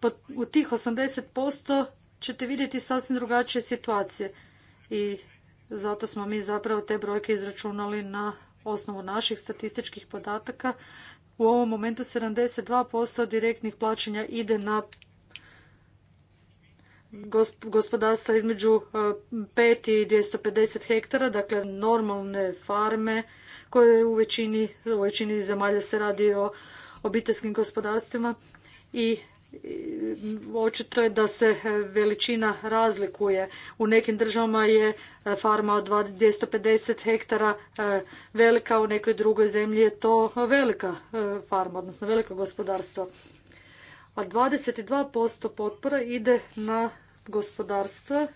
Pa u tih 80% ćete vidjeti sasvim drugačije situacije i zato smo mi zapravo te brojke izračunali na osnovu naših statističkih podataka. U ovom momentu 72% direktnih plaćanja ide na gospodarstva između 5 e, i 250 hektara, dakle normalne farme koje u većini, u većini zemalja se radi o obiteljskim gospodarstvima i očito je da se e, veličina razlikuje. U nekim državama je e, farma od 250 hektara velika, u nekoj drugoj zemlji je to velika farma, odnosno veliko gospodarstvo. A 22% potpora ide na gospodarstva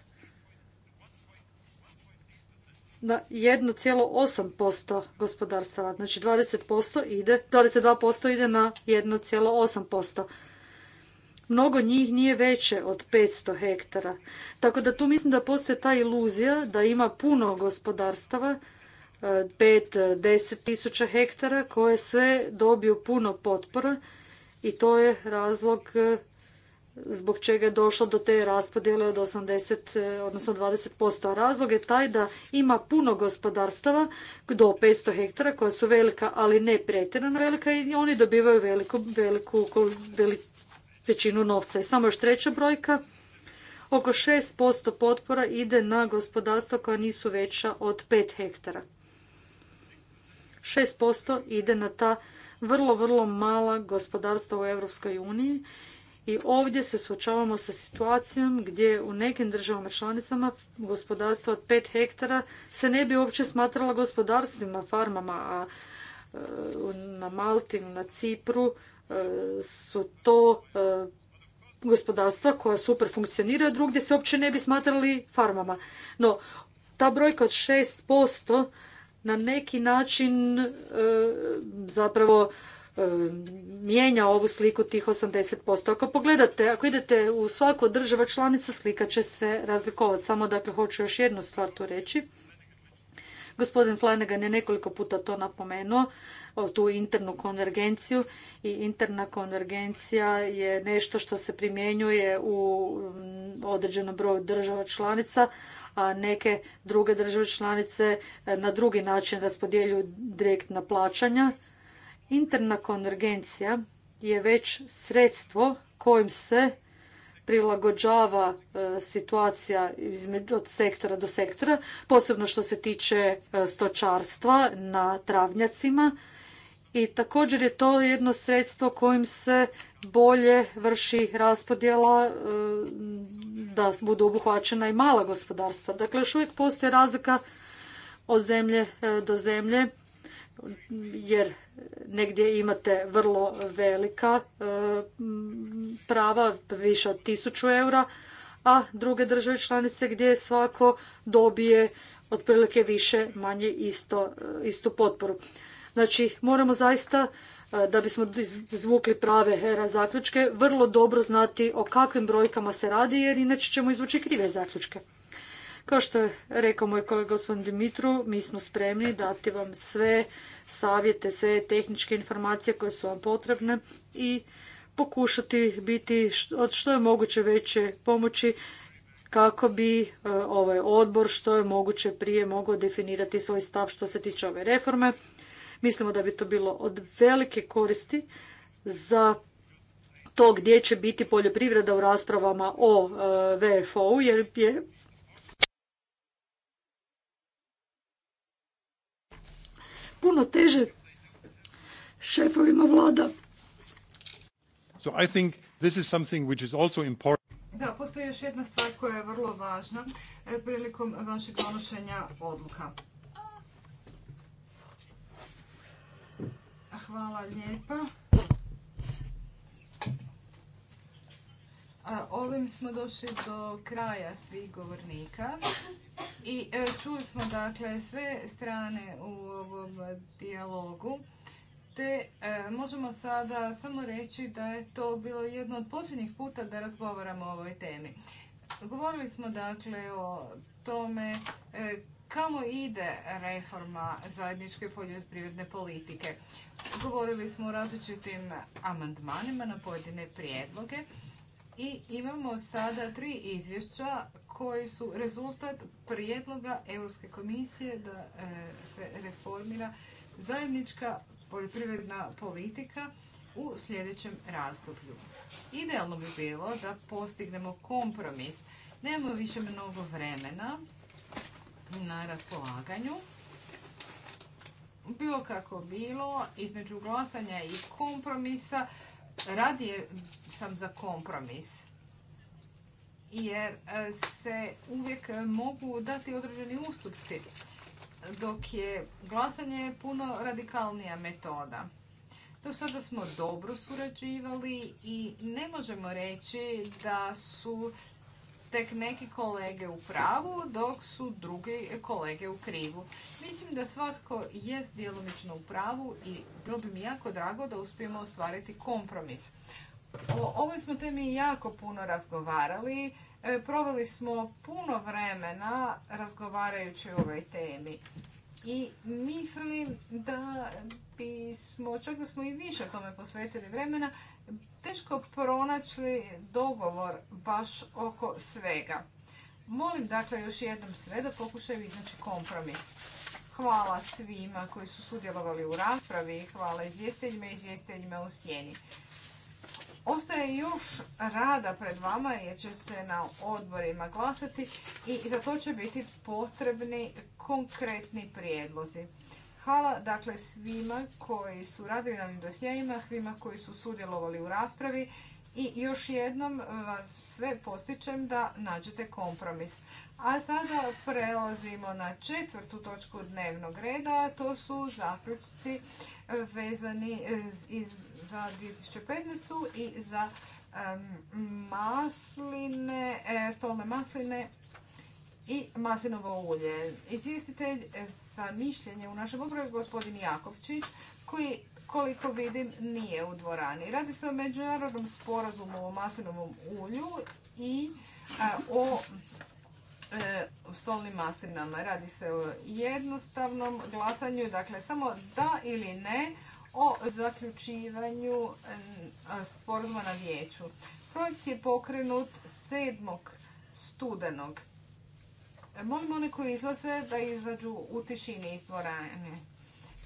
na 1,8% gospodarstva, Znači 20% ide, 22% ide na 1,8%. Mnogo njih nije veće od 500 hektara. Tako da tu mislim da postoje ta iluzija da ima puno gospodarstava, 5-10 eh, tisuća hektara koje sve dobiju puno potpora i to je razlog eh, zbog čega je došlo do te raspodjele od 80, odnosno 20%. A razlog je taj da ima puno gospodarstava do 500 hektara koja su velika, ali ne pretjerana velika i oni dobivaju veliku, veliku, veliku većinu novca. I samo još treća brojka, oko 6% potpora ide na gospodarstva koja nisu veća od 5 hektara. 6% ide na ta vrlo, vrlo mala gospodarstva u Europskoj uniji i ovdje se suočavamo sa situacijom gdje u nekim državama članicama gospodarstva od pet hektara se ne bi uopće smatrala gospodarstvima, farmama, a e, na Malti na Cipru e, su to e, gospodarstva koja super funkcioniraju, drugdje se uopće ne bi smatrali farmama. No, ta brojka od 6% na neki način zapravo mijenja ovu sliku tih 80%. Ako pogledate, ako idete u svaku od država članica, slika će se razlikovati. Samo dakle, hoću još jednu stvar tu reći. Gospodin Flanagan je nekoliko puta to napomenuo, tu internu konvergenciju i interna konvergencija je nešto što se primjenjuje u određenom broju država članica, a neke druge države članice na drugi način raspodjeljuju direktna plaćanja Interna konvergencija je već sredstvo kojim se prilagođava e, situacija između, od sektora do sektora, posebno što se tiče e, stočarstva na travnjacima. I također je to jedno sredstvo kojim se bolje vrši raspodjela e, da budu obuhvaćena i mala gospodarstva. Dakle, još uvijek postoji razlika od zemlje do zemlje jer negdje imate vrlo velika e, prava, više od 1000 eura, a druge države članice gdje svako dobije otprilike više, manje isto, e, istu potporu. Znači, moramo zaista e, da bismo izvukli prave hera zaključke, vrlo dobro znati o kakvim brojkama se radi, jer inače ćemo izvući krive zaključke. Kao što je rekao moj kolega gospodin Dimitru, mi smo spremni dati vam sve savjete, sve tehničke informacije koje su vam potrebne i pokušati biti od što je moguće veće pomoći kako bi e, ovaj odbor što je moguće prije mogao definirati svoj stav što se tiče ove reforme. Mislimo da bi to bilo od velike koristi za to gdje će biti poljoprivreda u raspravama o e, VFO-u jer je puno teže šefovima vlada. So I think this is something which is also important. Da, postoji još jedna stvar koja je vrlo važna e, prilikom vašeg donošenja odluka. Hvala lijepa. Ovim smo došli do kraja svih govornika i e, čuli smo dakle sve strane u ovom dijalogu te e, možemo sada samo reći da je to bilo jedno od posljednjih puta da razgovaramo o ovoj temi. Govorili smo dakle o tome e, kamo ide reforma zajedničke poljoprivredne politike. Govorili smo o različitim amandmanima na pojedine prijedloge i imamo sada tri izvješća koji su rezultat prijedloga Europske komisije da e, se reformira zajednička poljoprivredna politika u sljedećem razdoblju. Idealno bi bilo da postignemo kompromis. Nemamo više mnogo vremena na raspolaganju. Bilo kako bilo, između glasanja i kompromisa radije sam za kompromis jer e, se uvijek mogu dati određeni ustupci, dok je glasanje puno radikalnija metoda. Do sada smo dobro surađivali i ne možemo reći da su tek neki kolege u pravu, dok su drugi kolege u krivu. Mislim da svatko jest djelomično u pravu i bilo bi mi jako drago da uspijemo ostvariti kompromis. O ovoj smo temi jako puno razgovarali. E, proveli smo puno vremena razgovarajući o ovoj temi. I mislim da bismo, čak da smo i više tome posvetili vremena, teško pronaći dogovor baš oko svega. Molim dakle još jednom sve da pokušaju iznaći kompromis. Hvala svima koji su sudjelovali u raspravi i hvala izvjestiteljima i izvjestiteljima u sjeni. Ostaje još rada pred vama jer će se na odborima glasati i za to će biti potrebni konkretni prijedlozi. Hvala dakle svima koji su radili na ovim svima koji su sudjelovali u raspravi i još jednom vas sve postičem da nađete kompromis. A sada prelazimo na četvrtu točku dnevnog reda, to su zaključci vezani za 2015. i za masline, e, stolne masline i maslinovo ulje. Izvjestitelj sa mišljenje u našem odboru gospodin Jakovčić, koji koliko vidim nije u dvorani. Radi se o međunarodnom sporazumu o maslinovom ulju i e, o e, stolnim maslinama. Radi se o jednostavnom glasanju, dakle samo da ili ne o zaključivanju e, sporazuma na vijeću. Projekt je pokrenut 7. studenog E, molim one koji izlaze da izađu u tišini iz dvorane.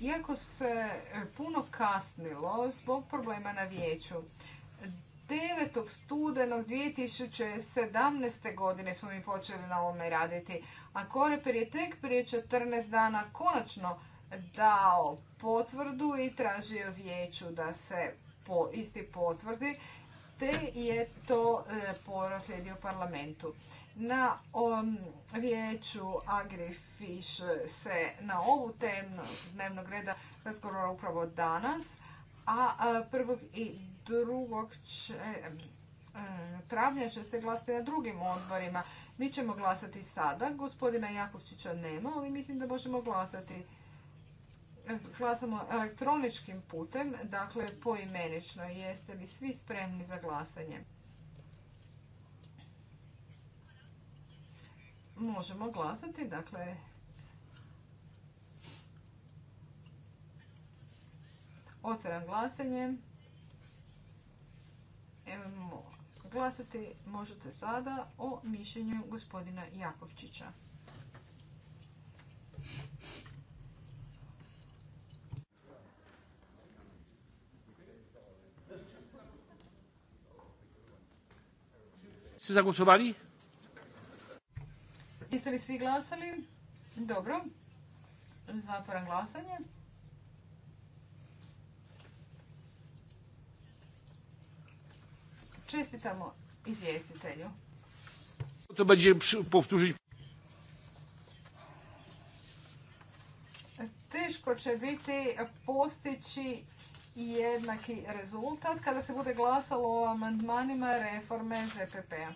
Iako se e, puno kasnilo zbog problema na vijeću, 9. studenog 2017. godine smo mi počeli na ovome raditi, a Koreper je tek prije 14 dana konačno dao potvrdu i tražio vijeću da se po, isti potvrdi, te je to e, parlamentu. Na um, vijeću AgriFish se na ovu temu dnevnog reda razgovara upravo danas, a prvog i drugog e, travnja će se glasati na drugim odborima. Mi ćemo glasati sada. Gospodina Jakovčića nema, ali mislim da možemo glasati e, glasamo elektroničkim putem, dakle poimenično. Jeste li svi spremni za glasanje? možemo glasati. Dakle, otvaram glasanje. Evo, glasati možete sada o mišljenju gospodina Jakovčića. Se zagłosowali? Jeste li svi glasali? Dobro. Zatvoram glasanje. Čestitamo izvjestitelju. To povtužiti? Teško će biti postići jednaki rezultat kada se bude glasalo o amandmanima reforme ZPP-a.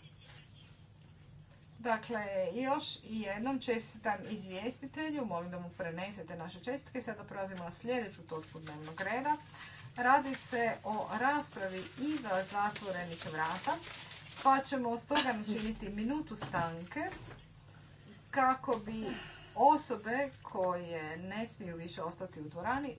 Dakle, još jednom čestitam izvjestitelju, molim da mu prenesete naše čestitke. Sada prelazimo na sljedeću točku dnevnog reda. Radi se o raspravi iza zatvorenih vrata, pa ćemo toga načiniti minutu stanke kako bi osobe koje ne smiju više ostati u dvorani